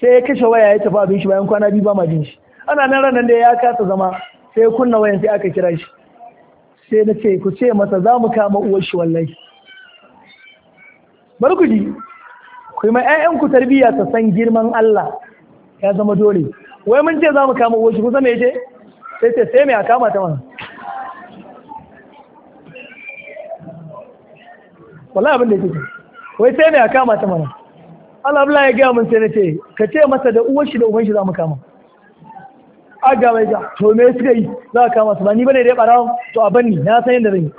sai ya kashe waya ya tafi abin shi bayan kwana biyu ba ma jin shi ana nan ranar da ya kasa zama sai ya kunna wayan sai aka kira shi sai na ce ku ce masa za mu kama uwar shi wallahi bari ku ji ku yi ma 'ya'yanku tarbiyya ta san girman Allah ya zama dole wai mun ce za mu kama uwar shi kusa me ce sai ce sai me a kama ta mana wala abin da take wai sai ne a kama ta mana Allah Allah ya gaya min sai na ce ka ce masa da uwar shi da uban shi za mu kama a ga mai ga to me suka yi za ka kama su ba ni bane dai barawo to a banni na san yadda zan yi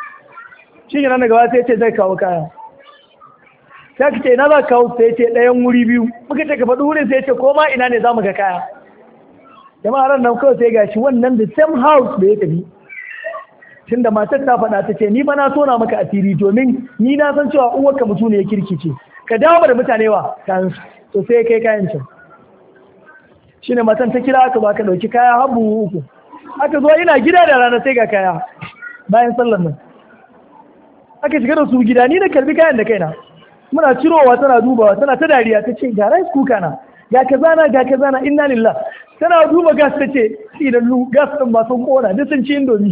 shi ne nan gaba sai ce zai kawo kaya sai ka ce ina za ka kawo sai ce ɗayan wuri biyu muka ce ka faɗi wurin sai ce ko ma ina ne za mu ga kaya jama'a ran nan kawai sai gashi wannan the same house da ya tafi tunda matar ta faɗa ta ce ni ba na tona maka asiri domin ni na san cewa uwarka mutum ne ya kirkice ka dawo da mutane wa Ta to sai kai kayan can shine matan ta kira aka baka dauki kaya habu uku aka zo ina gida da rana sai ga kaya bayan sallar nan aka shiga da su gida ni na karbi kayan da kaina muna cirowa tana dubawa tana ta dariya ta ce ga rice kuka na ga kazana ga kazana inna lillah tana duba gas ce tsilallu gas din ba sun kona duk sun ci indomi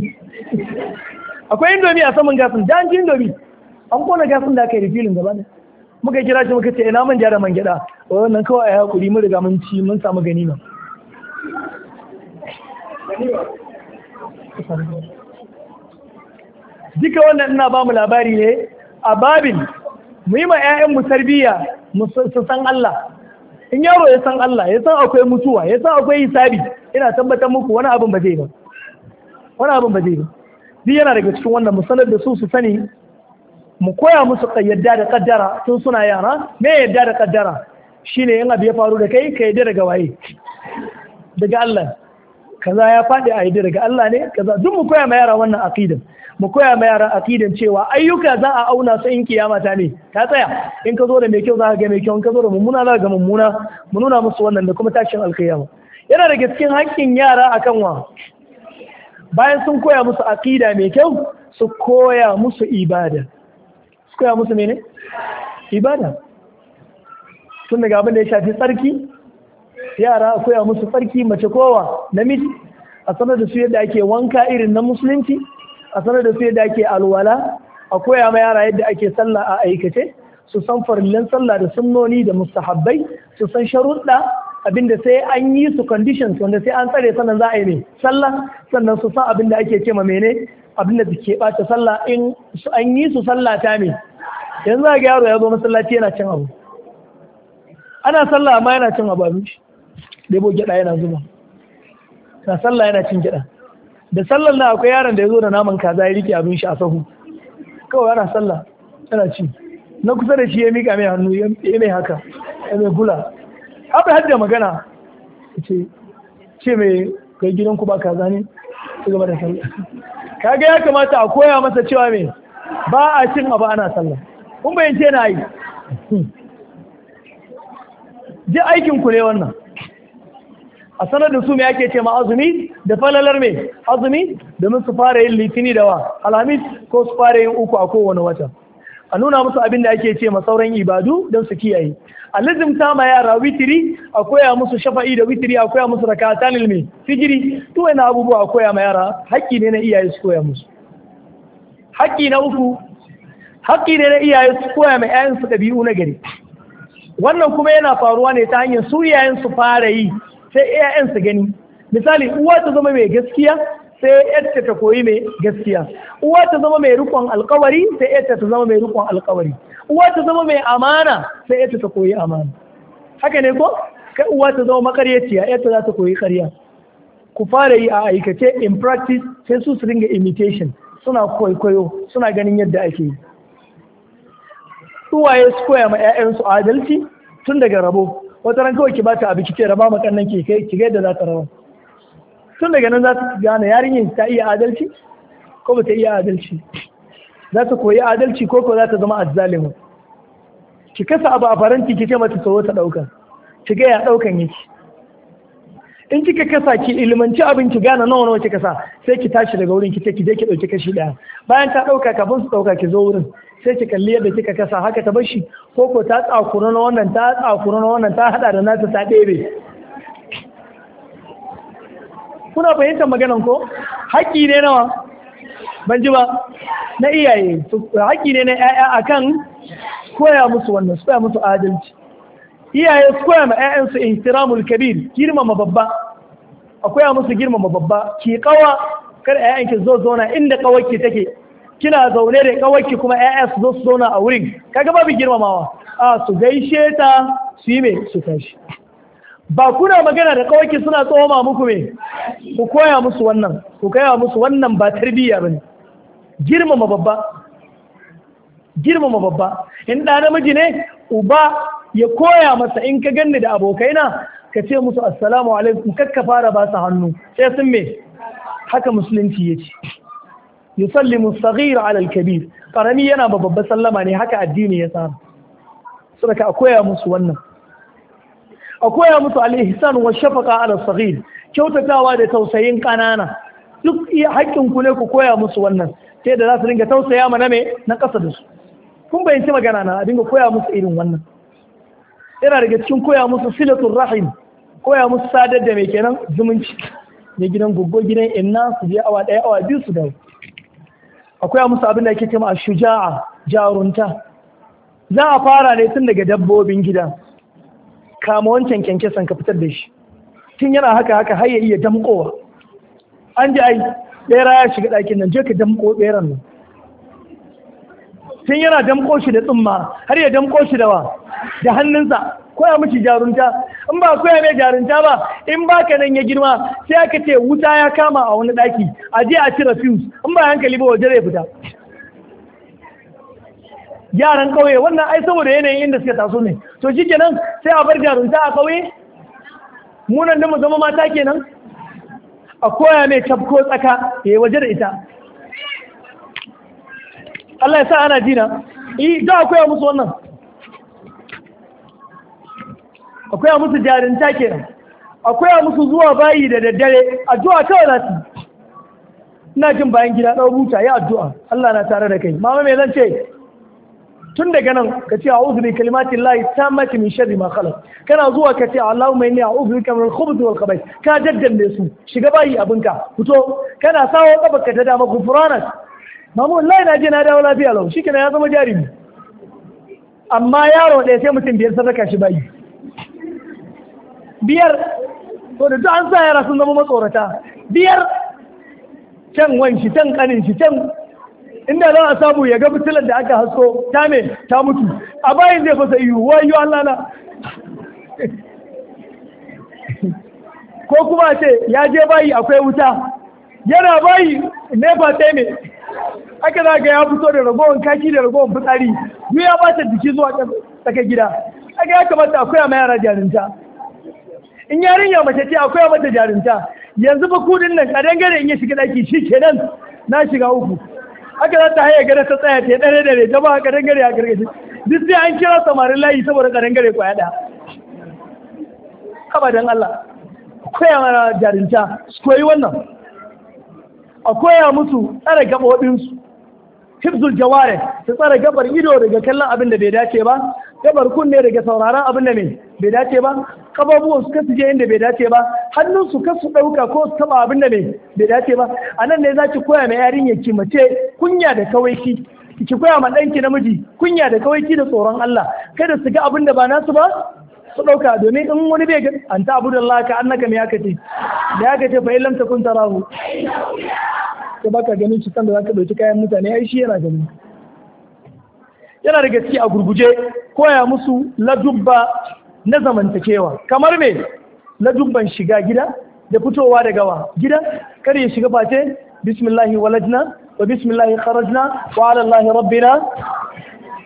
akwai indomi a saman gasin da an ci indomi an kona gasin da aka yi filin gaba ne muka kira shi muka ce ina man da man gyada wannan kawai ai hakuri mun riga mun ci mun samu gani ma. duka wannan ina ba mu labari ne a babin mu yi ma 'ya'yanmu tarbiyya mu san Allah in yaro ya san Allah ya san akwai mutuwa ya san akwai hisabi ina tabbatar muku wani abin ba zai ba wani abin ba zai ba duk yana daga cikin wannan mu sanar da su su sani mu koya musu yadda da kaddara tun suna yara me yadda da kaddara shine in abu ya faru da kai ka yadda daga waye daga Allah kaza ya faɗi a yadda daga Allah ne kaza duk mu koya ma yara wannan aqidan mu koya ma yara aqidan cewa ayyuka za a auna su in kiyama ta ne ta tsaya in ka zo da mai kyau za ka ga mai kyau in ka zo da mummuna za ka ga mummuna mu nuna musu wannan da kuma tashin alkiyama yana daga cikin haƙƙin yara akan wa bayan sun koya musu aqida mai kyau su koya musu ibada su koya musu mene ibada tun daga abin da ya shafi tsarki yara akwai koya musu tsarki mace kowa namiji a sanar da su yadda ake wanka irin na musulunci a sanar da su yadda ake alwala a koya ma yara yadda ake sallah a aikace su san farillan sallah da sunnoni da mustahabbai su san sharuɗa abinda sai an yi su conditions wanda sai an tsare sannan za a yi ne sallah sannan su san abinda ake ce ma mene abinda ke ɓata sallah in an yi su sallah ta ne yanzu ga yaro ya zo masallaci yana cin abu ana sallah amma yana cin abu abinci ɗebo gyaɗa yana zuba na sallah yana cin gyaɗa da sallar na akwai yaron da ya zo da naman kaza ya rike abin shi a sahu kawai yana sallah yana ci na kusa da shi ya mika mai hannu ya mai haka ya mai gula abu da magana ce ce mai kai ku ba kaza ne ta gaba da sallah kaga ya kamata a koya masa cewa mai ba a cin abu ana sallah kun bayyance na yi ji aikin ku ne wannan a sanar da su me ake ce ma azumi da falalar mai azumi domin su fara yin litini da wa alhamis ko su fara yin uku a kowane wata a nuna musu abin da ake ce ma sauran ibadu don su kiyaye a lazimta ma yara witiri a koya musu shafa'i da witiri a koya musu rakatan ilmi fijiri tuwa na abubuwa a koya ma yara haƙƙi ne na iyaye su koya musu haƙƙi na uku haƙƙi ne na iyaye su koya ma ƴaƴansu ɗabi'u na gari wannan kuma yana faruwa ne ta hanyar su iyayen su fara yi sai 'ya'yansa su gani misali uwa ta zama mai gaskiya sai ƴarta ta koyi mai gaskiya uwa ta zama mai rikon alkawari sai ƴarta ta zama mai rikon alkawari uwa ta zama mai amana sai ƴarta ta koyi amana haka ne ko kai uwa ta zama makaryaciya ƴarta za ta koyi karya ku fara yi a aikace in practice sai su su ringa imitation suna kwaikwayo suna ganin yadda ake yi uwaye su koya ma 'ya'yansu adalci tun daga rabo wata ran kawai ki ta abu kike raba ma kannan ki kai ki ga yadda za ta rawa tun daga nan za ta gane yarinyar ta iya adalci ko ba ta iya adalci za ta koyi adalci ko ko za ta zama azzalima ki kasa abu a faranti ki ce mata tsawo ta dauka ki ga ya daukan yake in kika kasa ki ilmanci abin ki gane nawa nawa kika sa sai ki tashi daga wurin ki ce ki je ki dauki kashi daya bayan ta dauka kafin su dauka ki zo wurin sai ki kalli yadda kika kasa haka ta bashi ko ko ta tsakuru na wannan ta tsakuru na wannan ta hada da nata ta ɗebe kuna fahimtar maganan ko haƙƙi ne nawa ban ji ba na iyaye haƙƙi ne na ƴaƴa akan koya musu wannan su koya musu adalci iyaye su koya ma ƴaƴansu ihtiramul kabir girmama babba a koya musu girmama babba ki kawa kar ki zo zona inda kawarki take kina zaune da kawarki kuma ƴaƴa su zo su zauna a wurin kaga babu girmamawa a su gaishe ta su yi me su tashi ba kuna magana da kawarki suna tsoma muku me ku koya musu wannan ku koya musu wannan ba tarbiyya bane girmama babba girmama babba in da namiji ne uba ya koya masa in ka ganni da abokaina ka ce musu assalamu alaikum kakka fara ba su hannu sai sun me haka musulunci ya ce yusallimu saghir ala al karami yana ba babba sallama ne haka addini ya samu saboda a koya musu wannan a koya musu al-ihsan wa shafaqa ala kyautatawa da tausayin kanana duk iya haƙƙin ku ne ku koya musu wannan sai da za su ringa tausaya mana me na ƙasa da su kun bayyanci magana na a dinga koya musu irin wannan yana daga cikin koya musu silatul rahim koya musu sadar da mai kenan zumunci ne gidan goggo gidan inna su je awa ɗaya awa biyu su dawo akwai musu abin da ake cewa a shuja'a jarunta za a fara ne tun daga dabbobin gida kama wancan san ka fitar da shi tun yana haka haka har ya iya damƙowa an ji ai ɗera ya shiga ɗakin nan je ka damƙo ɗeran nan tun yana damƙo shi da tsumma har ya damƙo shi da wa da hannunsa koya miki jarunta in ba koya mai jarunta ba in baka nan ya girma sai aka ce wuta ya kama a wani daki a je a cire fuse in ba hankali ba waje zai fita yaran kauye wannan ai saboda yanayin inda suka taso ne to shikenan sai a bar jarunta a kauye munan da mu zama mata kenan a koya mai tafko tsaka ya eh, waje da ita Allah ya sa ana jina i eh, da koya musu wannan akwai a musu jarinta kenan akwai a musu zuwa bayi da daddare addu'a kawai za su ina jin bayan gida ɗau buta ya addu'a Allah na tare da kai mama me zan ce tun daga nan ka ce a'udhu bi kalimatin lahi tammati min sharri ma khalaq kana zuwa ka ce Allahumma inni a'udhu bika min al-khubuth wal khaba'ith ka daddande su shiga bayi abinka fito kana sawo kafarka ta dama gufranak mamu wallahi na je na dawo lafiya lau shikenan ya zama jarumi amma yaro ɗaya sai mutum biyar sadaka shi bayi biyar to da an sa yara sun zama matsorata biyar can wanshi can kanin shi can inda za a samu ya ga fitilar da aka hasko ta me ta mutu a bayan zai fasa iyo yi Allah lana. ko kuma ce ya je bayi akwai wuta yana bayi nefa ta me aka za ga ya fito da ragowar kaki da ragowar fitsari duk ya bata jiki zuwa tsakar gida aka ya kamata akwai a mayara jarinta in ya mace ce akwai mata jarinta yanzu ba kudin nan kadan gare in ya shiga daki shi kenan na shiga uku aka za ta haya gare ta tsaya ta dare dare ta ba kadan gare a gargashi duk sai an kira samarin layi saboda kadan gare kwaya da abadan Allah koya mana jarinta su koyi wannan a koya musu tsare su hibzul jaware su tsare gabar ido daga kallon abin da bai dace ba gabar kunne daga sauraron abin da ne bai dace ba kababuwan su kasu je inda bai dace ba hannun su kasu ɗauka ko su taba abin da ne bai dace ba a nan ne zaki koya ma yarinya ki mace kunya da kawaiki ki koya ma ɗanki namiji kunya da kawaiki da tsoron Allah kai da su ga abin da ba nasu ba su ɗauka domin in wani bai an ta abu da Allah ka annaka me aka ce da aka ce fa illam takun tarahu ka baka ganin shi kan da zaka ɗauki kayan mutane ai shi yana ganin yana da gaske a gurguje koya musu ladubba na zamantakewa kamar me ladubban shiga gida da fitowa daga wa gida kar ya shiga face bismillahi walajna wa bismillahi kharajna wa ala allahi rabbina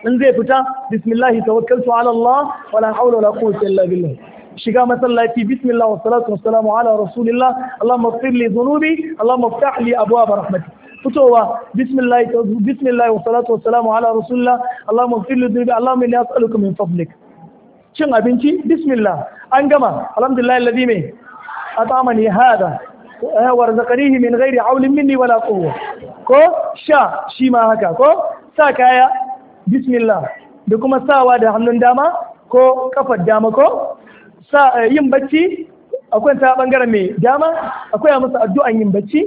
in zai fita bismillahi tawakkaltu ala allah wala hawla wala quwwata illa billah shiga masallaci bismillah wa salatu wa salamu ala rasulillah allahumma ighfir li dhunubi allahumma iftah li abwaab rahmatik fitowa bismillah bismillah wa salatu wa salamu ala rasulillah allahumma fil dhunubi allahumma inni as'aluka min fadlik cin abinci bismillah an gama alhamdulillah alladhi mai atamani hada eh, wa razaqanihi min ghairi hawlin minni wala quwwa ko sha shi ma haka ko sa kaya bismillah da kuma sawa da hannun dama ko kafar dama ko sa eh, yin bacci akwai ta bangaren mai dama akwai musu addu'an yin bacci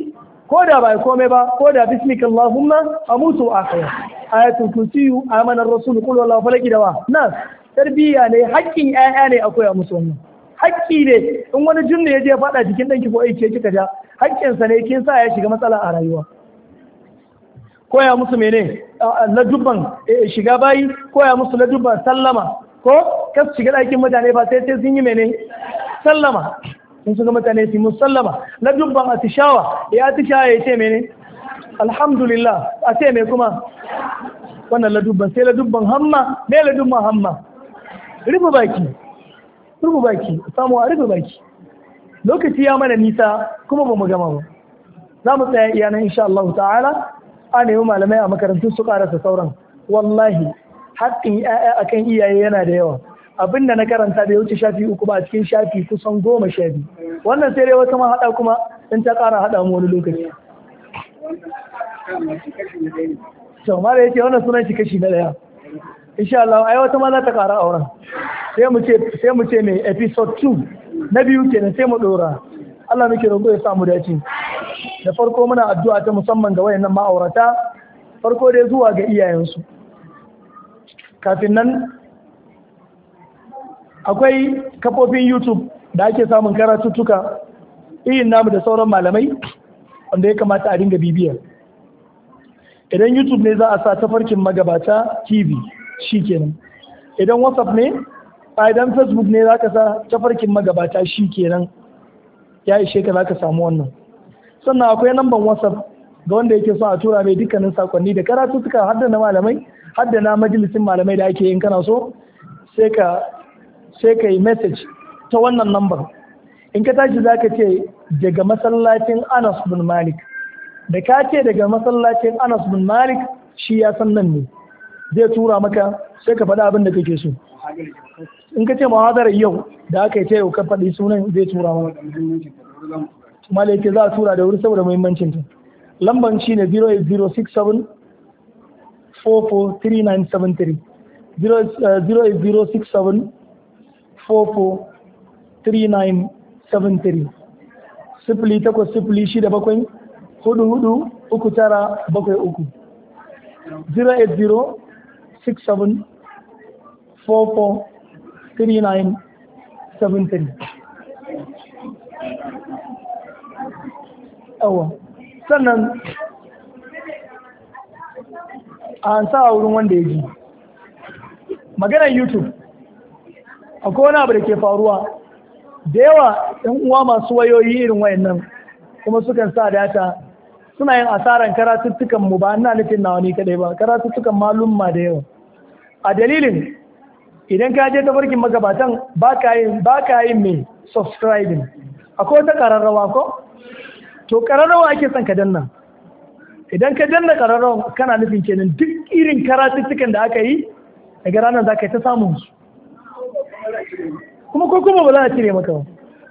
ko da ba komai ba ko da bismika Allahumma amutu wa akhira ayatul kursi amana rasul qul wallahu falaki dawa nas tarbiya ne haƙƙin ƴaƴa ne akwai a musu wannan haƙƙi ne in wani jinne ya je faɗa cikin danki ko aice kika ja haƙƙinsa ne kin sa ya shiga matsala a rayuwa koya musu mene ladubban e, shiga bayi koya musu ladubban sallama ko kas shiga ɗakin mutane ba sai sai sun yi mene sallama in su ga mutane su musallama na dubban atishawa ya atishawa ya ce mene alhamdulillah a ce me kuma wannan ladubban sai ladubban hamma me ladubban hamma rufe baki rufe baki samu a rufe baki lokaci ya mana nisa kuma ba mu gama ba za mu tsaya iya nan insha Allah ta'ala a nemi malamai a makarantu su karasa sauran wallahi haƙƙin 'ya'ya akan iyaye yana da yawa abin da na karanta da ya wuce shafi uku ba a cikin shafi kusan goma sha biyu wannan sai dai wata ma haɗa kuma in ta ƙara haɗa mu wani lokaci to mara yake wannan sunan shi kashi na daya. insha Allah ai wata ma za ta ƙara auren sai mu ce sai mu ce me episode 2 na biyu kenan sai mu ɗora Allah muke roƙo ya samu dace da farko muna addu'a ta musamman ga wayannan ma'aurata farko dai zuwa ga iyayensu kafin nan akwai kafofin youtube da ake samun karatuttuka irin namu da sauran malamai wanda ya kamata a dinga bibiyar idan youtube ne za a sa tafarkin magabata tv shi kenan idan whatsapp ne a idan facebook ne za ka sa tafarkin magabata shi kenan ya ishe ka za ka samu wannan sannan akwai namban whatsapp ga wanda yake so a tura mai dukkanin sakonni da karatuttuka suka hadda na malamai haddana na majalisin malamai da ake yin kana so sai ka sai ka yi message ta wannan number in ka tashi za ka ce daga masallacin anas bin malik da ka ce daga masallacin anas bin malik shi ya san nan ne zai tura maka sai ka faɗi abin da kake so in ka ce muhadarar yau da aka yi ta yau ka faɗi sunan zai tura maka malaike za a tura da wuri saboda muhimmancin ta lamban shi ne 443973 sifili takwas sifili shida bakwai hudu hudu uku tara bakwai uku 080 awa sannan a sa a wurin wanda ya ji maganar youtube akwai wani abu da ke faruwa da yawa yan uwa masu wayoyi irin wayannan kuma sukan sa data suna yin asaran karatuttukan mu ba ina nufin nawa ni kadai ba karatuttukan malumma da yawa a dalilin idan ka je tafarkin magabatan ba ka yin ba ka yin mai subscribing akwai wata kararrawa ko to kararrawa ake son ka danna idan ka danna kararrawa kana nufin kenan duk irin karatuttukan da aka yi daga ranar za ka yi ta samun su kuma ko kuma ba za a cire maka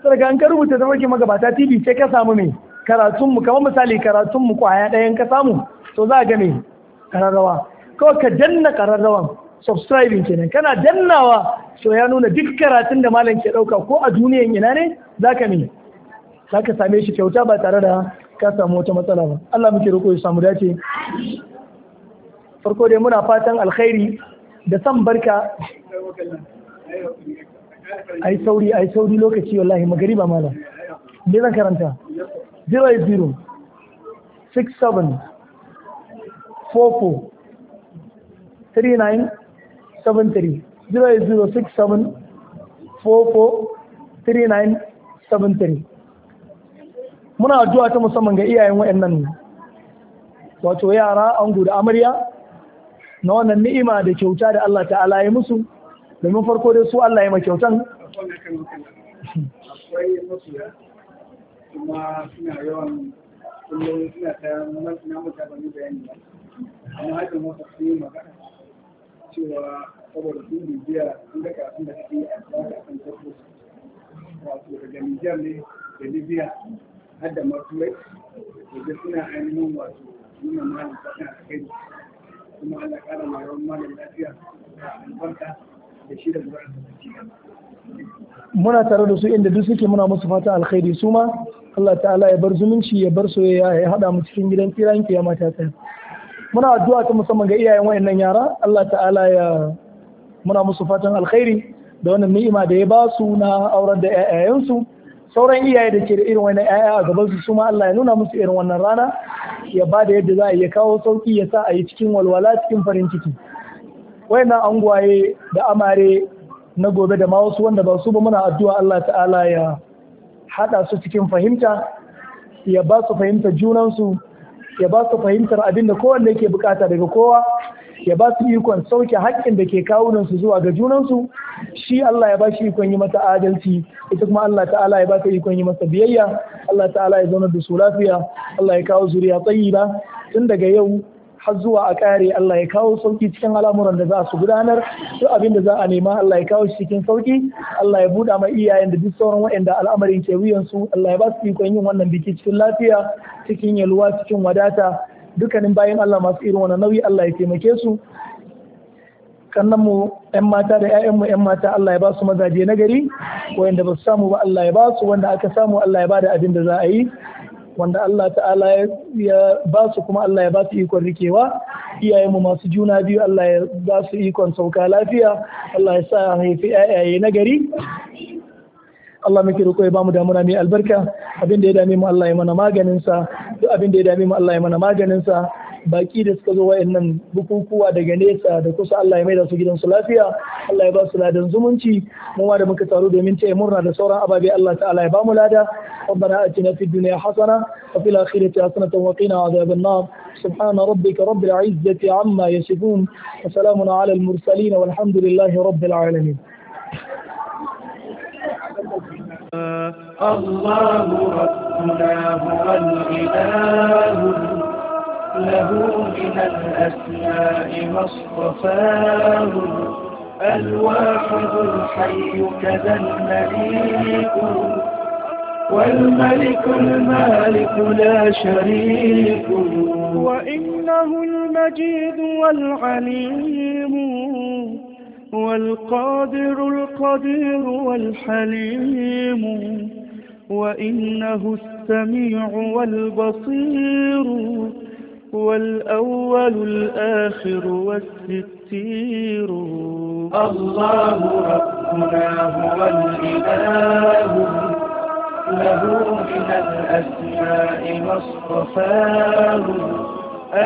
ba ga an ka rubuta ta maka magabata TV sai ka samu me karatun mu kamar misali karatun mu kwaya ɗayan ka samu to za ga me kararrawa kawai ka danna kararrawan subscribing kenan kana dannawa to ya nuna duk karatun da malam ke ɗauka ko a duniyan ina ne za ka me za ka same shi kyauta ba tare da ka samu wata matsala ba Allah muke roƙo ya samu dace farko dai muna fatan alkhairi da san barka ai sauri ai sauri lokaci wallahi ba malam me zan karanta 0 67 44 39 73 00 67 44 39 73 muna addu'a ta musamman ga iyayen wayannan wato yara an guda amarya na wannan ni'ima da kyauta da Allah ta'ala ya musu domin farko dai su Allah ya akwai kuma suna yawan kullum suna ta na mutane bayani amma haka su yi magana cewa saboda sun bibiya sun da a Nijar ne ainihin kuma Allah kara ma yawan lafiya da albarka muna tare da su inda duk suke muna musu fatan alkhairi su ma Allah ta'ala ya bar zumunci ya bar soyayya ya haɗa mu cikin gidan ya mata ta muna addu'a ta musamman ga iyayen wayannan yara Allah ta'ala ya muna musu fatan alkhairi da wannan ni'ima da ya ba su na aurar da ƴaƴayensu sauran iyaye da ke da irin wannan ƴaƴa a gaban su su ma Allah ya nuna musu irin wannan rana ya ba da yadda za a iya kawo sauki ya sa a yi cikin walwala cikin farin ciki wayannan angwaye da amare na gobe da ma wasu wanda ba su ba muna addu'a Allah ta'ala ya hada su cikin fahimta ya ba su fahimtar junansu ya ba su fahimtar abin da kowanne yake bukata daga kowa ya ba su ikon sauke haƙƙin da ke su zuwa ga junansu shi Allah ya ba shi ikon yi mata adalci ita kuma Allah ta'ala ya ba ta ikon yi masa biyayya Allah ta'ala ya zauna da su lafiya Allah ya kawo zuriya tsayi ba tun daga yau har zuwa a kare Allah ya kawo sauki cikin al'amuran da za su gudanar duk abin da za a nema Allah ya kawo shi cikin sauki Allah ya buɗa ma iyayen da duk sauran waɗanda al'amarin ke wuyan su Allah ya ba su ikon yin wannan biki cikin lafiya cikin yalwa cikin wadata dukkanin bayan Allah masu irin wannan nauyi Allah ya taimake su kannan mu yan mata da ƴaƴan mu yan mata Allah ya ba su mazaje na gari wanda ba su samu ba Allah ya ba su wanda aka samu Allah ya ba da abin da za a yi wanda Allah ta'ala ya ba su kuma Allah ya ba su ikon rikewa iyayenmu masu juna biyu Allah ya ba su ikon sauka lafiya Allah ya sa a haifi yayaye na gari Allah muke roƙo ya bamu damuna mai albarka abin da ya dame mu Allah ya mana maganinsa. baki da suka zo wayannan bukukuwa daga nesa da kusa Allah ya maida su gidan su lafiya Allah ya ba su ladan zumunci mu ma da muka taru domin taya murna da sauran ababe Allah ta'ala ya ba mu lada ربنا اتنا في الدنيا حسنه وفي الاخره حسنه وقنا عذاب النار سبحان ربك رب العزه عما يصفون وسلام على المرسلين والحمد لله رب العالمين الله ربنا هو الاله له من الأسماء ما اصطفاه الواحد الحي كذا المليك والملك المالك لا شريك وإنه المجيد والعليم والقادر القدير والحليم وإنه السميع والبصير هو الأول الآخر والستير الله ربنا هو الإله له من الأسماء ما اصطفاه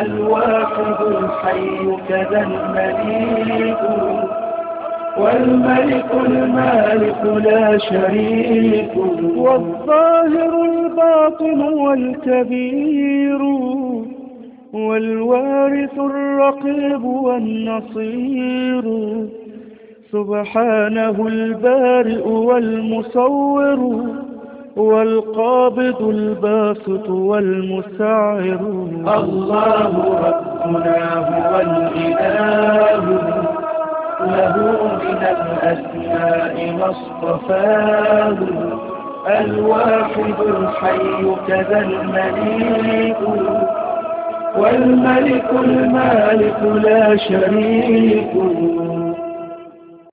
الواحد الحي كذا المليك والملك المالك لا شريك والظاهر الباطن والكبير والوارث الرقيب والنصير سبحانه البارئ والمصور والقابض الباسط والمسعر الله ربنا هو الإله له من الأسماء ما اصطفاه الواحد الحي كذا المليك والملك المالك لا شريك له